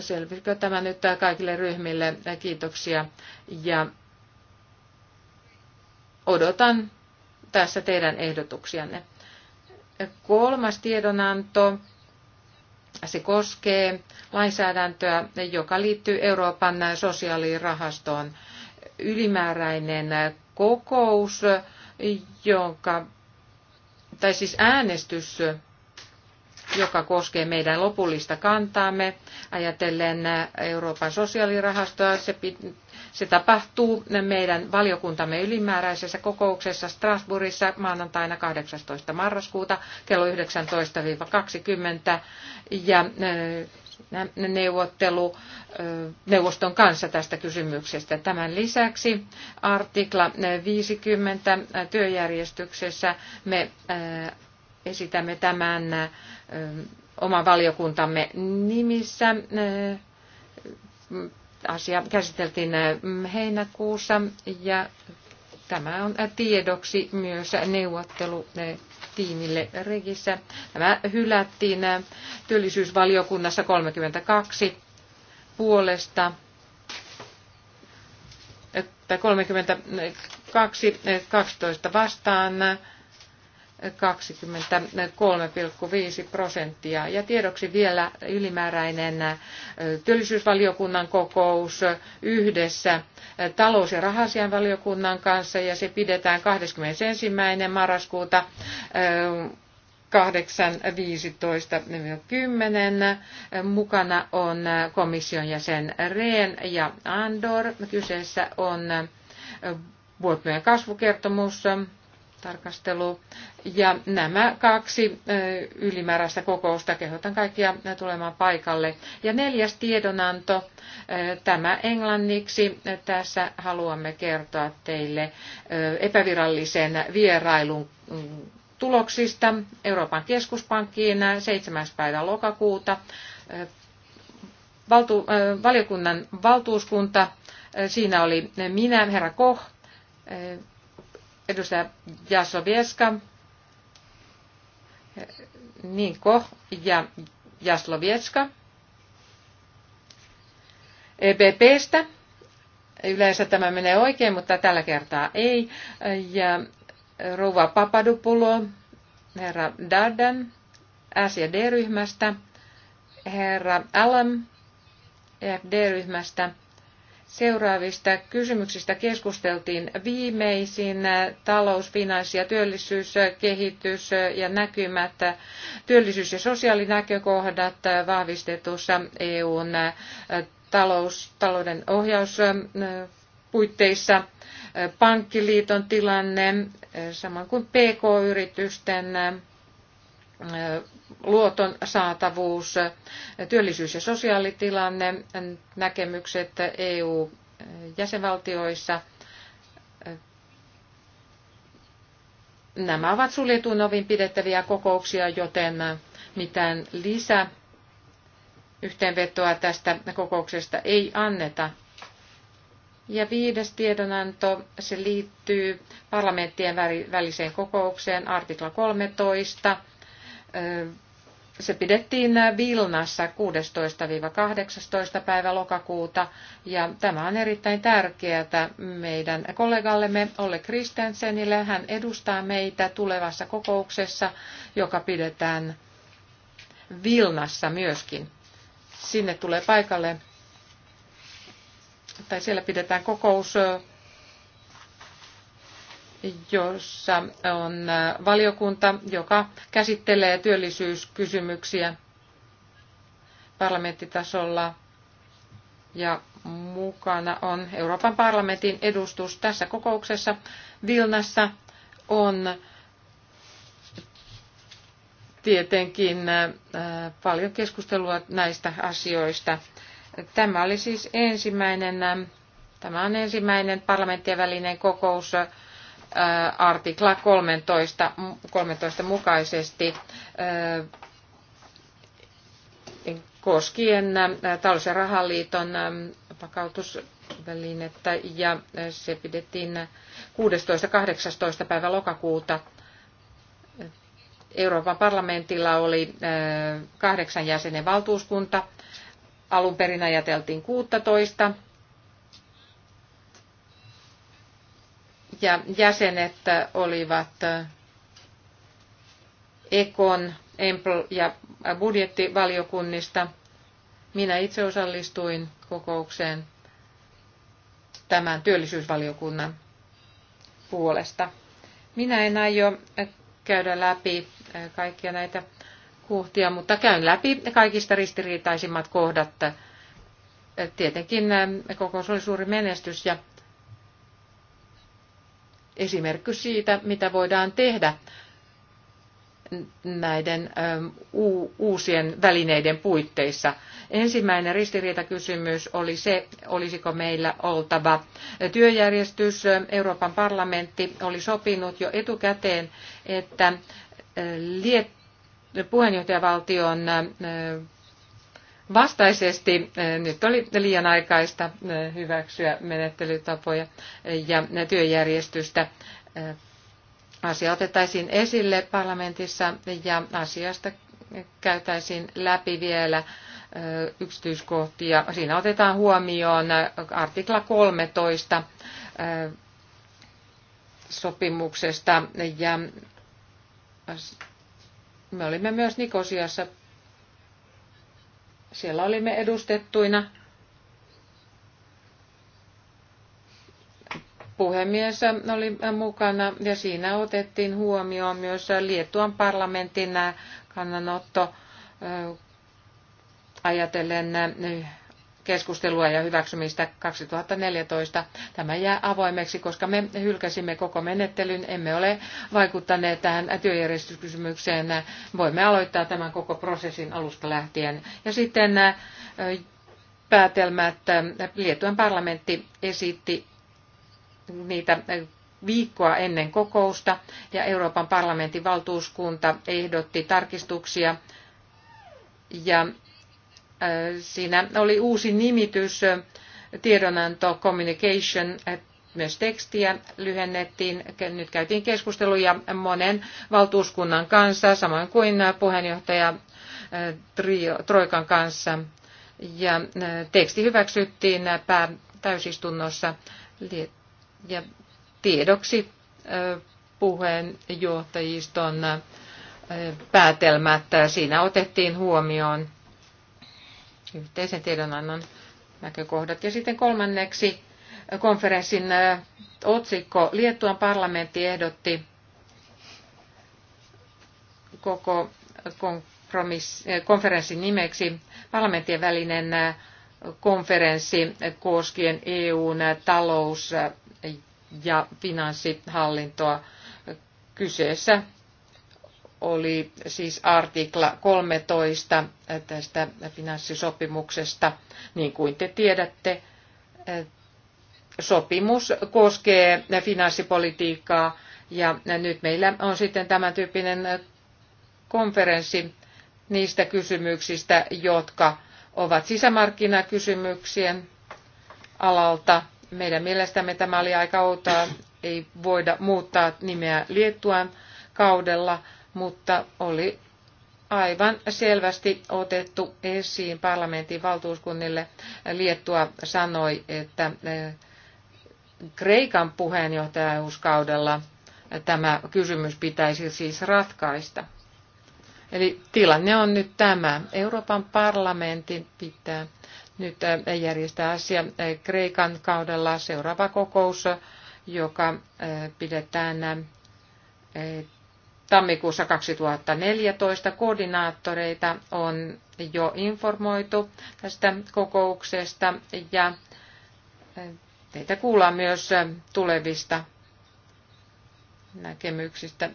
selvisikö tämä nyt kaikille ryhmille? Kiitoksia. Ja odotan tässä teidän ehdotuksianne. Kolmas tiedonanto se koskee lainsäädäntöä, joka liittyy Euroopan sosiaalirahastoon. Ylimääräinen kokous, jonka, tai siis äänestys joka koskee meidän lopullista kantaamme. Ajatellen Euroopan sosiaalirahastoa, se, se tapahtuu meidän valiokuntamme ylimääräisessä kokouksessa Strasbourgissa maanantaina 18. marraskuuta kello 19-20 ja äh, neuvottelu äh, neuvoston kanssa tästä kysymyksestä. Tämän lisäksi artikla 50 äh, työjärjestyksessä me esitämme tämän oman valiokuntamme nimissä. Asia käsiteltiin heinäkuussa ja tämä on tiedoksi myös neuvottelutiimille Regissä. Tämä hylättiin työllisyysvaliokunnassa 32 puolesta 32 12 vastaan 23,5 prosenttia. Ja tiedoksi vielä ylimääräinen työllisyysvaliokunnan kokous yhdessä talous- ja rahasianvaliokunnan kanssa ja se pidetään 21. marraskuuta 8.15-10. Mukana on komission jäsen Rehn ja Andor. Kyseessä on vuotuinen kasvukertomus tarkastelu. Ja nämä kaksi ylimääräistä kokousta kehotan kaikkia tulemaan paikalle. Ja neljäs tiedonanto, tämä englanniksi. Tässä haluamme kertoa teille epävirallisen vierailun mm, tuloksista Euroopan keskuspankkiin 7. päivä lokakuuta. Valtu, valiokunnan valtuuskunta, siinä oli minä, herra Koh, Edustaja Jasovieska, niin Koh ja Jaslovietska EPPstä. Yleensä tämä menee oikein, mutta tällä kertaa ei. Ja Rouva Papadupulo, herra Dardan, S- ja D-ryhmästä, herra Alam, FD-ryhmästä, Seuraavista kysymyksistä keskusteltiin viimeisin talous, finanssi ja työllisyys, kehitys ja näkymät, työllisyys- ja sosiaalinäkökohdat vahvistetussa EUn talous, talouden ohjauspuitteissa, pankkiliiton tilanne, samoin kuin PK-yritysten luoton saatavuus, työllisyys- ja sosiaalitilanne, näkemykset EU-jäsenvaltioissa. Nämä ovat suljetun ovin pidettäviä kokouksia, joten mitään lisä yhteenvetoa tästä kokouksesta ei anneta. Ja viides tiedonanto, se liittyy parlamenttien väliseen kokoukseen, artikla 13 se pidettiin Vilnassa 16-18. päivä lokakuuta ja tämä on erittäin tärkeää meidän kollegallemme Olle Kristensenille. Hän edustaa meitä tulevassa kokouksessa, joka pidetään Vilnassa myöskin. Sinne tulee paikalle, tai siellä pidetään kokous jossa on valiokunta, joka käsittelee työllisyyskysymyksiä parlamenttitasolla ja mukana on Euroopan parlamentin edustus tässä kokouksessa. Vilnassa on tietenkin paljon keskustelua näistä asioista. Tämä oli siis ensimmäinen, tämä on ensimmäinen parlamenttien välinen kokous artikla 13, 13 mukaisesti koskien talous- ja rahaliiton vakautusvälinettä ja se pidettiin 16.18. päivä lokakuuta. Euroopan parlamentilla oli kahdeksan jäsenen valtuuskunta. Alun perin ajateltiin 16 ja jäsenet olivat Ekon, Empl ja budjettivaliokunnista. Minä itse osallistuin kokoukseen tämän työllisyysvaliokunnan puolesta. Minä en aio käydä läpi kaikkia näitä kohtia, mutta käyn läpi kaikista ristiriitaisimmat kohdat. Tietenkin kokous oli suuri menestys ja esimerkki siitä, mitä voidaan tehdä näiden uusien välineiden puitteissa. Ensimmäinen ristiriitakysymys oli se, olisiko meillä oltava työjärjestys. Euroopan parlamentti oli sopinut jo etukäteen, että puheenjohtajavaltion vastaisesti. Eh, nyt oli liian aikaista eh, hyväksyä menettelytapoja eh, ja työjärjestystä. Asia otettaisiin esille parlamentissa ja asiasta käytäisiin läpi vielä yksityiskohtia. Siinä otetaan huomioon artikla 13 sopimuksesta ja me olimme myös Nikosiassa siellä olimme edustettuina. Puhemies oli mukana ja siinä otettiin huomioon myös Liettuan parlamentin kannanotto äh, ajatellen keskustelua ja hyväksymistä 2014. Tämä jää avoimeksi, koska me hylkäsimme koko menettelyn. Emme ole vaikuttaneet tähän työjärjestyskysymykseen. Voimme aloittaa tämän koko prosessin alusta lähtien. Ja sitten äh, päätelmät. Liettuan parlamentti esitti niitä äh, viikkoa ennen kokousta ja Euroopan parlamentin valtuuskunta ehdotti tarkistuksia ja Siinä oli uusi nimitys, tiedonanto Communication, myös tekstiä lyhennettiin. Nyt käytiin keskusteluja monen valtuuskunnan kanssa, samoin kuin puheenjohtaja Troikan kanssa. Ja teksti hyväksyttiin täysistunnossa ja tiedoksi puheenjohtajiston päätelmät. Siinä otettiin huomioon yhteisen tiedonannon näkökohdat. Ja sitten kolmanneksi äh, konferenssin äh, otsikko Liettuan parlamentti ehdotti koko äh, konferenssin nimeksi parlamenttien välinen konferenssi koskien EUn talous- ja finanssihallintoa. Kyseessä oli siis artikla 13 tästä finanssisopimuksesta. Niin kuin te tiedätte, sopimus koskee finanssipolitiikkaa ja nyt meillä on sitten tämän tyyppinen konferenssi niistä kysymyksistä, jotka ovat sisämarkkinakysymyksien alalta. Meidän mielestämme tämä oli aika outoa, ei voida muuttaa nimeä Liettuan kaudella mutta oli aivan selvästi otettu esiin parlamentin valtuuskunnille. Liettua sanoi, että eh, Kreikan puheenjohtajuuskaudella tämä kysymys pitäisi siis ratkaista. Eli tilanne on nyt tämä. Euroopan parlamentin pitää nyt eh, järjestää asia eh, Kreikan kaudella seuraava kokous, joka pidetään Tammikuussa 2014 koordinaattoreita on jo informoitu tästä kokouksesta ja teitä kuullaan myös tulevista näkemyksistä.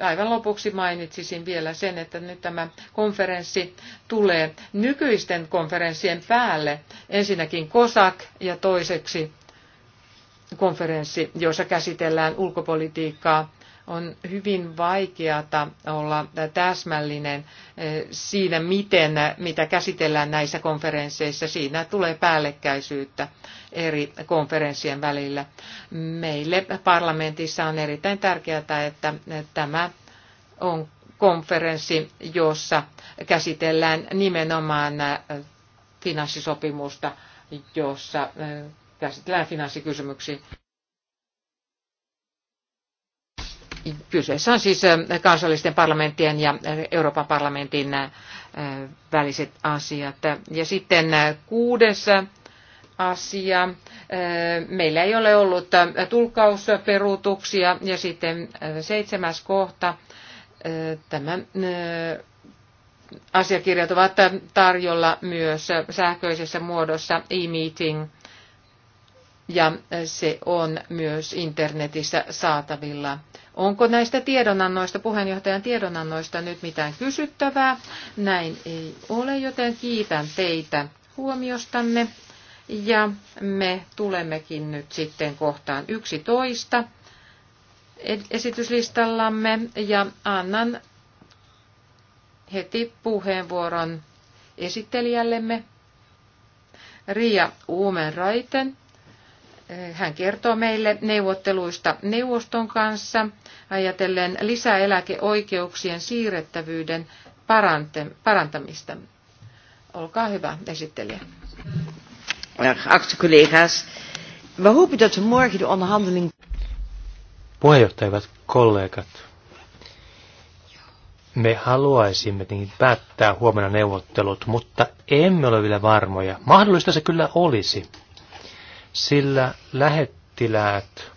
Aivan lopuksi mainitsisin vielä sen, että nyt tämä konferenssi tulee nykyisten konferenssien päälle. Ensinnäkin COSAC ja toiseksi konferenssi, jossa käsitellään ulkopolitiikkaa on hyvin vaikeata olla täsmällinen eh, siinä, miten, mitä käsitellään näissä konferensseissa. Siinä tulee päällekkäisyyttä eri konferenssien välillä. Meille parlamentissa on erittäin tärkeää, että tämä on konferenssi, jossa käsitellään nimenomaan eh, finanssisopimusta, jossa eh, käsitellään finanssikysymyksiä. Kyseessä on siis äh, kansallisten parlamenttien ja äh, Euroopan parlamentin äh, väliset asiat. Ja sitten kuudes asia. Meillä ei ole ollut tulkausperuutuksia. ja sitten seitsemäs kohta. Tämä asiakirjat ovat tarjolla myös sähköisessä muodossa e-meeting ja eh, se on myös internetissä saatavilla. Onko näistä tiedonannoista, puheenjohtajan tiedonannoista nyt mitään kysyttävää? Näin ei ole, joten kiitän teitä huomiostanne. Ja me tulemmekin nyt sitten kohtaan 11 esityslistallamme ja annan heti puheenvuoron esittelijällemme Ria Uumenraiten. Hän kertoo meille neuvotteluista neuvoston kanssa ajatellen lisäeläkeoikeuksien siirrettävyyden parantamista. Olkaa hyvä, esittelijä. we hopen dat we morgen de onderhandeling... Puheenjohtajat, kollegat, me haluaisimme niin päättää huomenna neuvottelut, mutta emme ole vielä varmoja. Mahdollista se kyllä olisi sillä lähettiläät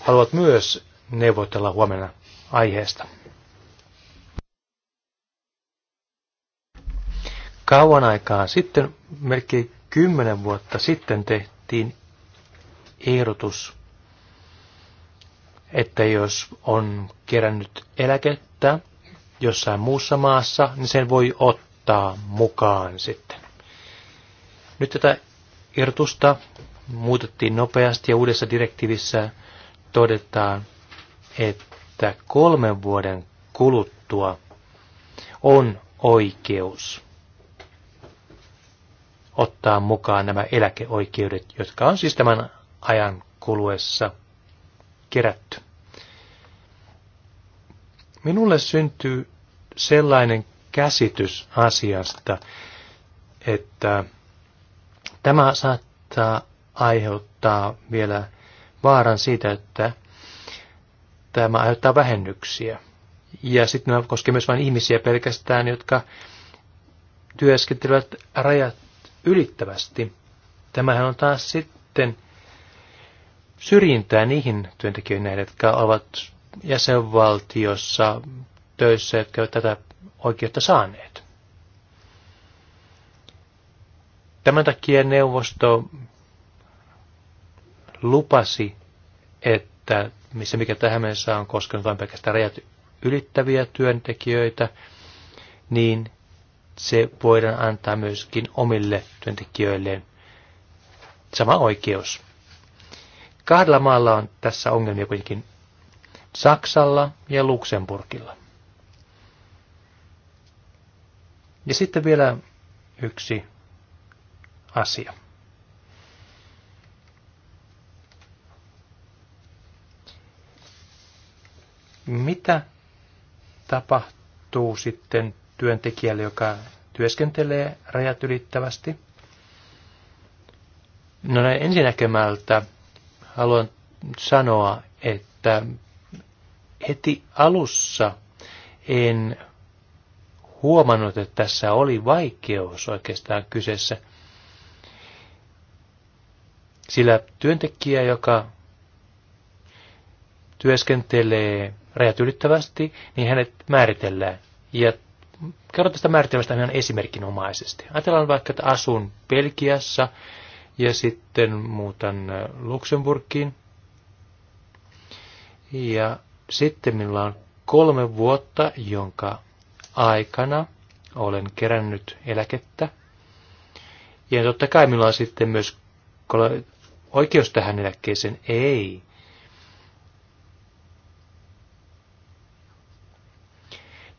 haluat myös neuvotella huomenna aiheesta. Kauan aikaa sitten, melkein kymmenen vuotta sitten tehtiin ehdotus, että jos on kerännyt eläkettä jossain muussa maassa, niin sen voi ottaa mukaan sitten. Nyt tätä Irtusta muutettiin nopeasti ja uudessa direktiivissä todetaan, että kolmen vuoden kuluttua on oikeus ottaa mukaan nämä eläkeoikeudet, jotka on siis tämän ajan kuluessa kerätty. Minulle syntyy sellainen käsitys asiasta, että Tämä saattaa aiheuttaa vielä vaaran siitä, että tämä aiheuttaa vähennyksiä. Ja sitten nämä koskevat myös vain ihmisiä pelkästään, jotka työskentelevät rajat ylittävästi. Tämähän on taas sitten syrjintää niihin työntekijöihin näille, jotka ovat jäsenvaltiossa töissä, jotka ovat tätä oikeutta saaneet. Tämän takia neuvosto lupasi, että missä mikä tähän mennessä on koskenut vain pelkästään rajat ylittäviä työntekijöitä, niin se voidaan antaa myöskin omille työntekijöilleen sama oikeus. Kahdella maalla on tässä ongelmia kuitenkin Saksalla ja Luxemburgilla. Ja sitten vielä yksi asia. Mitä tapahtuu sitten työntekijälle, joka työskentelee rajat ylittävästi? No näin ensinäkemältä haluan sanoa, että heti alussa en huomannut, että tässä oli vaikeus oikeastaan kyseessä – sillä työntekijä, joka työskentelee rajat ylittävästi, niin hänet määritellään. Ja kerron tästä määritelmästä ihan esimerkinomaisesti. Ajatellaan vaikka, että asun Belgiassa ja sitten muutan Luxemburgiin. Ja sitten minulla on kolme vuotta, jonka aikana olen kerännyt eläkettä. Ja totta kai minulla on sitten myös oikeus tähän eläkkeeseen? Ei.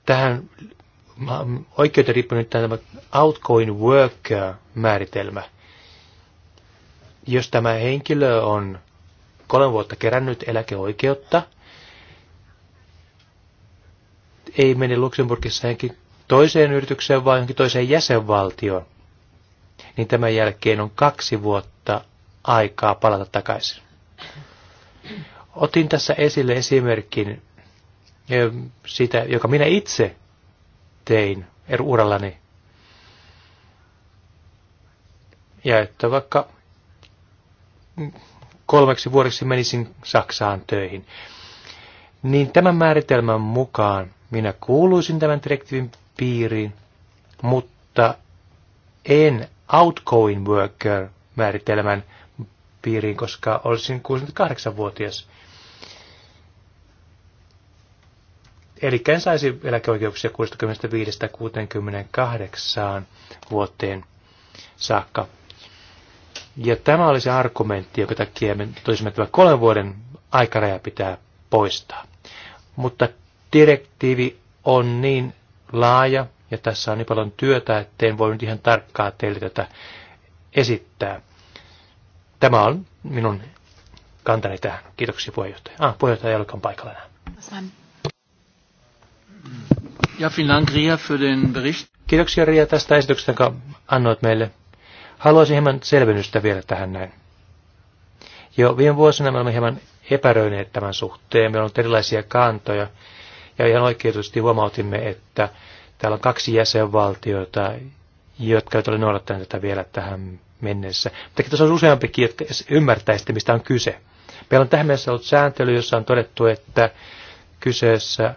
Tähän oikeuteen riippuu nyt tämä outgoing worker-määritelmä. Jos tämä henkilö on kolme vuotta kerännyt eläkeoikeutta, ei mene Luxemburgissa henkin toiseen yritykseen, vaan johonkin toiseen jäsenvaltioon, niin tämän jälkeen on kaksi vuotta aikaa palata takaisin. Otin tässä esille esimerkin eh, sitä, joka minä itse tein er-, urallani. Ja että vaikka kolmeksi vuodeksi menisin Saksaan töihin, niin tämän määritelmän mukaan minä kuuluisin tämän direktiivin piiriin, mutta en outgoing worker määritelmän piiriin, koska olisin 68-vuotias. Eli en saisi eläkeoikeuksia 65-68 vuoteen saakka. Ja tämä oli se argumentti, joka takia me toisimme, että tämä kolmen vuoden aikaraja pitää poistaa. Mutta direktiivi on niin laaja ja tässä on niin paljon työtä, että en voi nyt ihan tarkkaa teille tätä esittää. Tämä on minun kantani tähän. Kiitoksia puheenjohtaja. Ah, puheenjohtaja ei olekaan paikalla enää. Ja, Dank, Ria, für den Bericht. Kiitoksia Ria tästä esityksestä, jonka annoit meille. Haluaisin hieman selvennystä vielä tähän näin. Jo viime vuosina me olemme hieman epäröineet tämän suhteen. Meillä on ollut erilaisia kantoja. Ja ihan oikeutusti huomautimme, että täällä on kaksi jäsenvaltiota, jotka eivät ole noudattaneet tätä vielä tähän mennessä. Mutta tässä on useampikin, jotka ymmärtäisitte, mistä on kyse. Meillä on tähän mennessä ollut sääntely, jossa on todettu, että kyseessä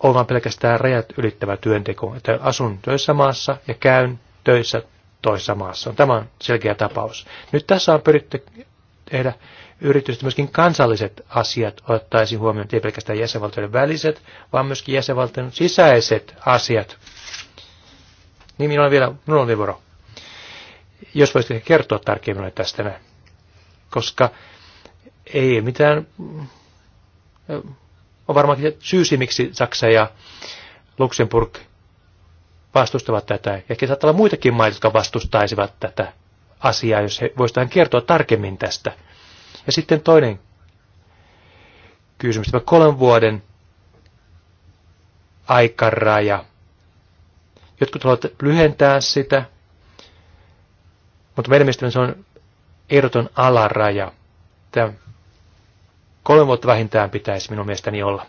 on vain pelkästään rajat ylittävä työnteko. Että asun töissä maassa ja käyn töissä toisessa maassa. Tämä on selkeä tapaus. Nyt tässä on pyritty tehdä yritystä myöskin kansalliset asiat ottaisiin huomioon, ei pelkästään jäsenvaltioiden väliset, vaan myöskin jäsenvaltion sisäiset asiat. Niin minulla on vielä, minulla on vuoro. Jos voisitte kertoa tarkemmin tästä näin, koska ei mitään, mm, on varmaankin syysi, miksi Saksa ja Luxemburg vastustavat tätä. Ehkä saattaa olla muitakin maita, jotka vastustaisivat tätä asiaa, jos he voisivat kertoa tarkemmin tästä. Ja sitten toinen kysymys, tämä kolmen vuoden aikaraja. Jotkut haluavat lyhentää sitä, mutta meidän mielestämme se on ehdoton alaraja. Tämä kolme vuotta vähintään pitäisi minun mielestäni olla.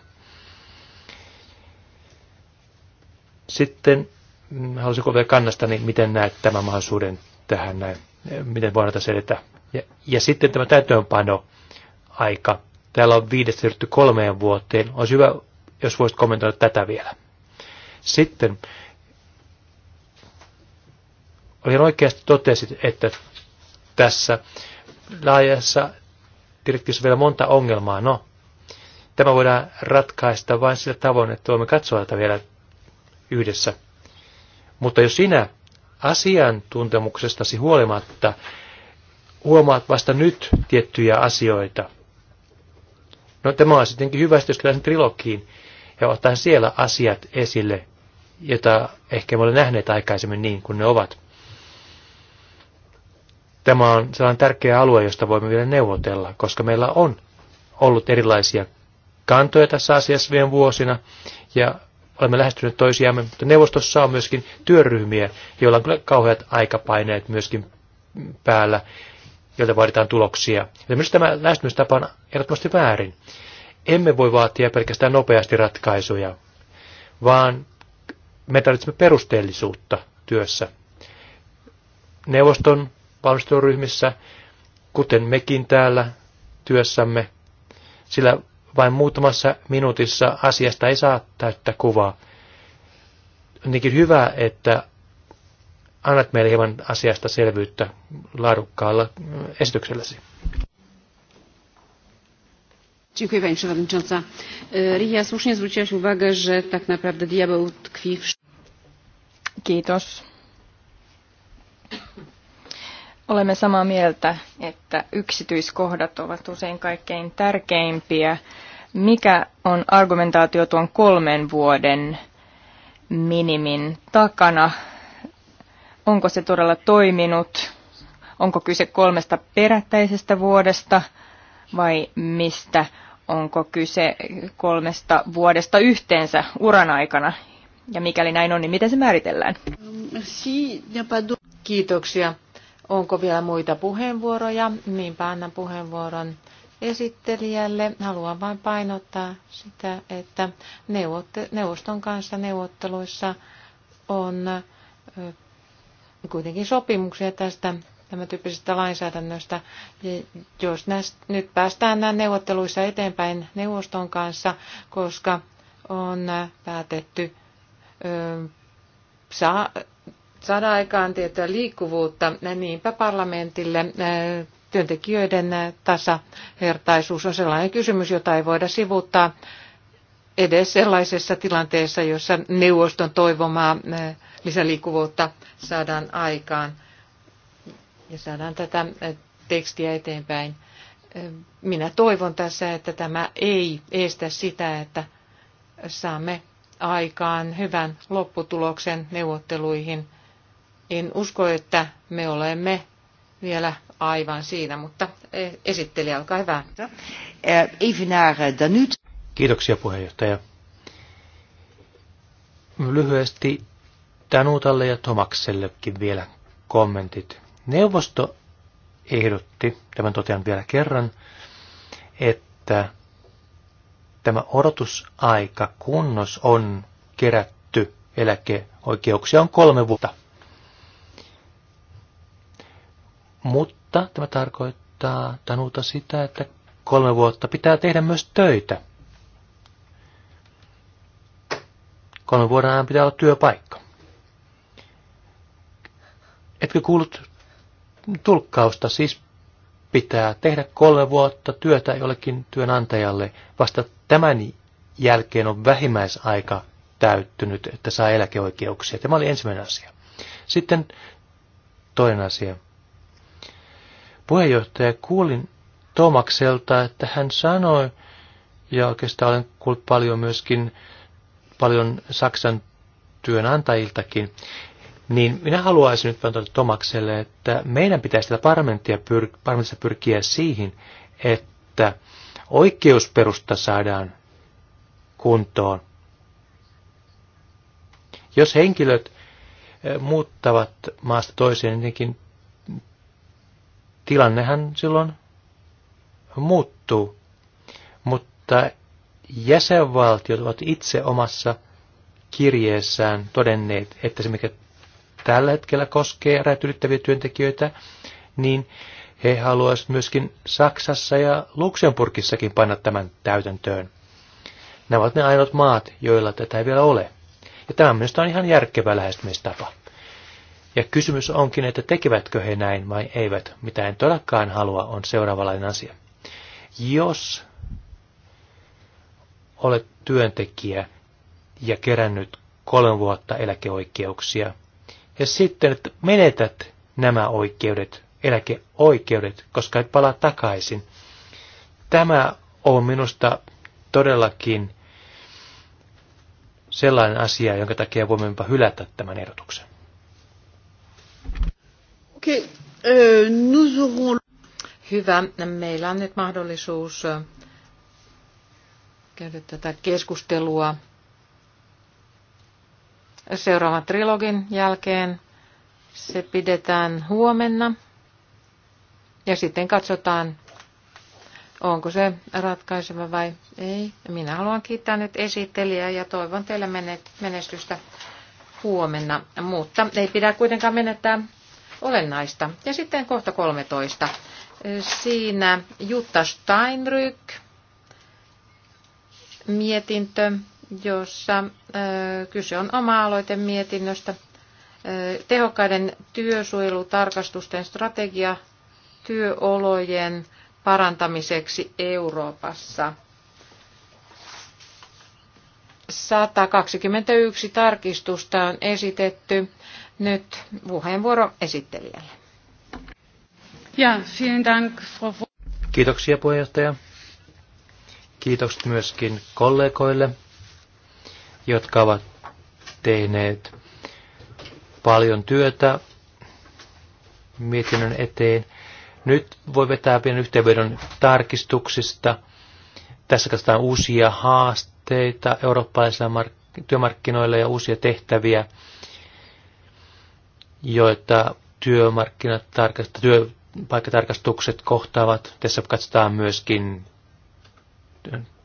Sitten mm, haluaisin kuulla kannastani, niin miten näet tämän mahdollisuuden tähän näin, miten voidaan tässä edetä. Ja, ja sitten tämä täytöönpano aika. Täällä on viidestä kolmeen vuoteen. Olisi hyvä, jos voisit kommentoida tätä vielä. Sitten ihan oikeasti totesit, että tässä laajassa direktiivissä vielä monta ongelmaa. No, tämä voidaan ratkaista vain sillä tavoin, että voimme katsoa tätä vielä yhdessä. Mutta jos sinä asiantuntemuksestasi huolimatta huomaat vasta nyt tiettyjä asioita, no tämä on sittenkin hyvä, jos kyllä trilogiin ja ottaa siellä asiat esille, jota ehkä me olemme nähneet aikaisemmin niin kuin ne ovat. Tämä on sellainen tärkeä alue, josta voimme vielä neuvotella, koska meillä on ollut erilaisia kantoja tässä asiassa viime vuosina, ja olemme lähestyneet toisiamme, mutta neuvostossa on myöskin työryhmiä, joilla on kyllä kauheat aikapaineet myöskin päällä, joilta vaaditaan tuloksia. Ja myös tämä lähestymistapa on ehdottomasti väärin. Emme voi vaatia pelkästään nopeasti ratkaisuja, vaan me tarvitsemme perusteellisuutta työssä. Neuvoston valmisteluryhmissä, kuten mekin täällä työssämme, sillä vain muutamassa minuutissa asiasta ei saa täyttä kuvaa. niinkin hyvä, että annat meille hieman asiasta selvyyttä laadukkaalla esitykselläsi. Dziękuję Pani Przewodnicząca. Ria e, słusznie zwróciłaś uwagę, że tak naprawdę diabeł tkwi w... Kiitos Olemme samaa mieltä, että yksityiskohdat ovat usein kaikkein tärkeimpiä. Mikä on argumentaatio tuon kolmen vuoden minimin takana? Onko se todella toiminut? Onko kyse kolmesta perättäisestä vuodesta vai mistä onko kyse kolmesta vuodesta yhteensä uran aikana? Ja mikäli näin on, niin miten se määritellään? Kiitoksia. Onko vielä muita puheenvuoroja? Niinpä annan puheenvuoron esittelijälle. Haluan vain painottaa sitä, että neuvoston kanssa neuvotteluissa on kuitenkin sopimuksia tästä tämän tyyppisestä lainsäädännöstä. Ja jos näistä, nyt päästään näin neuvotteluissa eteenpäin neuvoston kanssa, koska on päätetty ö, saa, saada aikaan tiettyä liikkuvuutta, niinpä parlamentille eh, työntekijöiden eh, tasavertaisuus on sellainen kysymys, jota ei voida sivuuttaa edes sellaisessa tilanteessa, jossa neuvoston toivomaa eh, lisäliikkuvuutta saadaan aikaan ja saadaan tätä tekstiä eteenpäin. Minä toivon tässä, että tämä ei estä sitä, että saamme aikaan hyvän lopputuloksen neuvotteluihin en usko, että me olemme vielä aivan siinä, mutta e, esittelijä, olkaa hyvä. Eh, eh, Kiitoksia puheenjohtaja. Lyhyesti Tanutalle ja Tomaksellekin vielä kommentit. Neuvosto ehdotti, tämän totean vielä kerran, että tämä odotusaika, kunnos on kerätty eläkeoikeuksia, on kolme vuotta. Mutta tämä tarkoittaa Tanuta sitä, että kolme vuotta pitää tehdä myös töitä. Kolme vuoden ajan pitää olla työpaikka. Etkö kuullut tulkkausta? Siis pitää tehdä kolme vuotta työtä jollekin työnantajalle. Vasta tämän jälkeen on vähimmäisaika täyttynyt, että saa eläkeoikeuksia. Tämä oli ensimmäinen asia. Sitten toinen asia puheenjohtaja, kuulin Tomakselta, että hän sanoi, ja oikeastaan olen kuullut paljon myöskin paljon Saksan työnantajiltakin, niin minä haluaisin nyt antaa tuota Tomakselle, että meidän pitäisi tätä parlamenttia pyr, parlamentissa pyrkiä siihen, että oikeusperusta saadaan kuntoon. Jos henkilöt eh, muuttavat maasta toiseen, niin tilannehan silloin muuttuu, mutta jäsenvaltiot ovat itse omassa kirjeessään todenneet, että se mikä tällä hetkellä koskee rajat ylittäviä työntekijöitä, niin he haluaisivat myöskin Saksassa ja Luxemburgissakin panna tämän täytäntöön. Nämä ovat ne ainoat maat, joilla tätä ei vielä ole. Ja tämä minusta on ihan järkevä lähestymistapa. Ja kysymys onkin, että tekevätkö he näin vai eivät. Mitä en todellakaan halua, on seuraavanlainen asia. Jos olet työntekijä ja kerännyt kolme vuotta eläkeoikeuksia, ja sitten että menetät nämä oikeudet, eläkeoikeudet, koska et palaa takaisin. Tämä on minusta todellakin sellainen asia, jonka takia voimme hylätä tämän ehdotuksen. Okay. Euh, Hyvä. Meillä on nyt mahdollisuus äh, käydä tätä keskustelua seuraavan trilogin jälkeen. Se pidetään huomenna ja sitten katsotaan, onko se ratkaiseva vai ei. Minä haluan kiittää nyt esittelijää ja toivon teille menestystä huomenna, mutta ei pidä kuitenkaan menettää olennaista. Ja sitten kohta 13. Siinä Jutta Steinryk mietintö, jossa kyse on oma mietinnöstä. Tehokkaiden työsuojelutarkastusten strategia työolojen parantamiseksi Euroopassa – 121 tarkistusta on esitetty. Nyt puheenvuoro esittelijälle. Ja, dank, Frau Kiitoksia puheenjohtaja. Kiitokset myöskin kollegoille, jotka ovat tehneet paljon työtä mietinnön eteen. Nyt voi vetää pienen yhteenvedon tarkistuksista. Tässä katsotaan uusia haasteita tuotteita eurooppalaisilla työmarkkinoilla ja uusia tehtäviä, joita työmarkkinat tarkastaa, työpaikkatarkastukset kohtaavat. Tässä katsotaan myöskin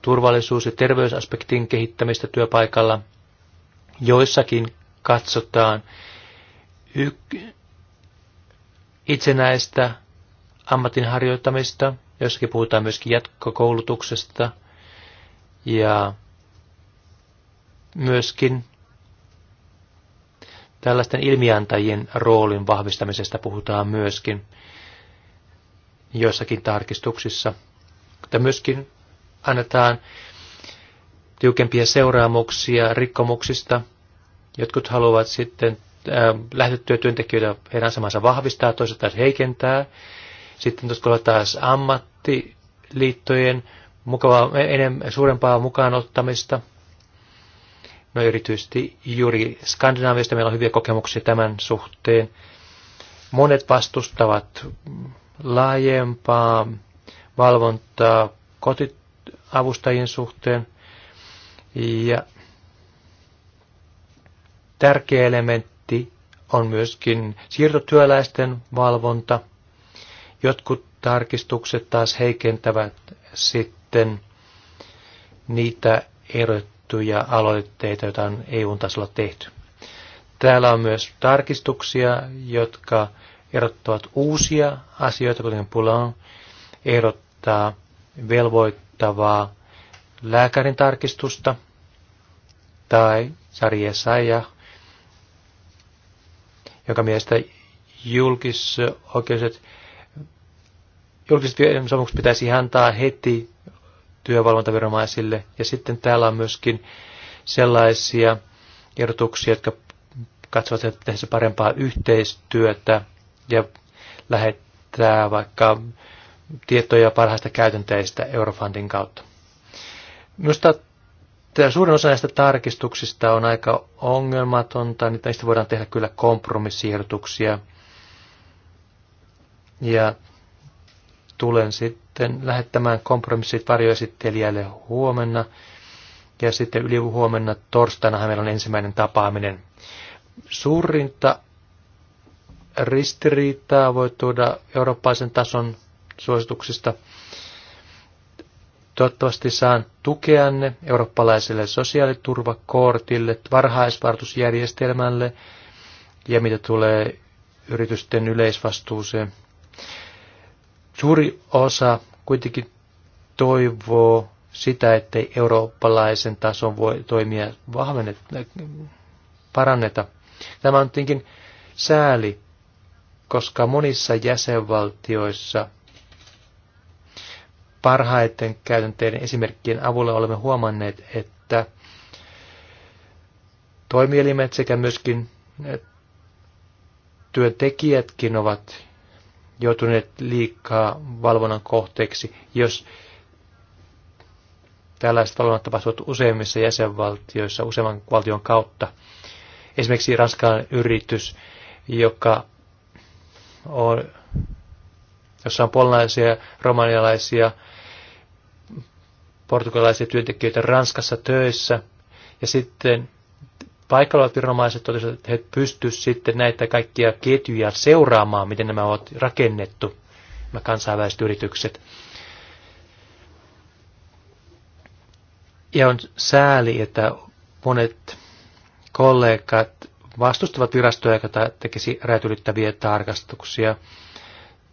turvallisuus- ja terveysaspektin kehittämistä työpaikalla. Joissakin katsotaan yk- itsenäistä ammatin harjoittamista, joissakin puhutaan myöskin jatkokoulutuksesta ja myöskin tällaisten ilmiantajien roolin vahvistamisesta puhutaan myöskin joissakin tarkistuksissa. Mutta myöskin annetaan tiukempia seuraamuksia rikkomuksista. Jotkut haluavat sitten äh, lähetettyä työntekijöitä heidän asemansa vahvistaa, toiset taas heikentää. Sitten tuossa taas ammattiliittojen mukavaa, enemmän, suurempaa mukaan ottamista – No erityisesti juuri Skandinaaviasta meillä on hyviä kokemuksia tämän suhteen. Monet vastustavat laajempaa valvontaa kotiavustajien suhteen. Ja tärkeä elementti on myöskin siirtotyöläisten valvonta. Jotkut tarkistukset taas heikentävät sitten niitä erot mainittuja aloitteita, joita on EU-tasolla tehty. Täällä on myös tarkistuksia, jotka erottavat uusia asioita, kuten Poulon ehdottaa velvoittavaa lääkärin tarkistusta tai Sarje Saija, joka mielestä julkisoikeuset, julkiset sopimukset pitäisi antaa heti työvalvontaviranomaisille. Ja sitten täällä on myöskin sellaisia ehdotuksia, jotka katsovat, että tehdään parempaa yhteistyötä ja lähettää vaikka tietoja parhaista käytänteistä Eurofundin kautta. Minusta suurin osa näistä tarkistuksista on aika ongelmatonta, niistä voidaan tehdä kyllä kompromissiehdotuksia. Ja tulen sitten lähettämään kompromissit varjoesittelijälle huomenna. Ja sitten yli huomenna torstaina meillä on ensimmäinen tapaaminen. Suurinta ristiriitaa voi tuoda eurooppaisen tason suosituksista. Toivottavasti saan tukeanne eurooppalaiselle sosiaaliturvakortille, varhaisvartusjärjestelmälle ja mitä tulee yritysten yleisvastuuseen. Suuri osa kuitenkin toivoo sitä, ettei eurooppalaisen tason voi toimia vahvenneta, paranneta. Tämä on tietenkin sääli, koska monissa jäsenvaltioissa parhaiten käytänteiden esimerkkien avulla olemme huomanneet, että toimielimet sekä myöskin työntekijätkin ovat joutuneet liikaa valvonnan kohteeksi, jos tällaiset valvonnat tapahtuvat useimmissa jäsenvaltioissa useamman valtion kautta. Esimerkiksi ranskalainen yritys, joka on, jossa on polnaisia, romanialaisia, portugalaisia työntekijöitä Ranskassa töissä, ja sitten paikalla viranomaiset totesivat, että he pystyvät sitten näitä kaikkia ketjuja seuraamaan, miten nämä ovat rakennettu, nämä kansainväliset yritykset. Ja on sääli, että monet kollegat vastustavat virastoja, jotka tekisi rajat tarkastuksia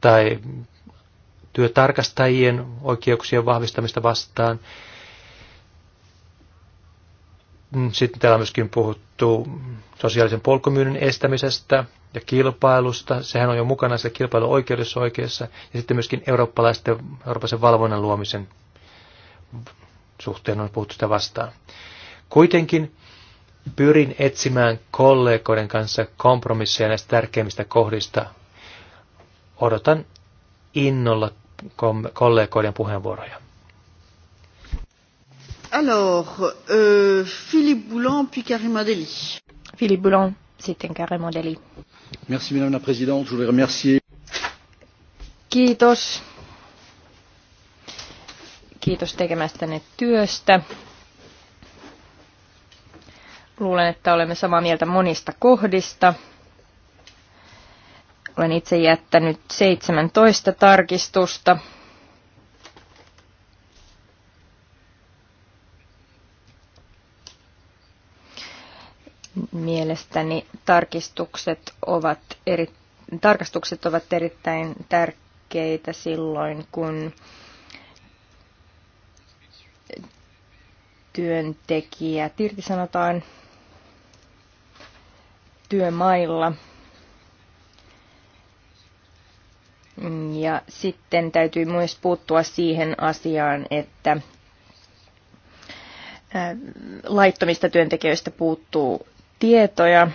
tai työtarkastajien oikeuksien vahvistamista vastaan. Mm, sitten täällä on myöskin puhuttu sosiaalisen polkumyynnin estämisestä ja kilpailusta. Sehän on jo mukana siellä oikeudessa oikeassa. Ja sitten myöskin eurooppalaisten, eurooppalaisen valvonnan luomisen suhteen on puhuttu sitä vastaan. Kuitenkin pyrin etsimään kollegoiden kanssa kompromisseja näistä tärkeimmistä kohdista. Odotan innolla kollegoiden puheenvuoroja. Alors, euh, Philippe Boulan, puis Karim Adeli. Philippe Boulan, Karim Adeli. Merci, Madame la Présidente. Je voulais remercier. Kiitos. Kiitos tekemästänne työstä. Luulen, että olemme samaa mieltä monista kohdista. Olen itse jättänyt 17 tarkistusta Mielestäni tarkistukset ovat eri, tarkastukset ovat erittäin tärkeitä silloin, kun työntekijä irtisanotaan työmailla. Ja sitten täytyy myös puuttua siihen asiaan, että laittomista työntekijöistä puuttuu tietoja.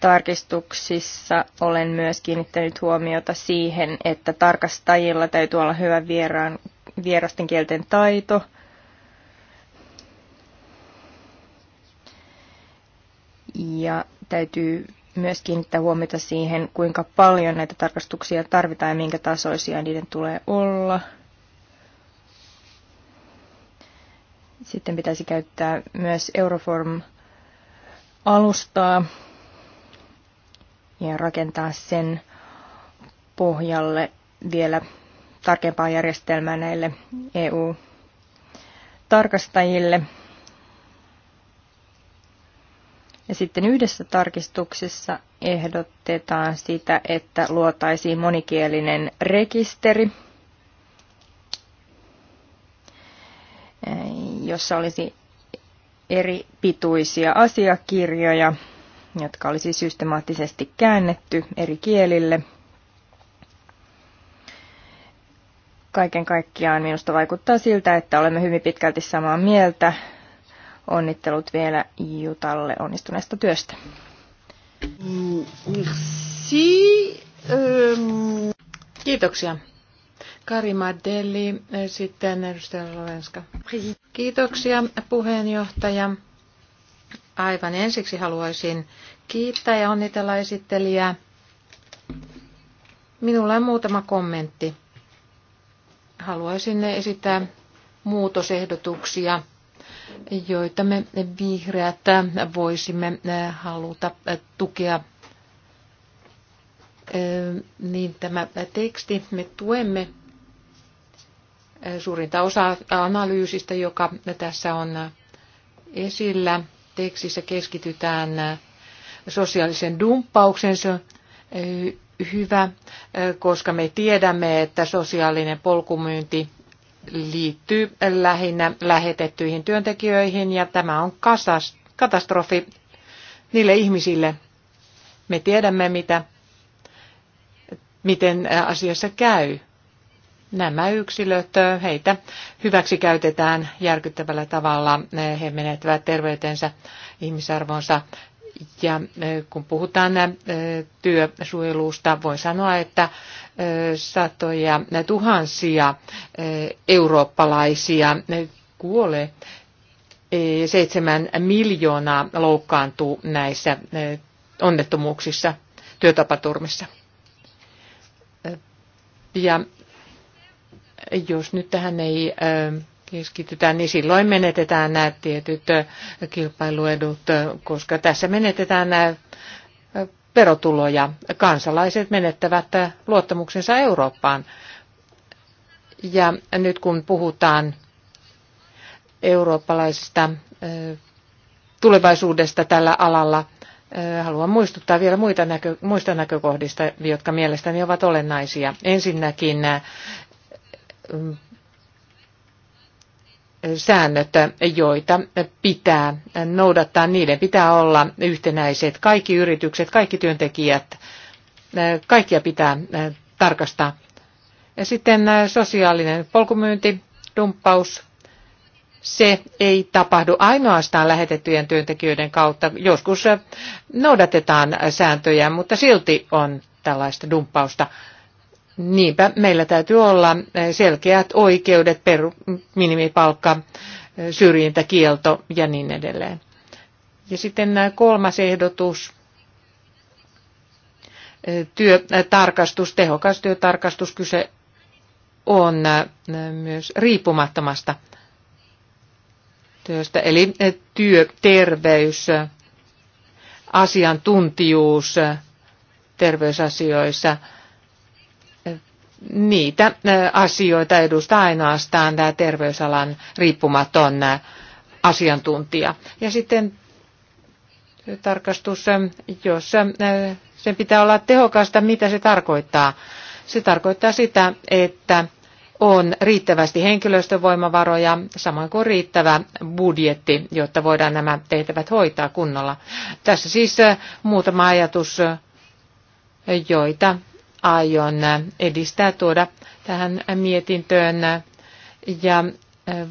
Tarkistuksissa olen myös kiinnittänyt huomiota siihen, että tarkastajilla täytyy olla hyvä vieraan, vierasten kielten taito. Ja täytyy myös kiinnittää huomiota siihen, kuinka paljon näitä tarkastuksia tarvitaan ja minkä tasoisia niiden tulee olla – Sitten pitäisi käyttää myös Euroform-alustaa ja rakentaa sen pohjalle vielä tarkempaa järjestelmää näille EU-tarkastajille. Ja sitten yhdessä tarkistuksessa ehdotetaan sitä, että luotaisiin monikielinen rekisteri – jossa olisi eri pituisia asiakirjoja, jotka olisi systemaattisesti käännetty eri kielille. Kaiken kaikkiaan minusta vaikuttaa siltä, että olemme hyvin pitkälti samaa mieltä. Onnittelut vielä Jutalle onnistuneesta työstä. Mm, merci. Ähm. Kiitoksia. Karima Delli, eh, sitten edustaja Kiitoksia puheenjohtaja. Aivan ensiksi haluaisin kiittää ja onnitella esittelijää. Minulla on muutama kommentti. Haluaisin esittää muutosehdotuksia, joita me vihreät voisimme eh, haluta eh, tukea. Niin tämä teksti, me tuemme Suurinta osa analyysistä, joka tässä on esillä, tekstissä keskitytään sosiaalisen dumppauksen. Se on hyvä, koska me tiedämme, että sosiaalinen polkumyynti liittyy lähinnä lähetettyihin työntekijöihin ja tämä on katastrofi niille ihmisille. Me tiedämme, mitä, miten asiassa käy nämä yksilöt, heitä hyväksi käytetään järkyttävällä tavalla, he menettävät terveytensä, ihmisarvonsa. Ja kun puhutaan työsuojelusta, voi sanoa, että satoja, tuhansia eurooppalaisia kuolee. Seitsemän miljoonaa loukkaantuu näissä onnettomuuksissa, työtapaturmissa. Ja jos nyt tähän ei keskitytään, niin silloin menetetään nämä tietyt kilpailuedut, koska tässä menetetään nämä verotuloja. Kansalaiset menettävät luottamuksensa Eurooppaan. Ja nyt kun puhutaan eurooppalaisesta tulevaisuudesta tällä alalla, haluan muistuttaa vielä muita näkö, muista näkökohdista, jotka mielestäni ovat olennaisia. Ensinnäkin säännöt, joita pitää noudattaa. Niiden pitää olla yhtenäiset. Kaikki yritykset, kaikki työntekijät, kaikkia pitää tarkastaa. Ja sitten sosiaalinen polkumyynti, dumppaus, se ei tapahdu ainoastaan lähetettyjen työntekijöiden kautta. Joskus noudatetaan sääntöjä, mutta silti on tällaista dumppausta. Niinpä meillä täytyy olla eh, selkeät oikeudet, peru, minimipalkka, eh, syrjintäkielto ja niin edelleen. Ja sitten eh, kolmas ehdotus, työtarkastus, tehokas työtarkastus, kyse on myös riippumattomasta työstä, eli työterveys, asiantuntijuus terveysasioissa – niitä asioita edustaa ainoastaan tämä terveysalan riippumaton asiantuntija. Ja sitten tarkastus, jos sen pitää olla tehokasta, mitä se tarkoittaa? Se tarkoittaa sitä, että on riittävästi henkilöstövoimavaroja, samoin kuin riittävä budjetti, jotta voidaan nämä tehtävät hoitaa kunnolla. Tässä siis muutama ajatus, joita aion edistää tuoda tähän mietintöön. Ja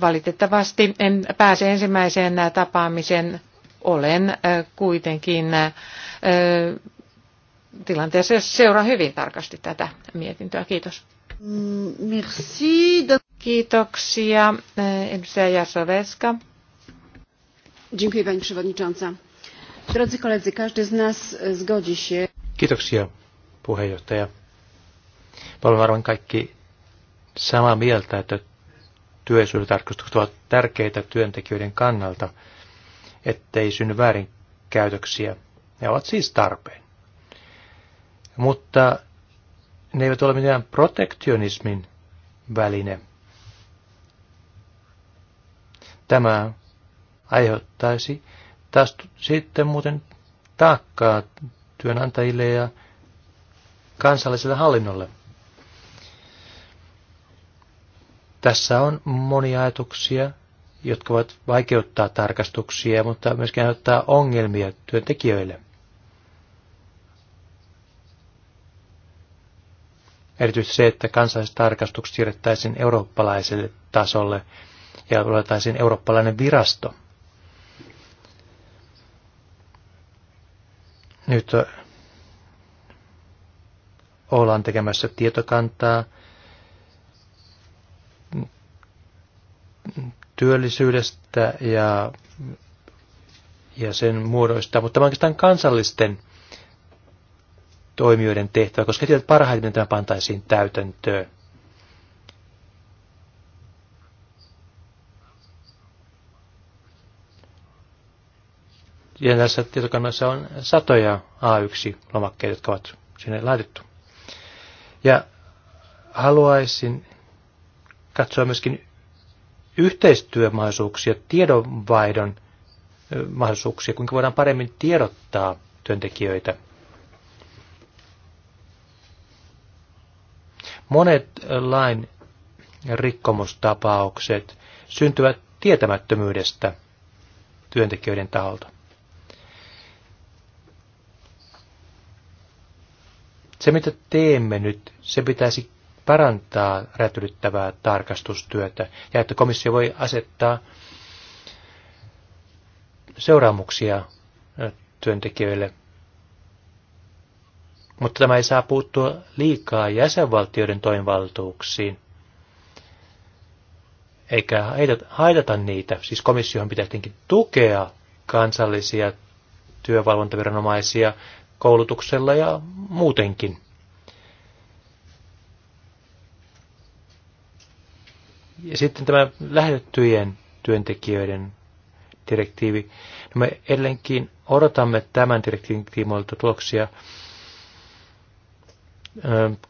valitettavasti en pääse ensimmäiseen tapaamiseen. Olen kuitenkin tilanteessa, jos seuraan hyvin tarkasti tätä mietintöä. Kiitos. Merci. Kiitoksia. Edustaja Jasoveska. Dziękuję Drodzy koledzy, z nas e, zgodzi się. Kiitoksia puheenjohtaja. Olemme varmaan kaikki samaa mieltä, että työsuojelutarkastukset ovat tärkeitä työntekijöiden kannalta, ettei synny väärinkäytöksiä. Ne ovat siis tarpeen. Mutta ne eivät ole mitään protektionismin väline. Tämä aiheuttaisi taas sitten muuten taakkaa työnantajille ja kansalliselle hallinnolle. Tässä on monia ajatuksia, jotka voivat vaikeuttaa tarkastuksia, mutta myöskin aiheuttaa ongelmia työntekijöille. Erityisesti se, että kansalliset tarkastukset siirrettäisiin eurooppalaiselle tasolle ja luotaisiin eurooppalainen virasto. Nyt ollaan tekemässä tietokantaa, työllisyydestä ja, ja sen muodoista, mutta tämä on oikeastaan kansallisten toimijoiden tehtävä, koska tiedät parhaiten, tämä pantaisiin täytäntöön. Ja tässä tietokannassa on satoja A1-lomakkeita, jotka ovat sinne laitettu. Ja haluaisin katsoa myöskin yhteistyömahdollisuuksia, tiedonvaihdon mahdollisuuksia, kuinka voidaan paremmin tiedottaa työntekijöitä. Monet lain rikkomustapaukset syntyvät tietämättömyydestä työntekijöiden taholta. Se, mitä teemme nyt, se pitäisi parantaa rätylyttävää tarkastustyötä ja että komissio voi asettaa seuraamuksia työntekijöille. Mutta tämä ei saa puuttua liikaa jäsenvaltioiden toimivaltuuksiin, eikä haitata niitä. Siis komissiohan pitää tietenkin tukea kansallisia työvalvontaviranomaisia koulutuksella ja muutenkin. Ja sitten tämä lähetettyjen työntekijöiden direktiivi. No me edelleenkin odotamme tämän direktiivin tiimoilta tuloksia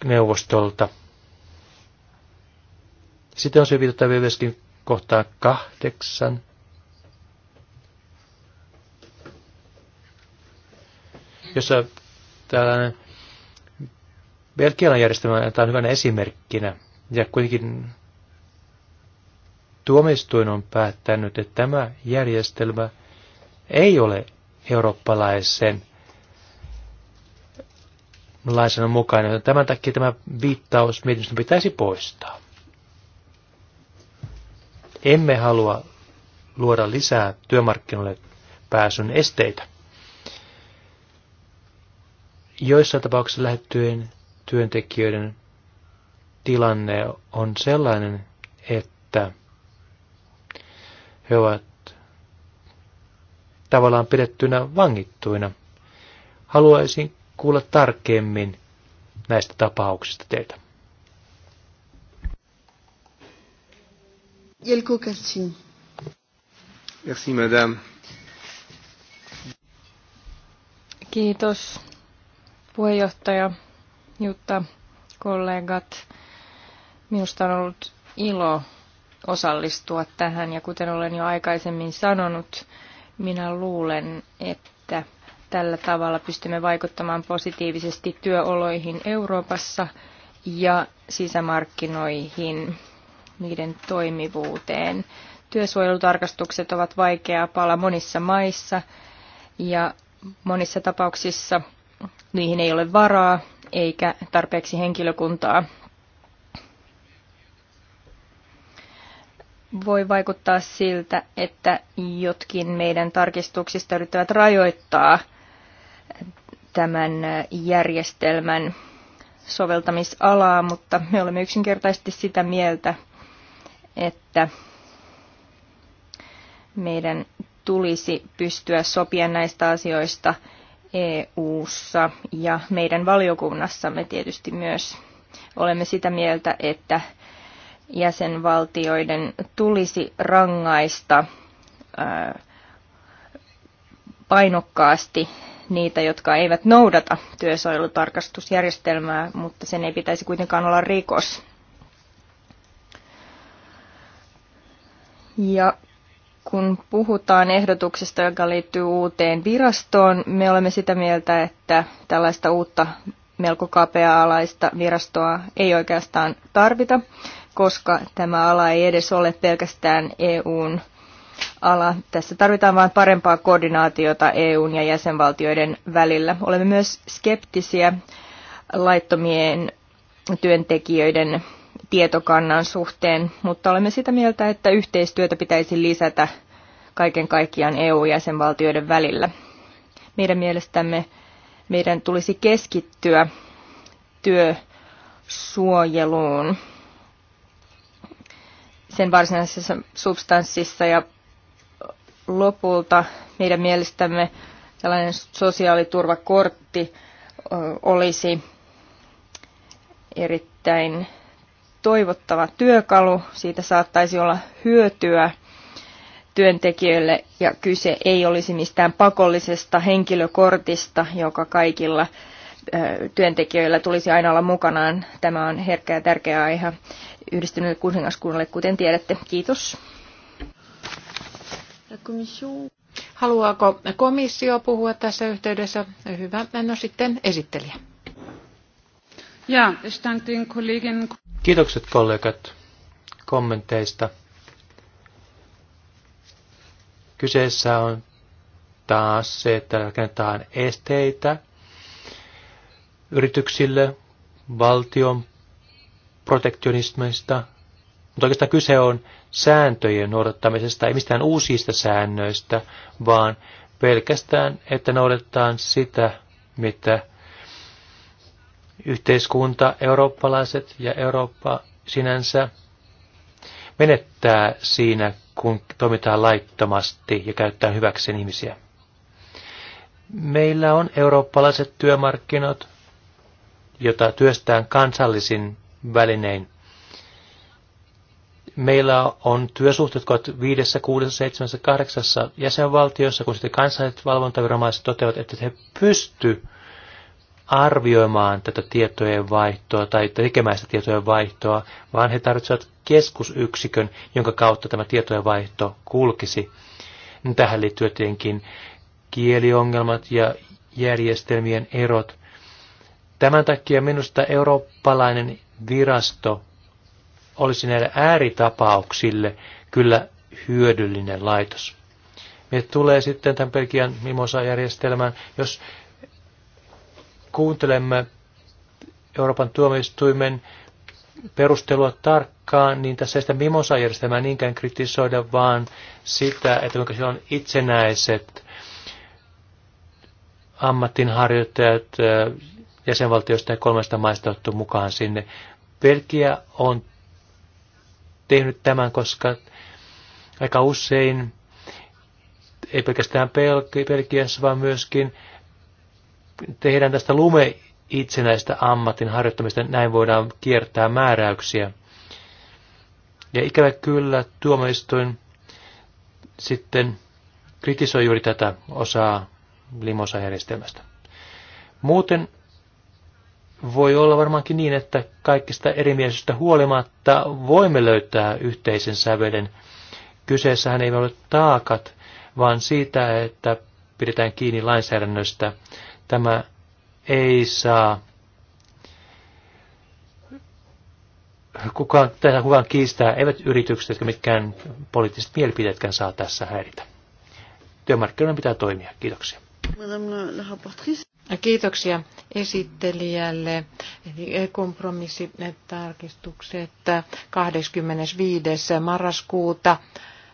neuvostolta. Sitten on se viitattava myöskin kohtaan kahdeksan. jossa tällainen Belgian järjestelmä on hyvänä esimerkkinä ja kuitenkin tuomistuin on päättänyt, että tämä järjestelmä ei ole eurooppalaisen lainsäädännön mukainen, joten tämän takia tämä viittaus mietinnöstä pitäisi poistaa. Emme halua luoda lisää työmarkkinoille pääsyn esteitä. joissa tapauksissa lähettyjen työntekijöiden tilanne on sellainen, että he ovat tavallaan pidettynä vangittuina. Haluaisin kuulla tarkemmin näistä tapauksista teiltä. Jelko Kassin. Merci, madame. Kiitos, puheenjohtaja Jutta, kollegat. Minusta on ollut ilo osallistua tähän. Ja kuten olen jo aikaisemmin sanonut, minä luulen, että tällä tavalla pystymme vaikuttamaan positiivisesti työoloihin Euroopassa ja sisämarkkinoihin, niiden toimivuuteen. Työsuojelutarkastukset ovat vaikeaa pala monissa maissa ja monissa tapauksissa niihin ei ole varaa eikä tarpeeksi henkilökuntaa voi vaikuttaa siltä, että jotkin meidän tarkistuksista yrittävät rajoittaa tämän järjestelmän soveltamisalaa, mutta me olemme yksinkertaisesti sitä mieltä, että meidän tulisi pystyä sopia näistä asioista EU-ssa ja meidän valiokunnassamme tietysti myös olemme sitä mieltä, että jäsenvaltioiden tulisi rangaista painokkaasti niitä, jotka eivät noudata työsuojelutarkastusjärjestelmää, mutta sen ei pitäisi kuitenkaan olla rikos. Ja kun puhutaan ehdotuksesta, joka liittyy uuteen virastoon, me olemme sitä mieltä, että tällaista uutta melko kapea-alaista virastoa ei oikeastaan tarvita koska tämä ala ei edes ole pelkästään EUn ala. Tässä tarvitaan vain parempaa koordinaatiota EUn ja jäsenvaltioiden välillä. Olemme myös skeptisiä laittomien työntekijöiden tietokannan suhteen, mutta olemme sitä mieltä, että yhteistyötä pitäisi lisätä kaiken kaikkiaan EU-jäsenvaltioiden välillä. Meidän mielestämme meidän tulisi keskittyä työsuojeluun sen varsinaisessa substanssissa ja lopulta meidän mielestämme tällainen sosiaaliturvakortti olisi erittäin toivottava työkalu. Siitä saattaisi olla hyötyä työntekijöille ja kyse ei olisi mistään pakollisesta henkilökortista, joka kaikilla työntekijöillä tulisi aina olla mukanaan. Tämä on herkkä ja tärkeä aihe yhdistyneelle kuningaskunnalle, kuten tiedätte. Kiitos. Haluaako komissio puhua tässä yhteydessä? Hyvä, no sitten esittelijä. Ja, kollegin... Kiitokset kollegat kommenteista. Kyseessä on taas se, että rakennetaan esteitä yrityksille valtion protektionismista, mutta oikeastaan kyse on sääntöjen noudattamisesta, ei mistään uusista säännöistä, vaan pelkästään, että noudatetaan sitä, mitä yhteiskunta, eurooppalaiset ja Eurooppa sinänsä menettää siinä, kun toimitaan laittomasti ja käyttää hyväksi ihmisiä. Meillä on eurooppalaiset työmarkkinat, jota työstään kansallisin välinein. Meillä on työsuhteet, jotka ovat 5, 6, 7, 8 jäsenvaltiossa, kun sitten kansalliset valvontaviranomaiset toteavat, että he pystyvät arvioimaan tätä tietojen vaihtoa tai tekemään sitä tietojen vaihtoa, vaan he tarvitsevat keskusyksikön, jonka kautta tämä tietojen vaihto kulkisi. Tähän liittyy tietenkin kieliongelmat ja järjestelmien erot. Tämän takia minusta eurooppalainen virasto olisi näille ääritapauksille kyllä hyödyllinen laitos. Me tulee sitten tämän Belgian Mimosa-järjestelmän, jos kuuntelemme Euroopan tuomioistuimen perustelua tarkkaan, niin tässä ei sitä Mimosa-järjestelmää niinkään kritisoida, vaan sitä, että kuinka siellä on itsenäiset ammattinharjoittajat äh, jäsenvaltioista ja kolmesta maista ottu mukaan sinne. Belgia on tehnyt tämän, koska aika usein, ei pelkästään Belgiassa, vaan myöskin tehdään tästä lume itsenäistä ammatin harjoittamista, näin voidaan kiertää määräyksiä. Ja ikävä kyllä tuomioistuin sitten kritisoi juuri tätä osaa limosa järjestelmästä. Muuten voi olla varmaankin niin, että kaikista erimielisyystä huolimatta voimme löytää yhteisen sävelen. Kyseessähän ei ole taakat, vaan siitä, että pidetään kiinni lainsäädännöstä. Tämä ei saa kukaan, tätä kukaan kiistää, eivät yritykset, jotka mitkään poliittiset mielipiteetkään saa tässä häiritä. Työmarkkinoiden pitää toimia. Kiitoksia. Madame la Kiitoksia esittelijälle. Eli kompromissitarkistukset 25. marraskuuta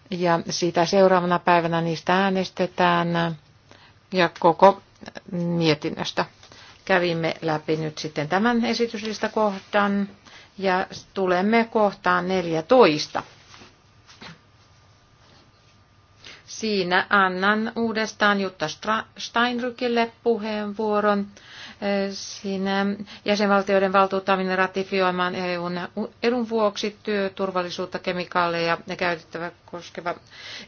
ja sitä seuraavana päivänä niistä äänestetään ja koko mietinnöstä. Kävimme läpi nyt sitten tämän esityslistakohdan ja tulemme kohtaan 14. Siinä annan uudestaan Jutta Steinrykille puheenvuoron. Siinä jäsenvaltioiden valtuuttaminen ratifioimaan EUn edun vuoksi työturvallisuutta, kemikaaleja ja käytettävä koskeva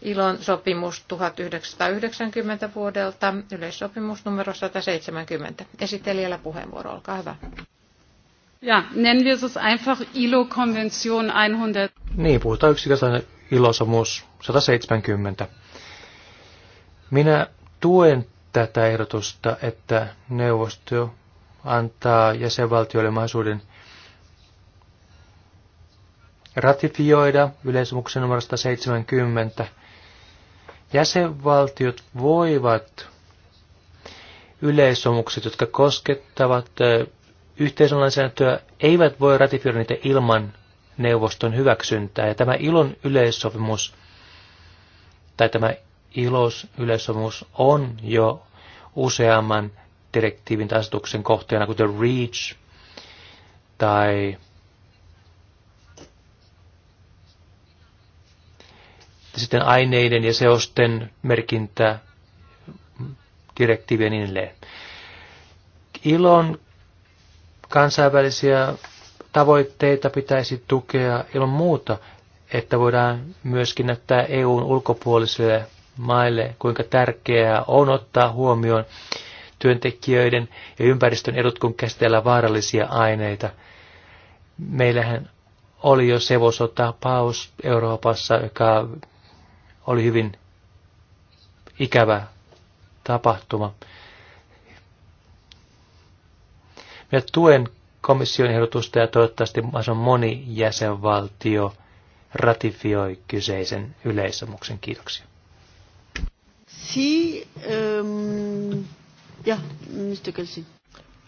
ilon sopimus 1990 vuodelta, yleissopimus numero 170. Esittelijällä puheenvuoro, olkaa hyvä. Ja, nennen wir es einfach ILO-Konvention 100. Niin, puhutaan yksikäsainen ilosomus 170. Minä tuen tätä ehdotusta, että neuvosto antaa jäsenvaltioille mahdollisuuden ratifioida yleisomuksen numero 170. Jäsenvaltiot voivat yleisomukset, jotka koskettavat yhteisön eivät voi ratifioida niitä ilman neuvoston hyväksyntää. Ja tämä ilon yleissopimus, tai tämä ilos on jo useamman direktiivin tai asetuksen kohteena, kuten REACH tai sitten aineiden ja seosten merkintä, direktiivi ja niin edelleen. ILON kansainvälisiä tavoitteita pitäisi tukea ilman muuta, että voidaan myöskin näyttää EUn ulkopuolisille maille, kuinka tärkeää on ottaa huomioon työntekijöiden ja ympäristön edut, kun käsitellään vaarallisia aineita. Meillähän oli jo sevosotapaus Euroopassa, joka oli hyvin ikävä tapahtuma. Minä tuen komission ehdotusta ja toivottavasti moni jäsenvaltio ratifioi kyseisen yleissopimuksen. Kiitoksia. Merci. Um, ähm, Mr. Kelsey.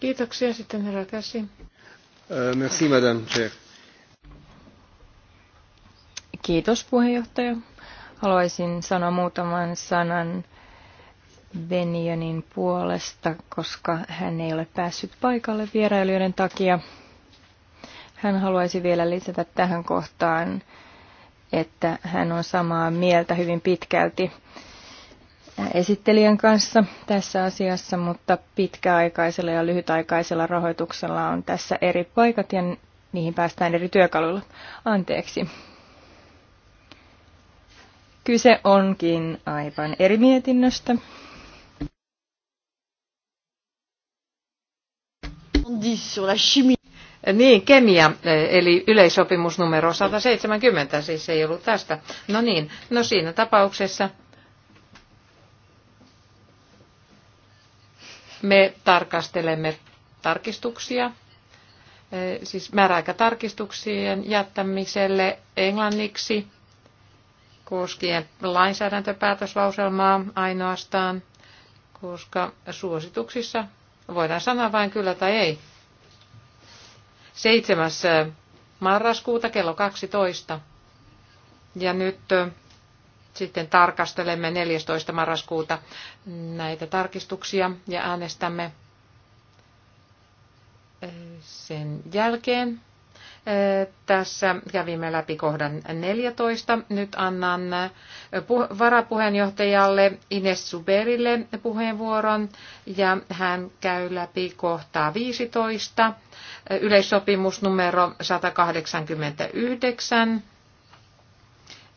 Kiitoksia sitten herra Kelsey. Uh, äh, merci, Madame Chair. Kiitos puheenjohtaja. Haluaisin sanoa muutaman sanan Benjanin puolesta, koska hän ei ole päässyt paikalle vierailijoiden takia. Hän haluaisi vielä lisätä tähän kohtaan, että hän on samaa mieltä hyvin pitkälti esittelijän kanssa tässä asiassa, mutta pitkäaikaisella ja lyhytaikaisella rahoituksella on tässä eri paikat ja niihin päästään eri työkaluilla. Anteeksi. Kyse onkin aivan eri mietinnöstä. Niin, kemia, eli yleisopimus numero 170, siis ei ollut tästä. No niin, no siinä tapauksessa Me tarkastelemme tarkistuksia, eh, siis määräaikatarkistuksien jättämiselle englanniksi koskien lainsäädäntöpäätöslauselmaa ainoastaan, koska suosituksissa voidaan sanoa vain kyllä tai ei. 7. Eh, marraskuuta kello 12. Ja nyt eh, sitten tarkastelemme 14. marraskuuta näitä tarkistuksia ja äänestämme eh, sen jälkeen. Eh, tässä kävimme läpi kohdan 14. Nyt annan eh, varapuheenjohtajalle Ines Suberille puheenvuoron ja hän käy läpi kohtaa 15, yleissopimus numero 189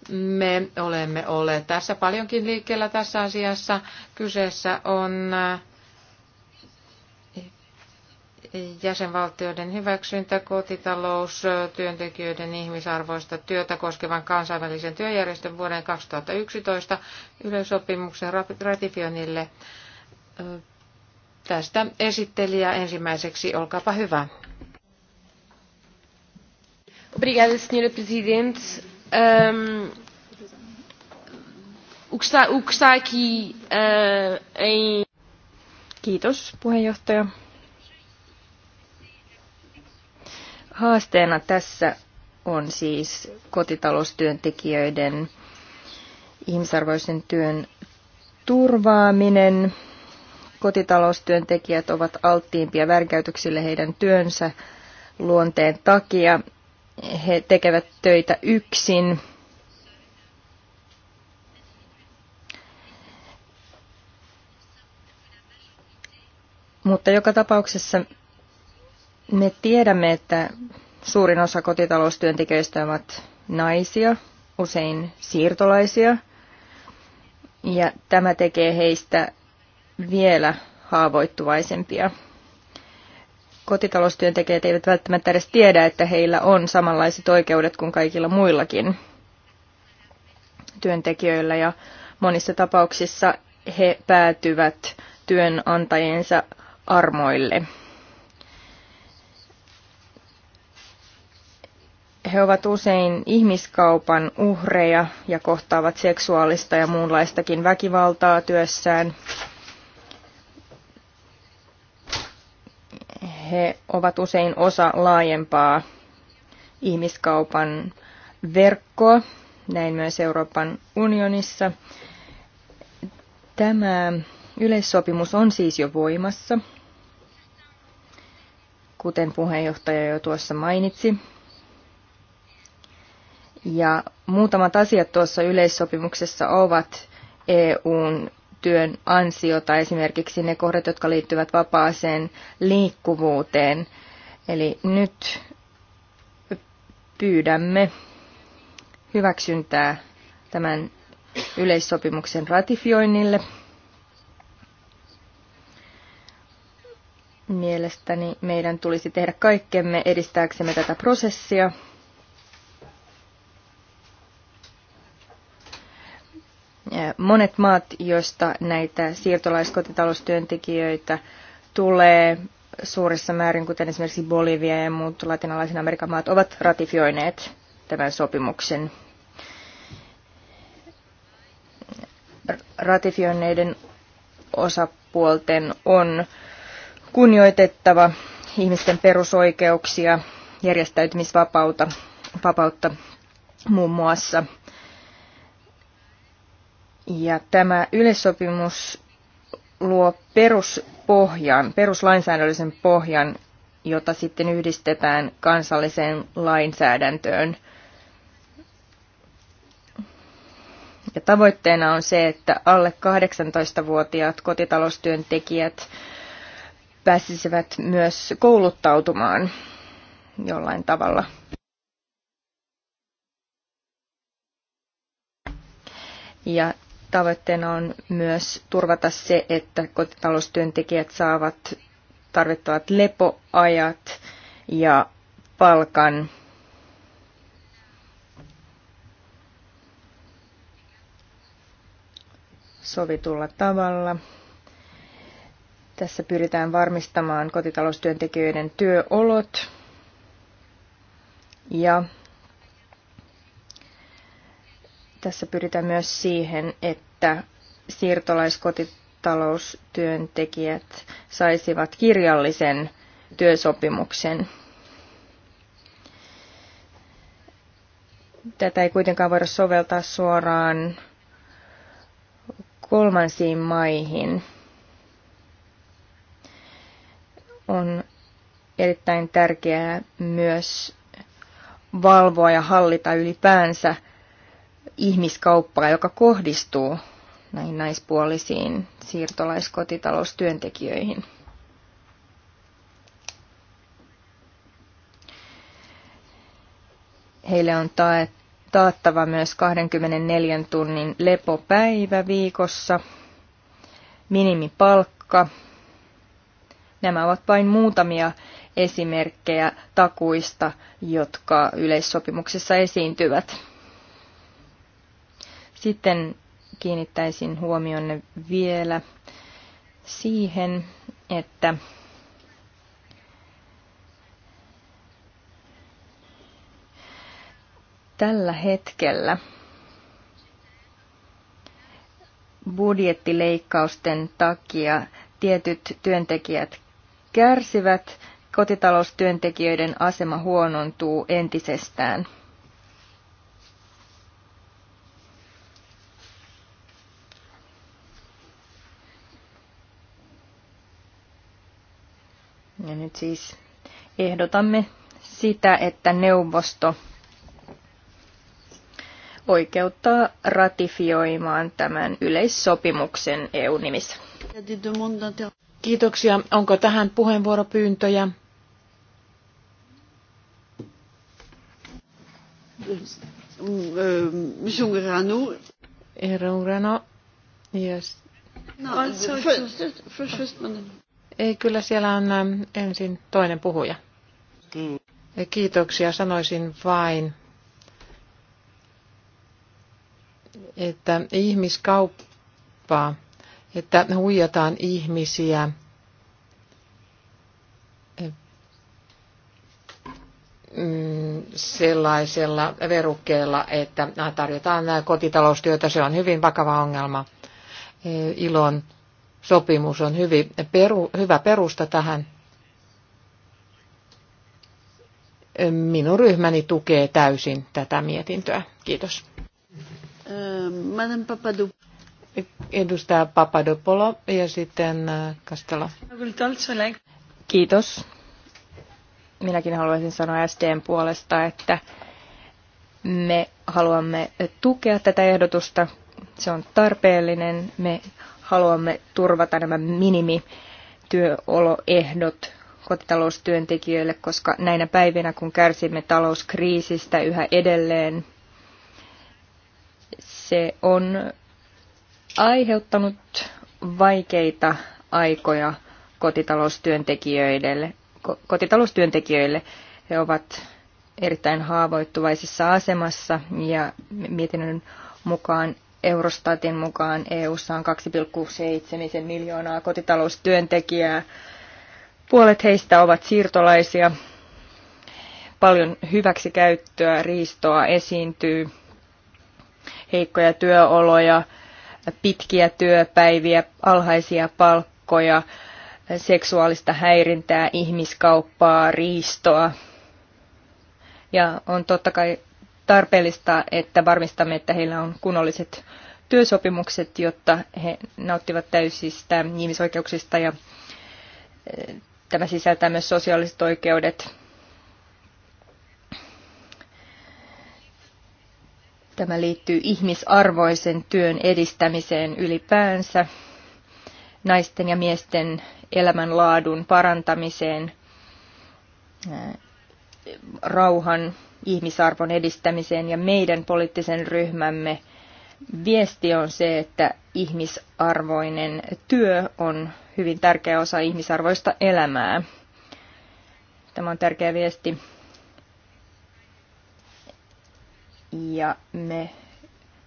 me olemme olleet tässä paljonkin liikkeellä tässä asiassa. Kyseessä on äh, jäsenvaltioiden hyväksyntä kotitalous työntekijöiden ihmisarvoista työtä koskevan kansainvälisen työjärjestön vuoden 2011 yleisopimuksen ratifioinnille. Äh, tästä esittelijä ensimmäiseksi, olkaapa hyvä. Obrigada, senhora Presidente. Um, o, que está, o que está aqui uh, em. Kiitos, puheenjohtaja. Haasteena tässä on siis kotitaloustyöntekijöiden ihmisarvoisen työn turvaaminen. Kotitaloustyöntekijät ovat alttiimpia värkäytyksille heidän työnsä luonteen takia he tekevät töitä yksin. Mutta joka tapauksessa me tiedämme, että suurin osa kotitaloustyöntekijöistä ovat naisia, usein siirtolaisia, ja tämä tekee heistä vielä haavoittuvaisempia kotitaloustyöntekijät eivät välttämättä edes tiedä, että heillä on samanlaiset oikeudet kuin kaikilla muillakin työntekijöillä ja monissa tapauksissa he päätyvät työnantajiensa armoille. He ovat usein ihmiskaupan uhreja ja kohtaavat seksuaalista ja muunlaistakin väkivaltaa työssään. he ovat usein osa laajempaa ihmiskaupan verkkoa, näin myös Euroopan unionissa. Tämä yleissopimus on siis jo voimassa, kuten puheenjohtaja jo tuossa mainitsi. Ja muutamat asiat tuossa yleissopimuksessa ovat EUn työn ansiota, esimerkiksi ne kohdat, jotka liittyvät vapaaseen liikkuvuuteen. Eli nyt pyydämme hyväksyntää tämän yleissopimuksen ratifioinnille. Mielestäni meidän tulisi tehdä kaikkemme edistääksemme tätä prosessia. monet maat, joista näitä siirtolaiskotitaloustyöntekijöitä tulee suuressa määrin, kuten esimerkiksi Bolivia ja muut latinalaisen Amerikan maat, ovat ratifioineet tämän sopimuksen. Ratifioineiden osapuolten on kunnioitettava ihmisten perusoikeuksia, järjestäytymisvapautta vapautta muun muassa – ja tämä yleissopimus luo peruspohjan, peruslainsäädännöllisen pohjan, jota sitten yhdistetään kansalliseen lainsäädäntöön. Ja tavoitteena on se, että alle 18-vuotiaat kotitaloustyöntekijät pääsisivät myös kouluttautumaan jollain tavalla. Ja Tavoitteena on myös turvata se, että kotitaloustyöntekijät saavat tarvittavat lepoajat ja palkan. sovitulla tavalla. Tässä pyritään varmistamaan kotitaloustyöntekijöiden työolot ja tässä pyritään myös siihen, että siirtolaiskotitaloustyöntekijät saisivat kirjallisen työsopimuksen. Tätä ei kuitenkaan voida soveltaa suoraan kolmansiin maihin. On erittäin tärkeää myös valvoa ja hallita ylipäänsä ihmiskauppaa, joka kohdistuu näihin naispuolisiin siirtolaiskotitaloustyöntekijöihin. Heille on taattava myös 24 tunnin lepopäivä viikossa, minimipalkka. Nämä ovat vain muutamia esimerkkejä takuista, jotka yleissopimuksessa esiintyvät. Sitten kiinnittäisin huomionne vielä siihen, että tällä hetkellä budjettileikkausten takia tietyt työntekijät kärsivät, kotitaloustyöntekijöiden asema huonontuu entisestään – Siis ehdotamme sitä, että neuvosto oikeuttaa ratifioimaan tämän yleissopimuksen EU-nimissä. Kiitoksia. Onko tähän puheenvuoropyyntöjä? Monsieur Grano. Herra Grano. Yes. No, first, first, first, ei, kyllä siellä on ähm, ensin toinen puhuja. Mm. Kiitoksia sanoisin vain, että ihmiskauppaa, että huijataan ihmisiä mm, sellaisella verukkeella, että tarjotaan kotitaloustyötä. Se on hyvin vakava ongelma. Ilon sopimus on hyvin, peru, hyvä perusta tähän. Minun ryhmäni tukee täysin tätä mietintöä. Kiitos. Äh, Madame Papadou. Edustaja Papadopolo ja sitten Kastela. Äh, Kiitos. Minäkin haluaisin sanoa SDn puolesta, että me haluamme tukea tätä ehdotusta. Se on tarpeellinen. Me haluamme turvata nämä minimityöoloehdot kotitaloustyöntekijöille, koska näinä päivinä, kun kärsimme talouskriisistä yhä edelleen, se on aiheuttanut vaikeita aikoja kotitaloustyöntekijöille. kotitaloustyöntekijöille. He ovat erittäin haavoittuvaisessa asemassa ja mietinnön mukaan Eurostatin mukaan EU:ssa on 2,7 miljoonaa kotitaloustyöntekijää. Puolet heistä ovat siirtolaisia. Paljon hyväksikäyttöä, riistoa esiintyy, heikkoja työoloja, pitkiä työpäiviä, alhaisia palkkoja, seksuaalista häirintää, ihmiskauppaa, riistoa. Ja on totta kai tarpeellista, että varmistamme, että heillä on kunnolliset työsopimukset, jotta he nauttivat täysistä ihmisoikeuksista ja eh, tämä sisältää myös sosiaaliset oikeudet. Tämä liittyy ihmisarvoisen työn edistämiseen ylipäänsä, naisten ja miesten elämänlaadun parantamiseen eh, rauhan, ihmisarvon edistämiseen ja meidän poliittisen ryhmämme viesti on se, että ihmisarvoinen työ on hyvin tärkeä osa ihmisarvoista elämää. Tämä on tärkeä viesti. Ja me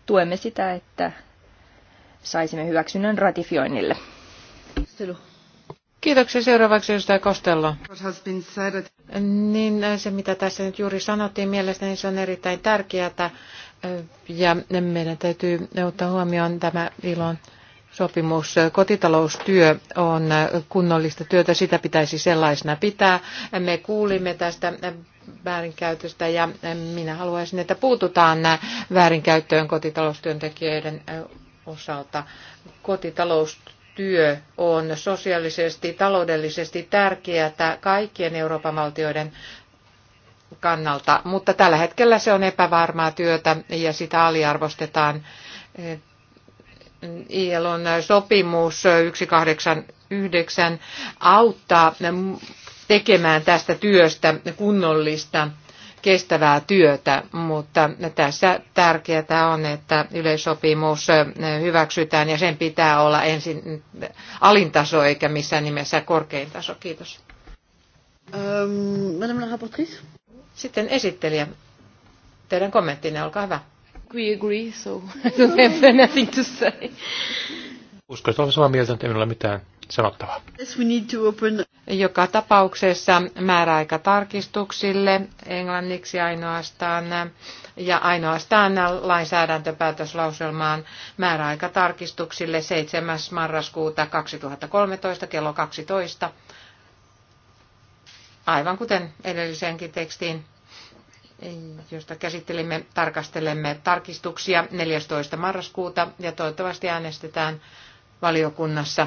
tuemme sitä, että saisimme hyväksynnän ratifioinnille. Kiitoksia seuraavaksi edustaja Kostello. Niin äh, se, mitä tässä nyt juuri sanottiin, mielestäni se on erittäin tärkeää äh, ja meidän täytyy ottaa huomioon tämä ilon sopimus. Kotitaloustyö on äh, kunnollista työtä, sitä pitäisi sellaisena pitää. Me kuulimme tästä väärinkäytöstä ja minä haluaisin, että puututaan väärinkäyttöön kotitaloustyöntekijöiden osalta. Kotitaloustyö työ on sosiaalisesti, taloudellisesti tärkeää kaikkien Euroopan valtioiden kannalta, mutta tällä hetkellä se on epävarmaa työtä ja sitä aliarvostetaan. ILOn sopimus 189 auttaa tekemään tästä työstä kunnollista kestävää työtä, mutta tässä tärkeää on, että yleissopimus hyväksytään ja sen pitää olla ensin alintaso eikä missään nimessä korkein taso. Kiitos. Ähm, madame la rapportrice. Sitten esittelijä. Teidän kommenttinne, olkaa hyvä. We agree, so I don't have nothing to say. että olen samaa mieltä, että ei ole mitään sanottavaa. Joka tapauksessa määräaika tarkistuksille englanniksi ainoastaan ja ainoastaan lainsäädäntöpäätöslauselmaan määräaika tarkistuksille 7. marraskuuta 2013 kello 12. Aivan kuten edelliseenkin tekstiin josta käsittelimme, tarkastelemme tarkistuksia 14. marraskuuta ja toivottavasti äänestetään valiokunnassa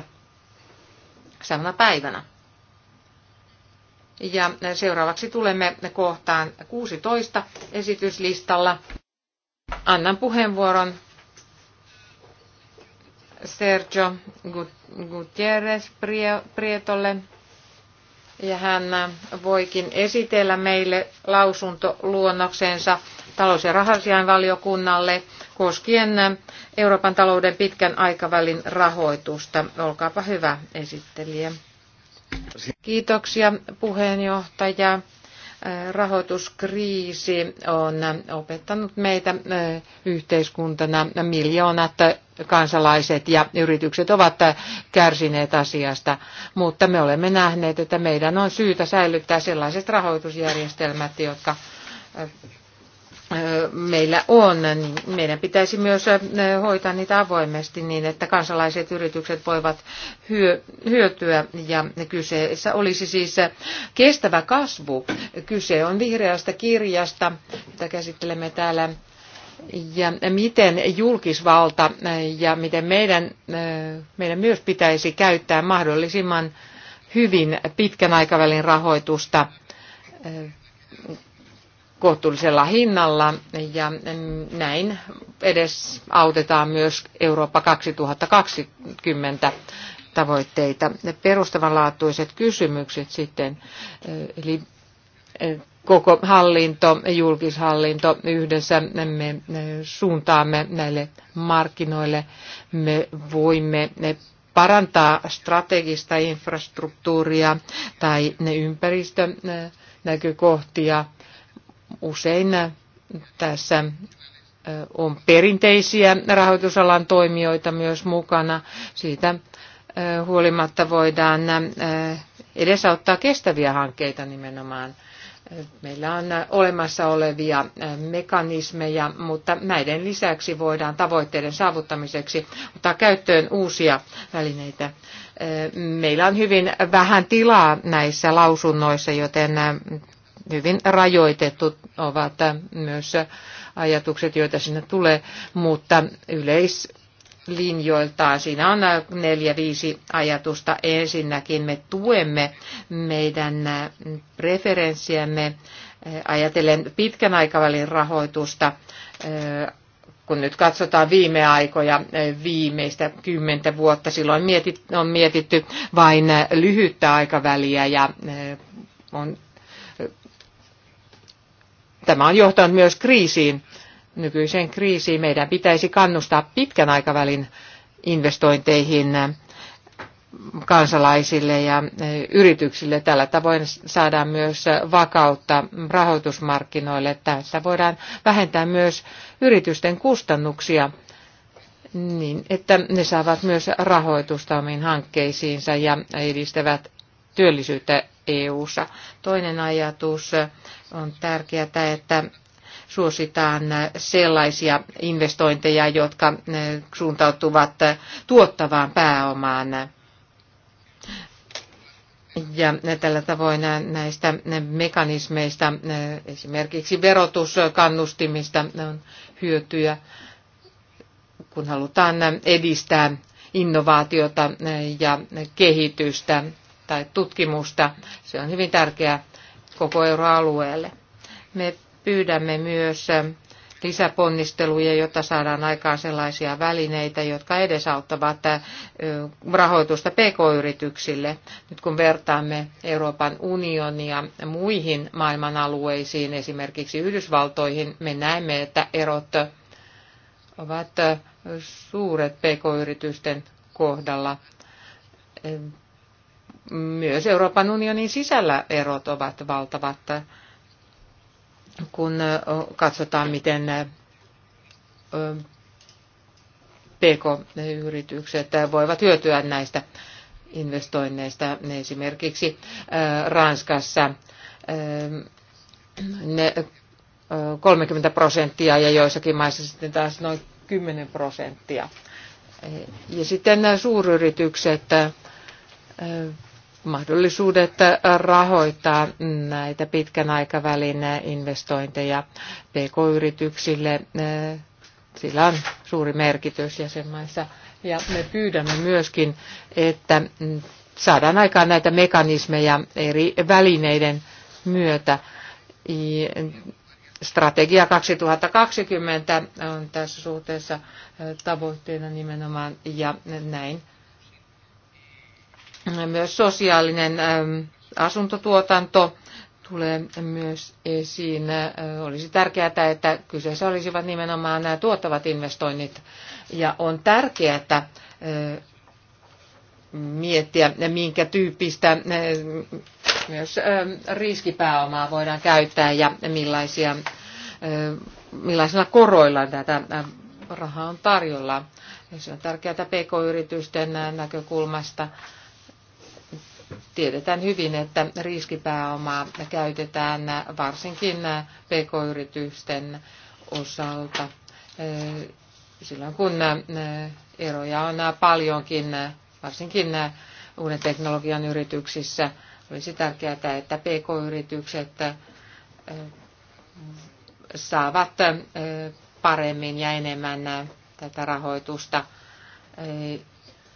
samana päivänä. Ja seuraavaksi tulemme kohtaan 16 esityslistalla. Annan puheenvuoron Sergio Gutierrez Prietolle ja hän voikin esitellä meille lausuntoluonnoksensa talous- ja rahasiainvaliokunnalle koskien Euroopan talouden pitkän aikavälin rahoitusta. Olkaapa hyvä esittelijä. Kiitoksia puheenjohtaja rahoituskriisi on opettanut meitä yhteiskuntana. Miljoonat kansalaiset ja yritykset ovat kärsineet asiasta, mutta me olemme nähneet, että meidän on syytä säilyttää sellaiset rahoitusjärjestelmät, jotka meillä on, niin meidän pitäisi myös hoitaa niitä avoimesti niin, että kansalaiset yritykset voivat hyötyä ja kyseessä olisi siis kestävä kasvu. Kyse on vihreästä kirjasta, jota käsittelemme täällä ja miten julkisvalta ja miten meidän, meidän myös pitäisi käyttää mahdollisimman hyvin pitkän aikavälin rahoitusta kohtuullisella hinnalla ja näin edes autetaan myös Eurooppa 2020 tavoitteita. Perustavanlaatuiset kysymykset sitten, eli koko hallinto, julkishallinto yhdessä me suuntaamme näille markkinoille. Me voimme parantaa strategista infrastruktuuria tai ne ympäristönäkökohtia Usein tässä on perinteisiä rahoitusalan toimijoita myös mukana. Siitä huolimatta voidaan edesauttaa kestäviä hankkeita nimenomaan. Meillä on olemassa olevia mekanismeja, mutta näiden lisäksi voidaan tavoitteiden saavuttamiseksi ottaa käyttöön uusia välineitä. Meillä on hyvin vähän tilaa näissä lausunnoissa, joten hyvin rajoitettu ovat myös ajatukset, joita sinne tulee, mutta yleis linjoiltaan. Siinä on neljä, viisi ajatusta. Ensinnäkin me tuemme meidän preferenssiämme ajatellen pitkän aikavälin rahoitusta, kun nyt katsotaan viime aikoja, viimeistä kymmentä vuotta, silloin on mietitty vain lyhyttä aikaväliä ja eh, on Tämä on johtanut myös kriisiin, nykyiseen kriisiin. Meidän pitäisi kannustaa pitkän aikavälin investointeihin kansalaisille ja yrityksille. Tällä tavoin saadaan myös vakautta rahoitusmarkkinoille. Tässä voidaan vähentää myös yritysten kustannuksia niin, että ne saavat myös rahoitusta omiin hankkeisiinsa ja edistävät työllisyyttä EU-ssa. Toinen ajatus on tärkeää, että suositaan sellaisia investointeja, jotka eh, suuntautuvat tuottavaan pääomaan. Ja tällä tavoin näistä mekanismeista, eh, esimerkiksi verotuskannustimista, on hyötyjä, kun halutaan edistää innovaatiota eh, ja kehitystä tai tutkimusta. Se on hyvin tärkeä koko euroalueelle. Me pyydämme myös lisäponnisteluja, jotta saadaan aikaan sellaisia välineitä, jotka edesauttavat rahoitusta pk-yrityksille. Nyt kun vertaamme Euroopan unionia muihin maailman alueisiin, esimerkiksi Yhdysvaltoihin, me näemme, että erot ovat suuret pk-yritysten kohdalla myös Euroopan unionin sisällä erot ovat valtavat, kun katsotaan, miten PK-yritykset voivat hyötyä näistä investoinneista. Esimerkiksi Ranskassa ne 30 prosenttia ja joissakin maissa sitten taas noin 10 prosenttia. Ja sitten nämä suuryritykset mahdollisuudet rahoittaa näitä pitkän aikavälin investointeja pk-yrityksille. Sillä on suuri merkitys jäsenmaissa. Ja me pyydämme myöskin, että saadaan aikaan näitä mekanismeja eri välineiden myötä. Strategia 2020 on tässä suhteessa tavoitteena nimenomaan ja näin myös sosiaalinen ähm, asuntotuotanto tulee myös esiin. Äh, olisi tärkeää, että kyseessä olisivat nimenomaan nämä tuottavat investoinnit. Ja on tärkeää äh, miettiä, minkä tyyppistä äh, myös ähm, riskipääomaa voidaan käyttää ja millaisia, millaisilla koroilla tätä rahaa on tarjolla. Se on tärkeää pk-yritysten näkökulmasta tiedetään hyvin, että riskipääomaa käytetään varsinkin pk-yritysten osalta silloin, kun eroja on paljonkin, varsinkin uuden teknologian yrityksissä. Olisi tärkeää, että pk-yritykset saavat paremmin ja enemmän tätä rahoitusta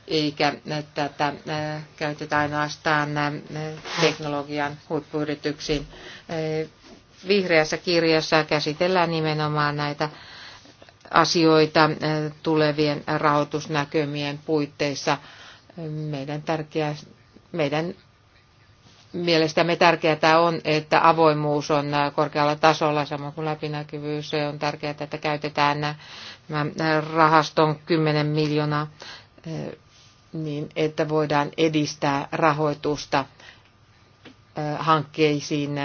eikä tätä äh, käytetä ainoastaan äh, teknologian huippuyrityksiin. Äh, vihreässä kirjassa käsitellään nimenomaan näitä asioita tulevien rahoitusnäkymien puitteissa. Meidän, tärkeä, meidän mielestämme tärkeää on, että avoimuus on korkealla tasolla, samoin kuin läpinäkyvyys. Se on tärkeää, että käytetään rahaston 10 miljoonaa niin että voidaan edistää rahoitusta hankkeisiin,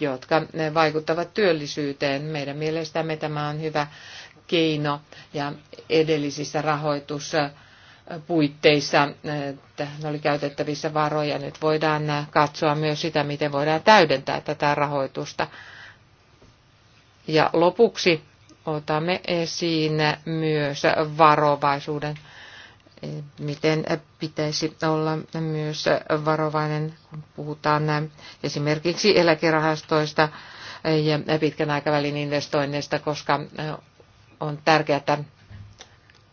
jotka vaikuttavat työllisyyteen. Meidän mielestämme tämä on hyvä keino ja edellisissä rahoituspuitteissa oli käytettävissä varoja. Nyt voidaan katsoa myös sitä, miten voidaan täydentää tätä rahoitusta. Ja lopuksi otamme esiin myös varovaisuuden miten pitäisi olla myös varovainen, kun puhutaan esimerkiksi eläkerahastoista ja pitkän aikavälin investoinneista, koska on tärkeää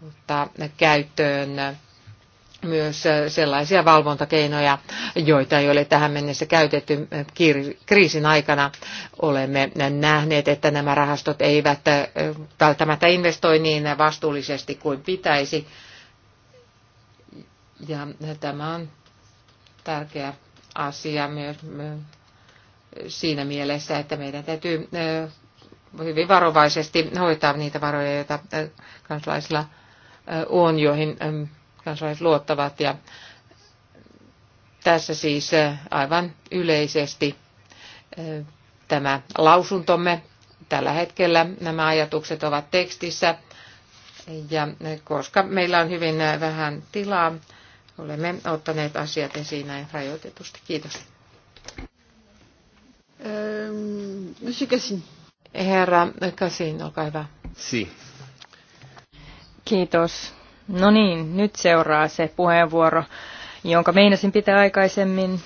ottaa käyttöön myös sellaisia valvontakeinoja, joita ei ole tähän mennessä käytetty kriisin aikana. Olemme nähneet, että nämä rahastot eivät välttämättä investoi niin vastuullisesti kuin pitäisi ja tämä on tärkeä asia myös siinä mielessä, että meidän täytyy hyvin varovaisesti hoitaa niitä varoja, joita kansalaisilla on, joihin kansalaiset luottavat. Ja tässä siis aivan yleisesti tämä lausuntomme. Tällä hetkellä nämä ajatukset ovat tekstissä ja koska meillä on hyvin vähän tilaa olemme ottaneet asiat esiin näin rajoitetusti. Kiitos. Ähm, Herra Kasin, olkaa hyvä. Si. Kiitos. No niin, nyt seuraa se puheenvuoro, jonka meinasin pitää aikaisemmin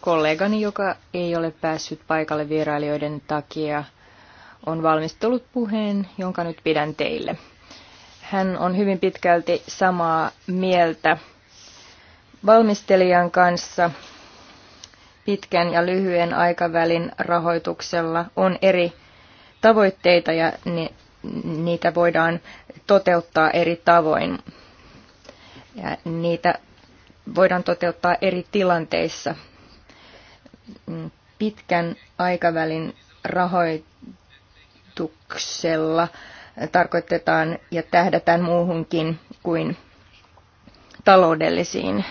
kollegani, joka ei ole päässyt paikalle vierailijoiden takia, on valmistellut puheen, jonka nyt pidän teille. Hän on hyvin pitkälti samaa mieltä valmistelijan kanssa. Pitkän ja lyhyen aikavälin rahoituksella on eri tavoitteita ja niitä voidaan toteuttaa eri tavoin. Ja niitä voidaan toteuttaa eri tilanteissa. Pitkän aikavälin rahoituksella tarkoitetaan ja tähdätään muuhunkin kuin taloudellisiin eh,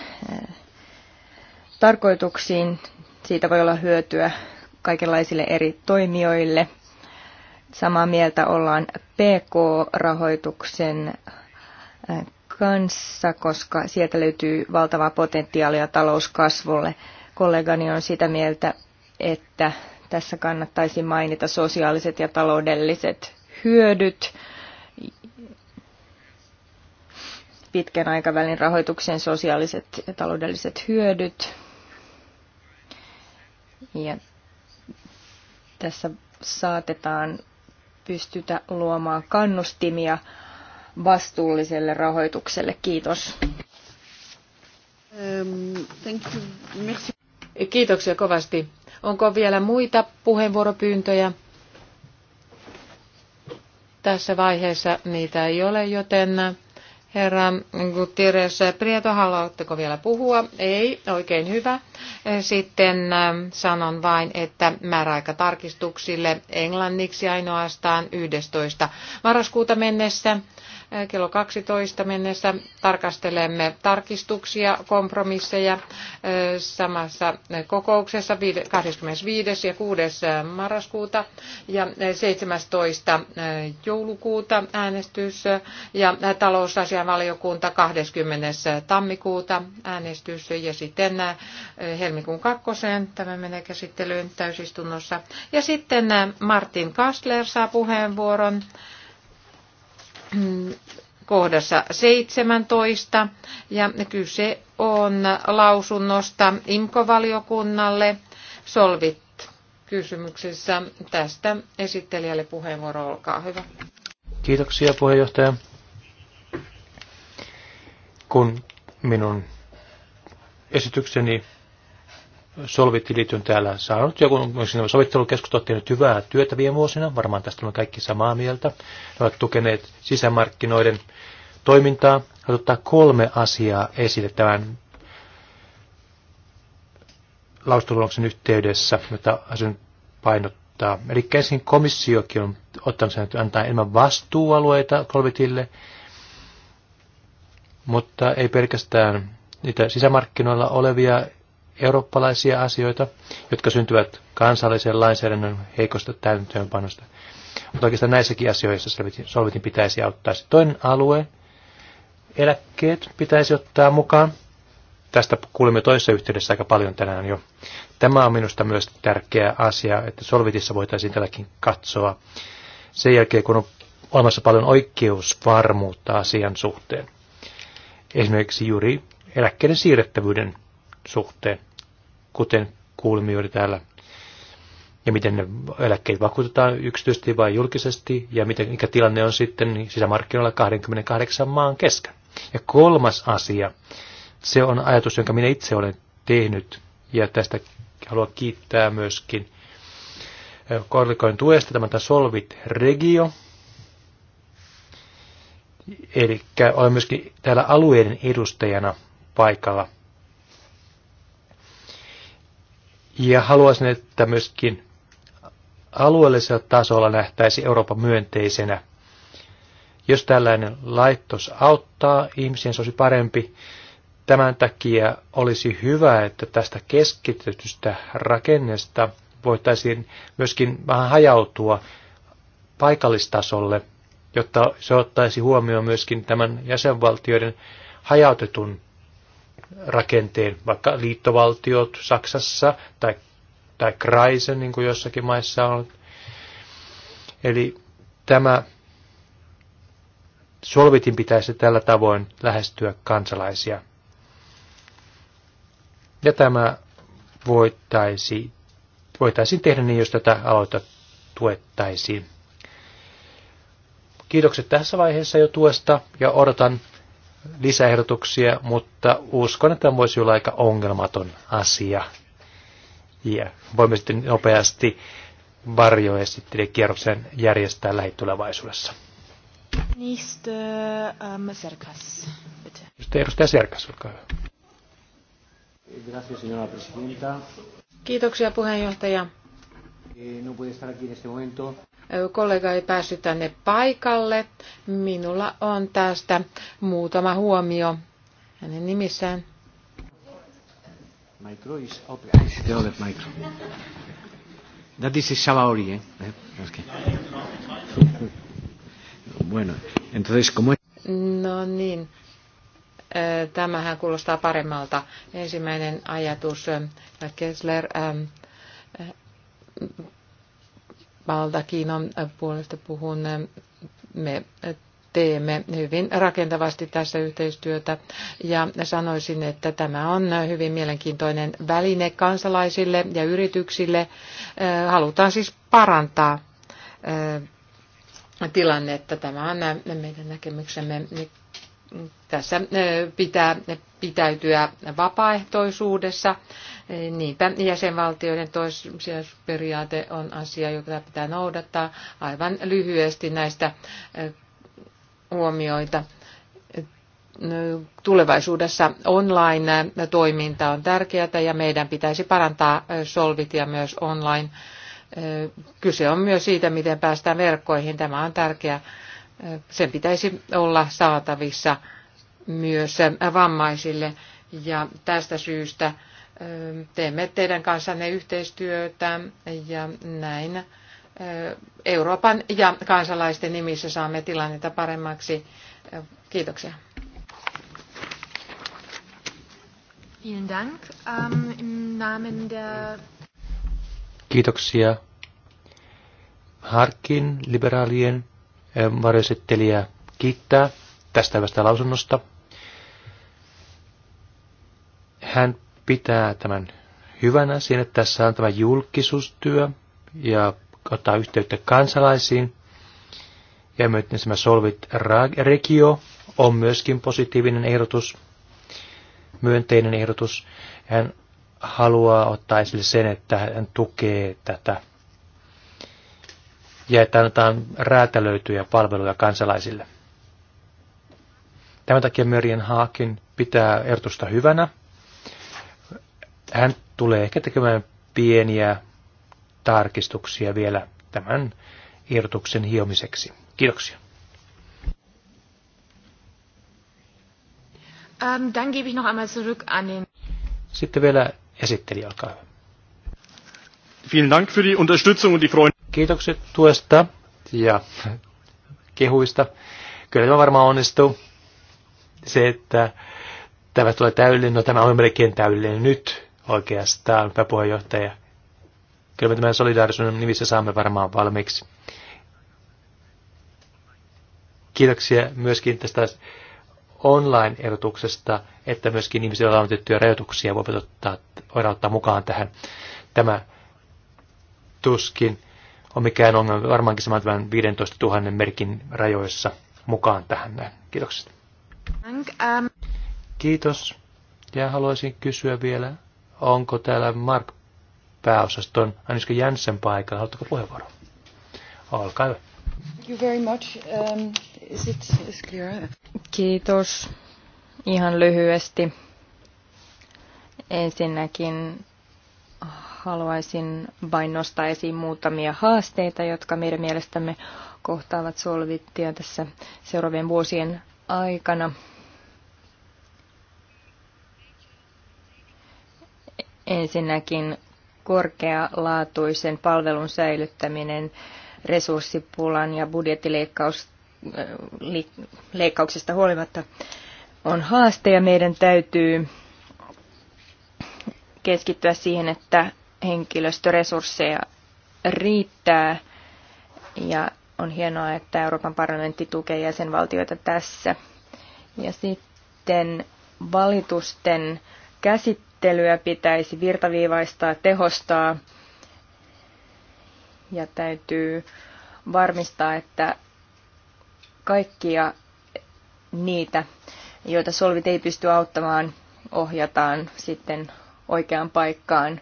tarkoituksiin. Siitä voi olla hyötyä kaikenlaisille eri toimijoille. Samaa mieltä ollaan PK-rahoituksen eh, kanssa, koska sieltä löytyy valtavaa potentiaalia talouskasvulle. Kollegani on sitä mieltä, että tässä kannattaisi mainita sosiaaliset ja taloudelliset hyödyt pitkän aikavälin rahoituksen sosiaaliset ja taloudelliset hyödyt. Ja tässä saatetaan pystytä luomaan kannustimia vastuulliselle rahoitukselle. Kiitos. Um, Kiitoksia kovasti. Onko vielä muita puheenvuoropyyntöjä? Tässä vaiheessa niitä ei ole, joten herra Gutierrez Prieto, haluatteko vielä puhua? Ei, oikein hyvä. Sitten ähm, sanon vain, että määräaika tarkistuksille englanniksi ainoastaan 11. marraskuuta mennessä Kello 12 mennessä tarkastelemme tarkistuksia, kompromisseja samassa kokouksessa 25. ja 6. marraskuuta ja 17. joulukuuta äänestys ja talousasianvaliokunta 20. tammikuuta äänestys ja sitten helmikuun kakkoseen tämä menee käsittelyyn täysistunnossa. Ja sitten Martin Kastler saa puheenvuoron kohdassa 17 ja kyse on lausunnosta Imkovaliokunnalle Solvit kysymyksessä. Tästä esittelijälle puheenvuoro, olkaa hyvä. Kiitoksia puheenjohtaja. Kun minun esitykseni Solvit-tilit on täällä saanut, ja kun sovittelukeskus on tehnyt hyvää työtä viime vuosina, varmaan tästä on kaikki samaa mieltä. Ne ovat tukeneet sisämarkkinoiden toimintaa. Haluan ottaa kolme asiaa esille tämän laustuluoksen yhteydessä, jota asun painottaa. Eli ensin komissiokin on ottanut sen, että antaa enemmän vastuualueita Solvitille, mutta ei pelkästään niitä sisämarkkinoilla olevia eurooppalaisia asioita, jotka syntyvät kansallisen lainsäädännön heikosta täytäntöönpanosta. Mutta oikeastaan näissäkin asioissa solvitin pitäisi auttaa. Sitten toinen alue, eläkkeet pitäisi ottaa mukaan. Tästä kuulimme toisessa yhteydessä aika paljon tänään jo. Tämä on minusta myös tärkeä asia, että solvitissa voitaisiin tälläkin katsoa sen jälkeen, kun on olemassa paljon oikeusvarmuutta asian suhteen. Esimerkiksi juuri eläkkeiden siirrettävyyden suhteen kuten kuulimme juuri täällä, ja miten ne eläkkeet vakuutetaan yksityisesti vai julkisesti, ja miten, mikä tilanne on sitten sisämarkkinoilla 28 maan kesken. Ja kolmas asia, se on ajatus, jonka minä itse olen tehnyt, ja tästä haluan kiittää myöskin korlikoin tuesta, tämä Solvit Regio, Eli olen myöskin täällä alueiden edustajana paikalla Ja haluaisin, että myöskin alueellisella tasolla nähtäisi Euroopan myönteisenä. Jos tällainen laitos auttaa ihmisiä, se olisi parempi. Tämän takia olisi hyvä, että tästä keskitetystä rakennesta voitaisiin myöskin vähän hajautua paikallistasolle, jotta se ottaisi huomioon myöskin tämän jäsenvaltioiden hajautetun rakenteen, vaikka liittovaltiot Saksassa tai, tai Kreisen, niin kuin jossakin maissa on. Eli tämä solvitin pitäisi tällä tavoin lähestyä kansalaisia. Ja tämä voitaisi, voitaisiin tehdä niin, jos tätä aloita tuettaisiin. Kiitokset tässä vaiheessa jo tuesta ja odotan lisäehdotuksia, mutta uskon, että tämä voisi olla aika ongelmaton asia. Ja voimme sitten nopeasti varjoesittelijä kierroksen järjestää lähitulevaisuudessa. Niistä ähm, Serkas. Edustaja Serkas, olkaa hyvä. Kiitoksia puheenjohtaja. Eh, no kollega ei päässyt tänne paikalle. Minulla on tästä muutama huomio hänen nimissään. Micro is open. The micro. That is Salaori, eh? eh bueno, entonces como... No niin. Tämähän kuulostaa paremmalta. Ensimmäinen ajatus, Kessler, Kiinan puolesta puhun. Me teemme hyvin rakentavasti tässä yhteistyötä ja sanoisin, että tämä on hyvin mielenkiintoinen väline kansalaisille ja yrityksille. Halutaan siis parantaa tilannetta. Tämä on meidän näkemyksemme. Tässä pitää pitäytyä vapaaehtoisuudessa. Niinpä jäsenvaltioiden toissijaisuusperiaate on asia, jota pitää noudattaa aivan lyhyesti näistä eh, huomioita. Tulevaisuudessa online-toiminta on tärkeää ja meidän pitäisi parantaa eh, solvitia myös online. Eh, kyse on myös siitä, miten päästään verkkoihin. Tämä on tärkeää. Sen pitäisi olla saatavissa myös vammaisille. Ja tästä syystä teemme teidän kanssanne yhteistyötä ja näin Euroopan ja kansalaisten nimissä saamme tilannetta paremmaksi. Kiitoksia. Ähm, Kiitoksia. Harkin, liberaalien varjoesittelijä, kiittää tästä hyvästä lausunnosta. Hän pitää tämän hyvänä siinä, että tässä on tämä julkisuustyö ja ottaa yhteyttä kansalaisiin. Ja myös tämä Solvit Regio on myöskin positiivinen ehdotus, myönteinen ehdotus. Hän haluaa ottaa esille sen, että hän tukee tätä ja että annetaan räätälöityjä palveluja kansalaisille. Tämän takia Mörjen Haakin pitää ehdotusta hyvänä hän tulee ehkä tekemään pieniä tarkistuksia vielä tämän ehdotuksen hiomiseksi. Kiitoksia. Ähm, dann gebe ich noch einmal zurück an den... Sitten vielä esitteli, olkaa hyvä. Vielen Dank für die Unterstützung und die Freunde. Kiitokset tuesta ja kehuista. Kyllä tämä varmaan onnistuu. Se, että tämä tulee täydellinen, no tämä on melkein täydellinen nyt, oikeastaan, hyvä puheenjohtaja. Kyllä me tämän solidaarisuuden nimissä saamme varmaan valmiiksi. Kiitoksia myöskin tästä online-erotuksesta, että myöskin ihmisillä, joilla on tiettyjä rajoituksia, voivat ottaa, voidaan ottaa mukaan tähän. Tämä tuskin on mikään ongelma, varmaankin saman tämän 15 000 merkin rajoissa mukaan tähän näin. Um, Kiitos. Ja haluaisin kysyä vielä onko täällä Mark pääosaston Aniska Jänsen paikalla. Haluatteko puheenvuoro? Olkaa hyvä. Thank you very much. Um, is it, is clear? Kiitos. Ihan lyhyesti. Ensinnäkin haluaisin vain nostaa esiin muutamia haasteita, jotka meidän mielestämme kohtaavat solvittia tässä seuraavien vuosien aikana. Ensinnäkin korkealaatuisen palvelun säilyttäminen resurssipulan ja budjettileikkauksesta äh, huolimatta on haaste ja meidän täytyy keskittyä siihen, että henkilöstöresursseja riittää ja on hienoa, että Euroopan parlamentti tukee jäsenvaltioita tässä. Ja sitten valitusten käsittelyä pitäisi virtaviivaistaa, tehostaa ja täytyy varmistaa, että kaikkia niitä, joita solvit ei pysty auttamaan, ohjataan sitten oikeaan paikkaan.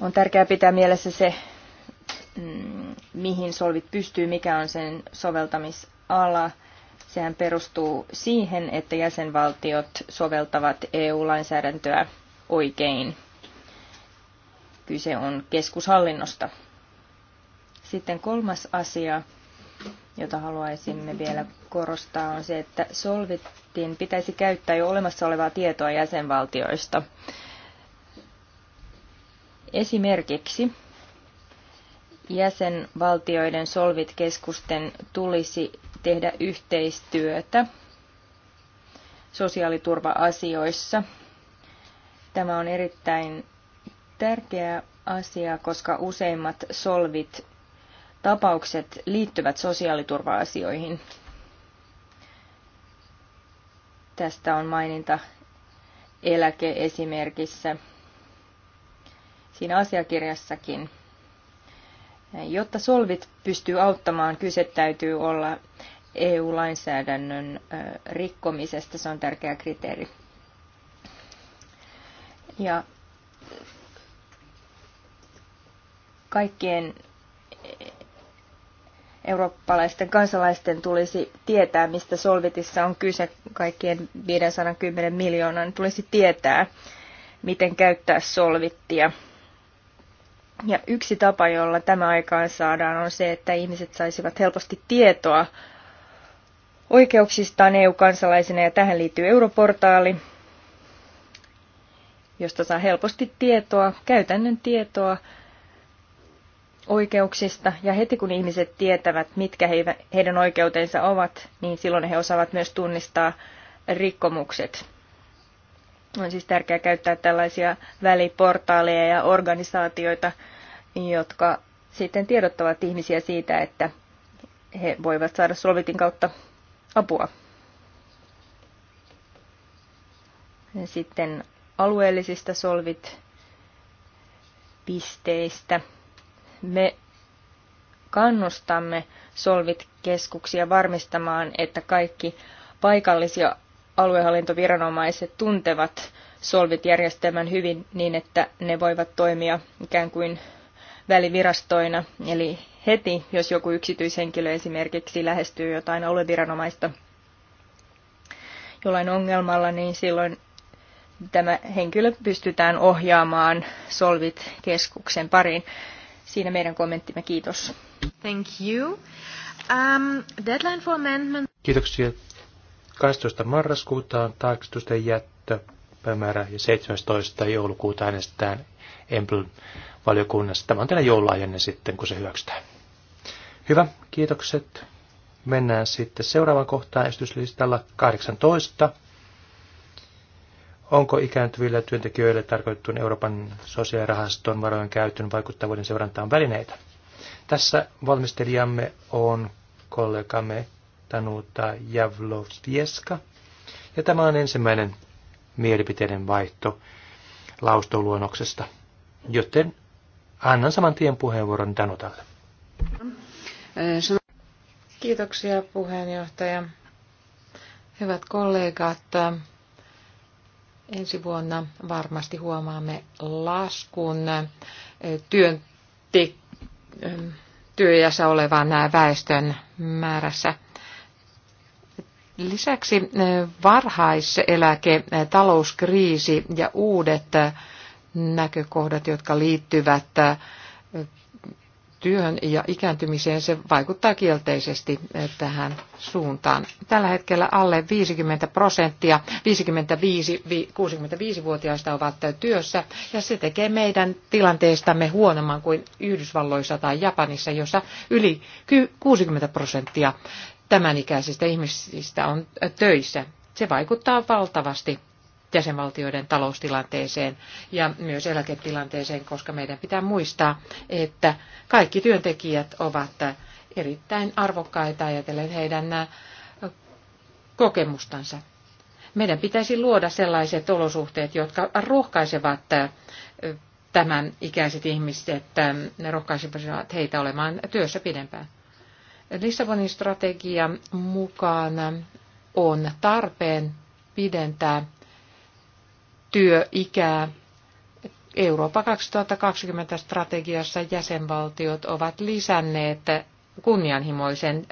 On tärkeää pitää mielessä se, mm, mihin solvit pystyy, mikä on sen soveltamis ala, sehän perustuu siihen, että jäsenvaltiot soveltavat EU-lainsäädäntöä oikein. Kyse on keskushallinnosta. Sitten kolmas asia, jota haluaisimme vielä korostaa, on se, että solvittiin pitäisi käyttää jo olemassa olevaa tietoa jäsenvaltioista. Esimerkiksi jäsenvaltioiden solvitkeskusten tulisi tehdä yhteistyötä sosiaaliturva-asioissa. Tämä on erittäin tärkeä asia, koska useimmat solvit tapaukset liittyvät sosiaaliturva-asioihin. Tästä on maininta eläke esimerkissä siinä asiakirjassakin. Jotta solvit pystyy auttamaan, kyse täytyy olla EU-lainsäädännön rikkomisesta. Se on tärkeä kriteeri. Ja kaikkien eurooppalaisten kansalaisten tulisi tietää, mistä Solvitissa on kyse. Kaikkien 510 miljoonan tulisi tietää, miten käyttää Solvittia. Ja yksi tapa, jolla tämä aikaan saadaan, on se, että ihmiset saisivat helposti tietoa oikeuksistaan EU-kansalaisina, ja tähän liittyy europortaali, josta saa helposti tietoa, käytännön tietoa oikeuksista, ja heti kun ihmiset tietävät, mitkä heidän oikeutensa ovat, niin silloin he osaavat myös tunnistaa rikkomukset. On siis tärkeää käyttää tällaisia väliportaaleja ja organisaatioita, jotka sitten tiedottavat ihmisiä siitä, että he voivat saada Solvitin kautta apua. Sitten alueellisista Solvit-pisteistä. Me kannustamme Solvit-keskuksia varmistamaan, että kaikki paikallisia aluehallintoviranomaiset tuntevat Solvit-järjestelmän hyvin niin, että ne voivat toimia ikään kuin välivirastoina. Eli heti, jos joku yksityishenkilö esimerkiksi lähestyy jotain alueviranomaista jollain ongelmalla, niin silloin tämä henkilö pystytään ohjaamaan Solvit-keskuksen pariin. Siinä meidän kommenttimme. Kiitos. Thank you. Um, deadline for amendment. Kiitoksia. 12. marraskuuta on taakistusten jättö ja 17. joulukuuta äänestetään Empl-valiokunnassa. Tämä on teillä joululahjanne sitten, kun se hyväksytään. Hyvä, kiitokset. Mennään sitten seuraavaan kohtaan esityslistalla 18. Onko ikääntyvillä työntekijöille tarkoitettuun Euroopan sosiaalirahaston varojen käytön vaikuttavuuden seurantaan välineitä? Tässä valmistelijamme on kollegamme Danuta Javlovieska. Ja tämä on ensimmäinen mielipiteiden vaihto laustoluonnoksesta, joten annan saman tien puheenvuoron Danutalle. Kiitoksia puheenjohtaja. Hyvät kollegat, ensi vuonna varmasti huomaamme laskun työn te- työjässä olevan väestön määrässä. Lisäksi eh, varhaiseläke, talouskriisi ja uudet eh, näkökohdat, jotka liittyvät eh, työhön ja ikääntymiseen, se vaikuttaa kielteisesti tähän suuntaan. Tällä hetkellä alle 50 prosenttia 55-65-vuotiaista ovat työssä ja se tekee meidän tilanteestamme huonomman kuin Yhdysvalloissa tai Japanissa, jossa yli 60 prosenttia tämän ikäisistä ihmisistä on töissä. Se vaikuttaa valtavasti jäsenvaltioiden taloustilanteeseen ja myös eläketilanteeseen, koska meidän pitää muistaa, että kaikki työntekijät ovat erittäin arvokkaita ajatellen heidän äh, kokemustansa. Meidän pitäisi luoda sellaiset olosuhteet, jotka rohkaisevat äh, tämän ikäiset ihmiset, äh, rohkaisevat heitä olemaan työssä pidempään. Lissabonin strategian mukaan on tarpeen pidentää työikää. Eurooppa 2020 strategiassa jäsenvaltiot ovat lisänneet kunnianhimoisen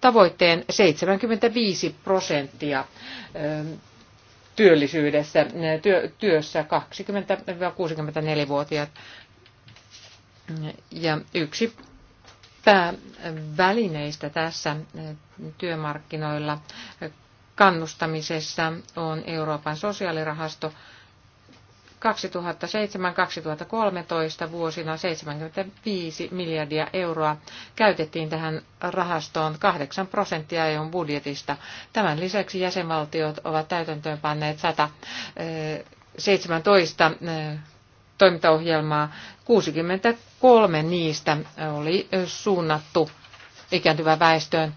tavoitteen 75 prosenttia työllisyydessä, työssä 20-64-vuotiaat. Ja yksi päävälineistä tässä eh, työmarkkinoilla kannustamisessa on Euroopan sosiaalirahasto 2007-2013 vuosina 75 miljardia euroa käytettiin tähän rahastoon 8 prosenttia EUn budjetista. Tämän lisäksi jäsenvaltiot ovat täytäntöönpanneet 117 toimintaohjelmaa. 63 niistä oli suunnattu ikääntyvään väestöön.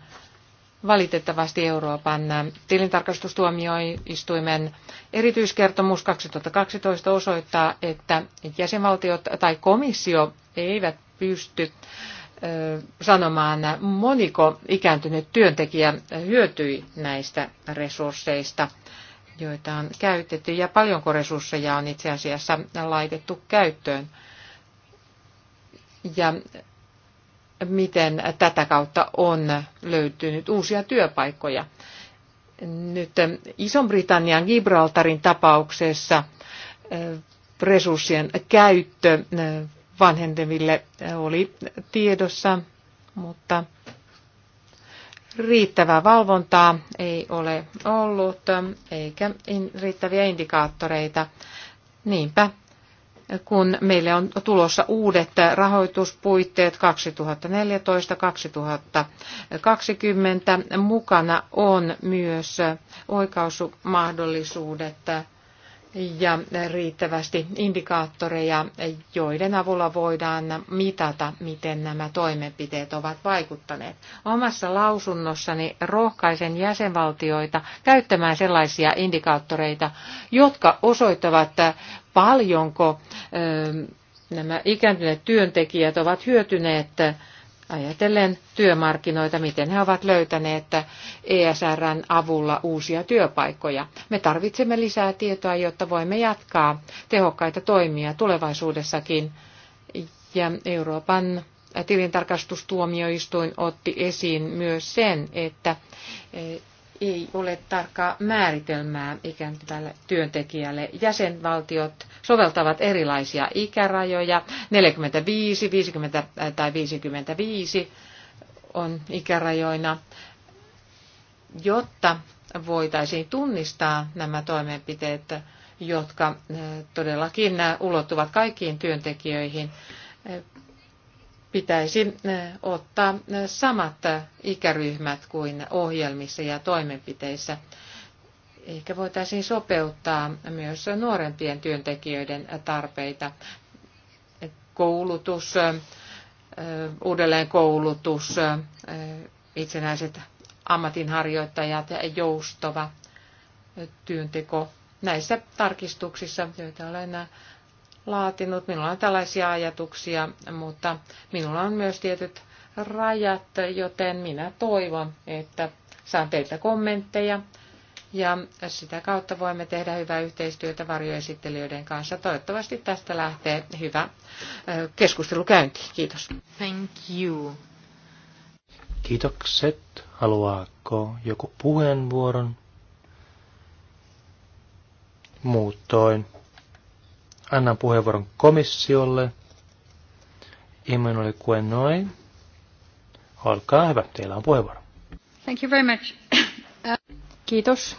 Valitettavasti Euroopan tilintarkastustuomioistuimen erityiskertomus 2012 osoittaa, että jäsenvaltiot tai komissio eivät pysty sanomaan, moniko ikääntynyt työntekijä hyötyi näistä resursseista joita on käytetty ja paljonko resursseja on itse asiassa laitettu käyttöön. Ja miten tätä kautta on löytynyt uusia työpaikkoja. Nyt Ison-Britannian Gibraltarin tapauksessa eh, resurssien käyttö eh, vanhenteville oli tiedossa, mutta Riittävää valvontaa ei ole ollut eikä riittäviä indikaattoreita. Niinpä, kun meille on tulossa uudet rahoituspuitteet 2014-2020, mukana on myös oikaisumahdollisuudet ja riittävästi indikaattoreja, joiden avulla voidaan mitata, miten nämä toimenpiteet ovat vaikuttaneet. Omassa lausunnossani rohkaisen jäsenvaltioita käyttämään sellaisia indikaattoreita, jotka osoittavat, paljonko nämä ikääntyneet työntekijät ovat hyötyneet ajatellen työmarkkinoita, miten he ovat löytäneet että ESRn avulla uusia työpaikkoja. Me tarvitsemme lisää tietoa, jotta voimme jatkaa tehokkaita toimia tulevaisuudessakin. Ja Euroopan tilintarkastustuomioistuin otti esiin myös sen, että ei ole tarkkaa määritelmää ikääntyvälle työntekijälle. Jäsenvaltiot soveltavat erilaisia ikärajoja. 45, 50 äh, tai 55 on ikärajoina, jotta voitaisiin tunnistaa nämä toimenpiteet, jotka äh, todellakin äh, ulottuvat kaikkiin työntekijöihin pitäisi eh, ottaa eh, samat eh, ikäryhmät kuin ohjelmissa ja toimenpiteissä. Ehkä voitaisiin sopeuttaa myös nuorempien työntekijöiden tarpeita. Koulutus, uudelleenkoulutus, itsenäiset ammatinharjoittajat, joustava työnteko. Näissä tarkistuksissa, joita olen laatinut. Minulla on tällaisia ajatuksia, mutta minulla on myös tietyt rajat, joten minä toivon, että saan teiltä kommentteja ja sitä kautta voimme tehdä hyvää yhteistyötä varjoesittelijöiden kanssa. Toivottavasti tästä lähtee hyvä keskustelu käyntiin. Kiitos. Thank you. Kiitokset. Haluaako joku puheenvuoron? Muutoin annan puheenvuoron komissiolle. Emmanuel Kuenoi, olkaa hyvä, teillä on puheenvuoro. Thank you very much. Kiitos.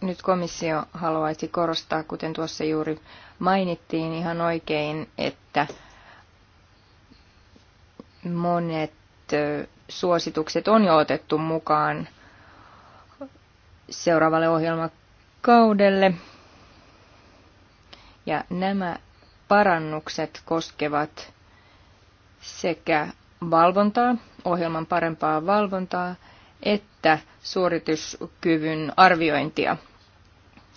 Nyt komissio haluaisi korostaa, kuten tuossa juuri mainittiin ihan oikein, että monet suositukset on jo otettu mukaan seuraavalle ohjelmakaudelle ja nämä parannukset koskevat sekä valvontaa, ohjelman parempaa valvontaa, että suorituskyvyn arviointia.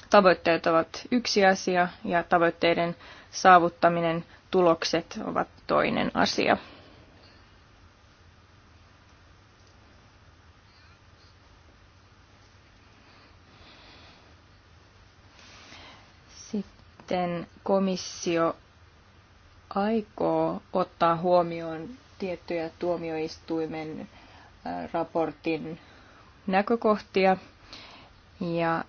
Tavoitteet ovat yksi asia ja tavoitteiden saavuttaminen, tulokset ovat toinen asia. miten komissio aikoo ottaa huomioon tiettyjä tuomioistuimen äh, raportin näkökohtia ja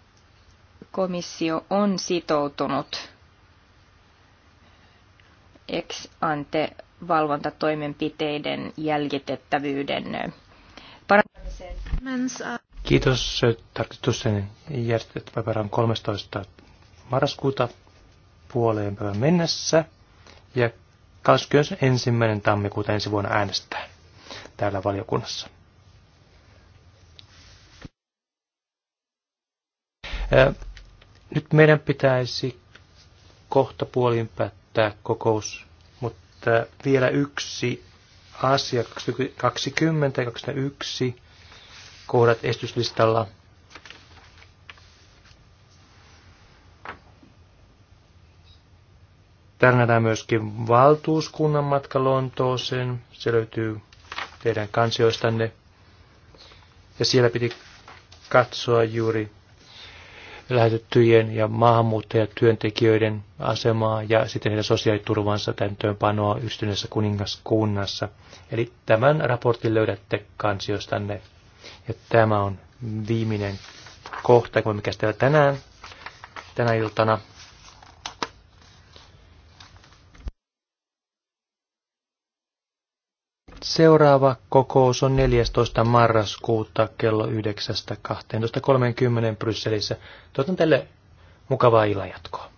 komissio on sitoutunut ex ante valvontatoimenpiteiden jäljitettävyyden äh, parantamiseen. Kiitos. Äh, Tarkistuksen järjestettävä 13. marraskuuta puoleen päivän mennessä ja 21. tammikuuta ensi vuonna äänestää täällä valiokunnassa. Nyt meidän pitäisi kohta puolin päättää kokous, mutta vielä yksi asia, 20 ja 21 kohdat estyslistalla – Täällä nähdään myöskin valtuuskunnan matka Lontooseen. Se löytyy teidän kansioistanne. Ja siellä piti katsoa juuri lähetettyjen ja maahanmuuttajatyöntekijöiden asemaa ja sitten heidän sosiaaliturvansa täytäntöönpanoa yhdistyneessä kuningaskunnassa. Eli tämän raportin löydätte kansiostanne. Ja tämä on viimeinen kohta, kun me käsitellään tänään, tänä iltana. Seuraava kokous on 14. marraskuuta kello 9.12.30 Brysselissä. Toivotan teille mukavaa illanjatkoa.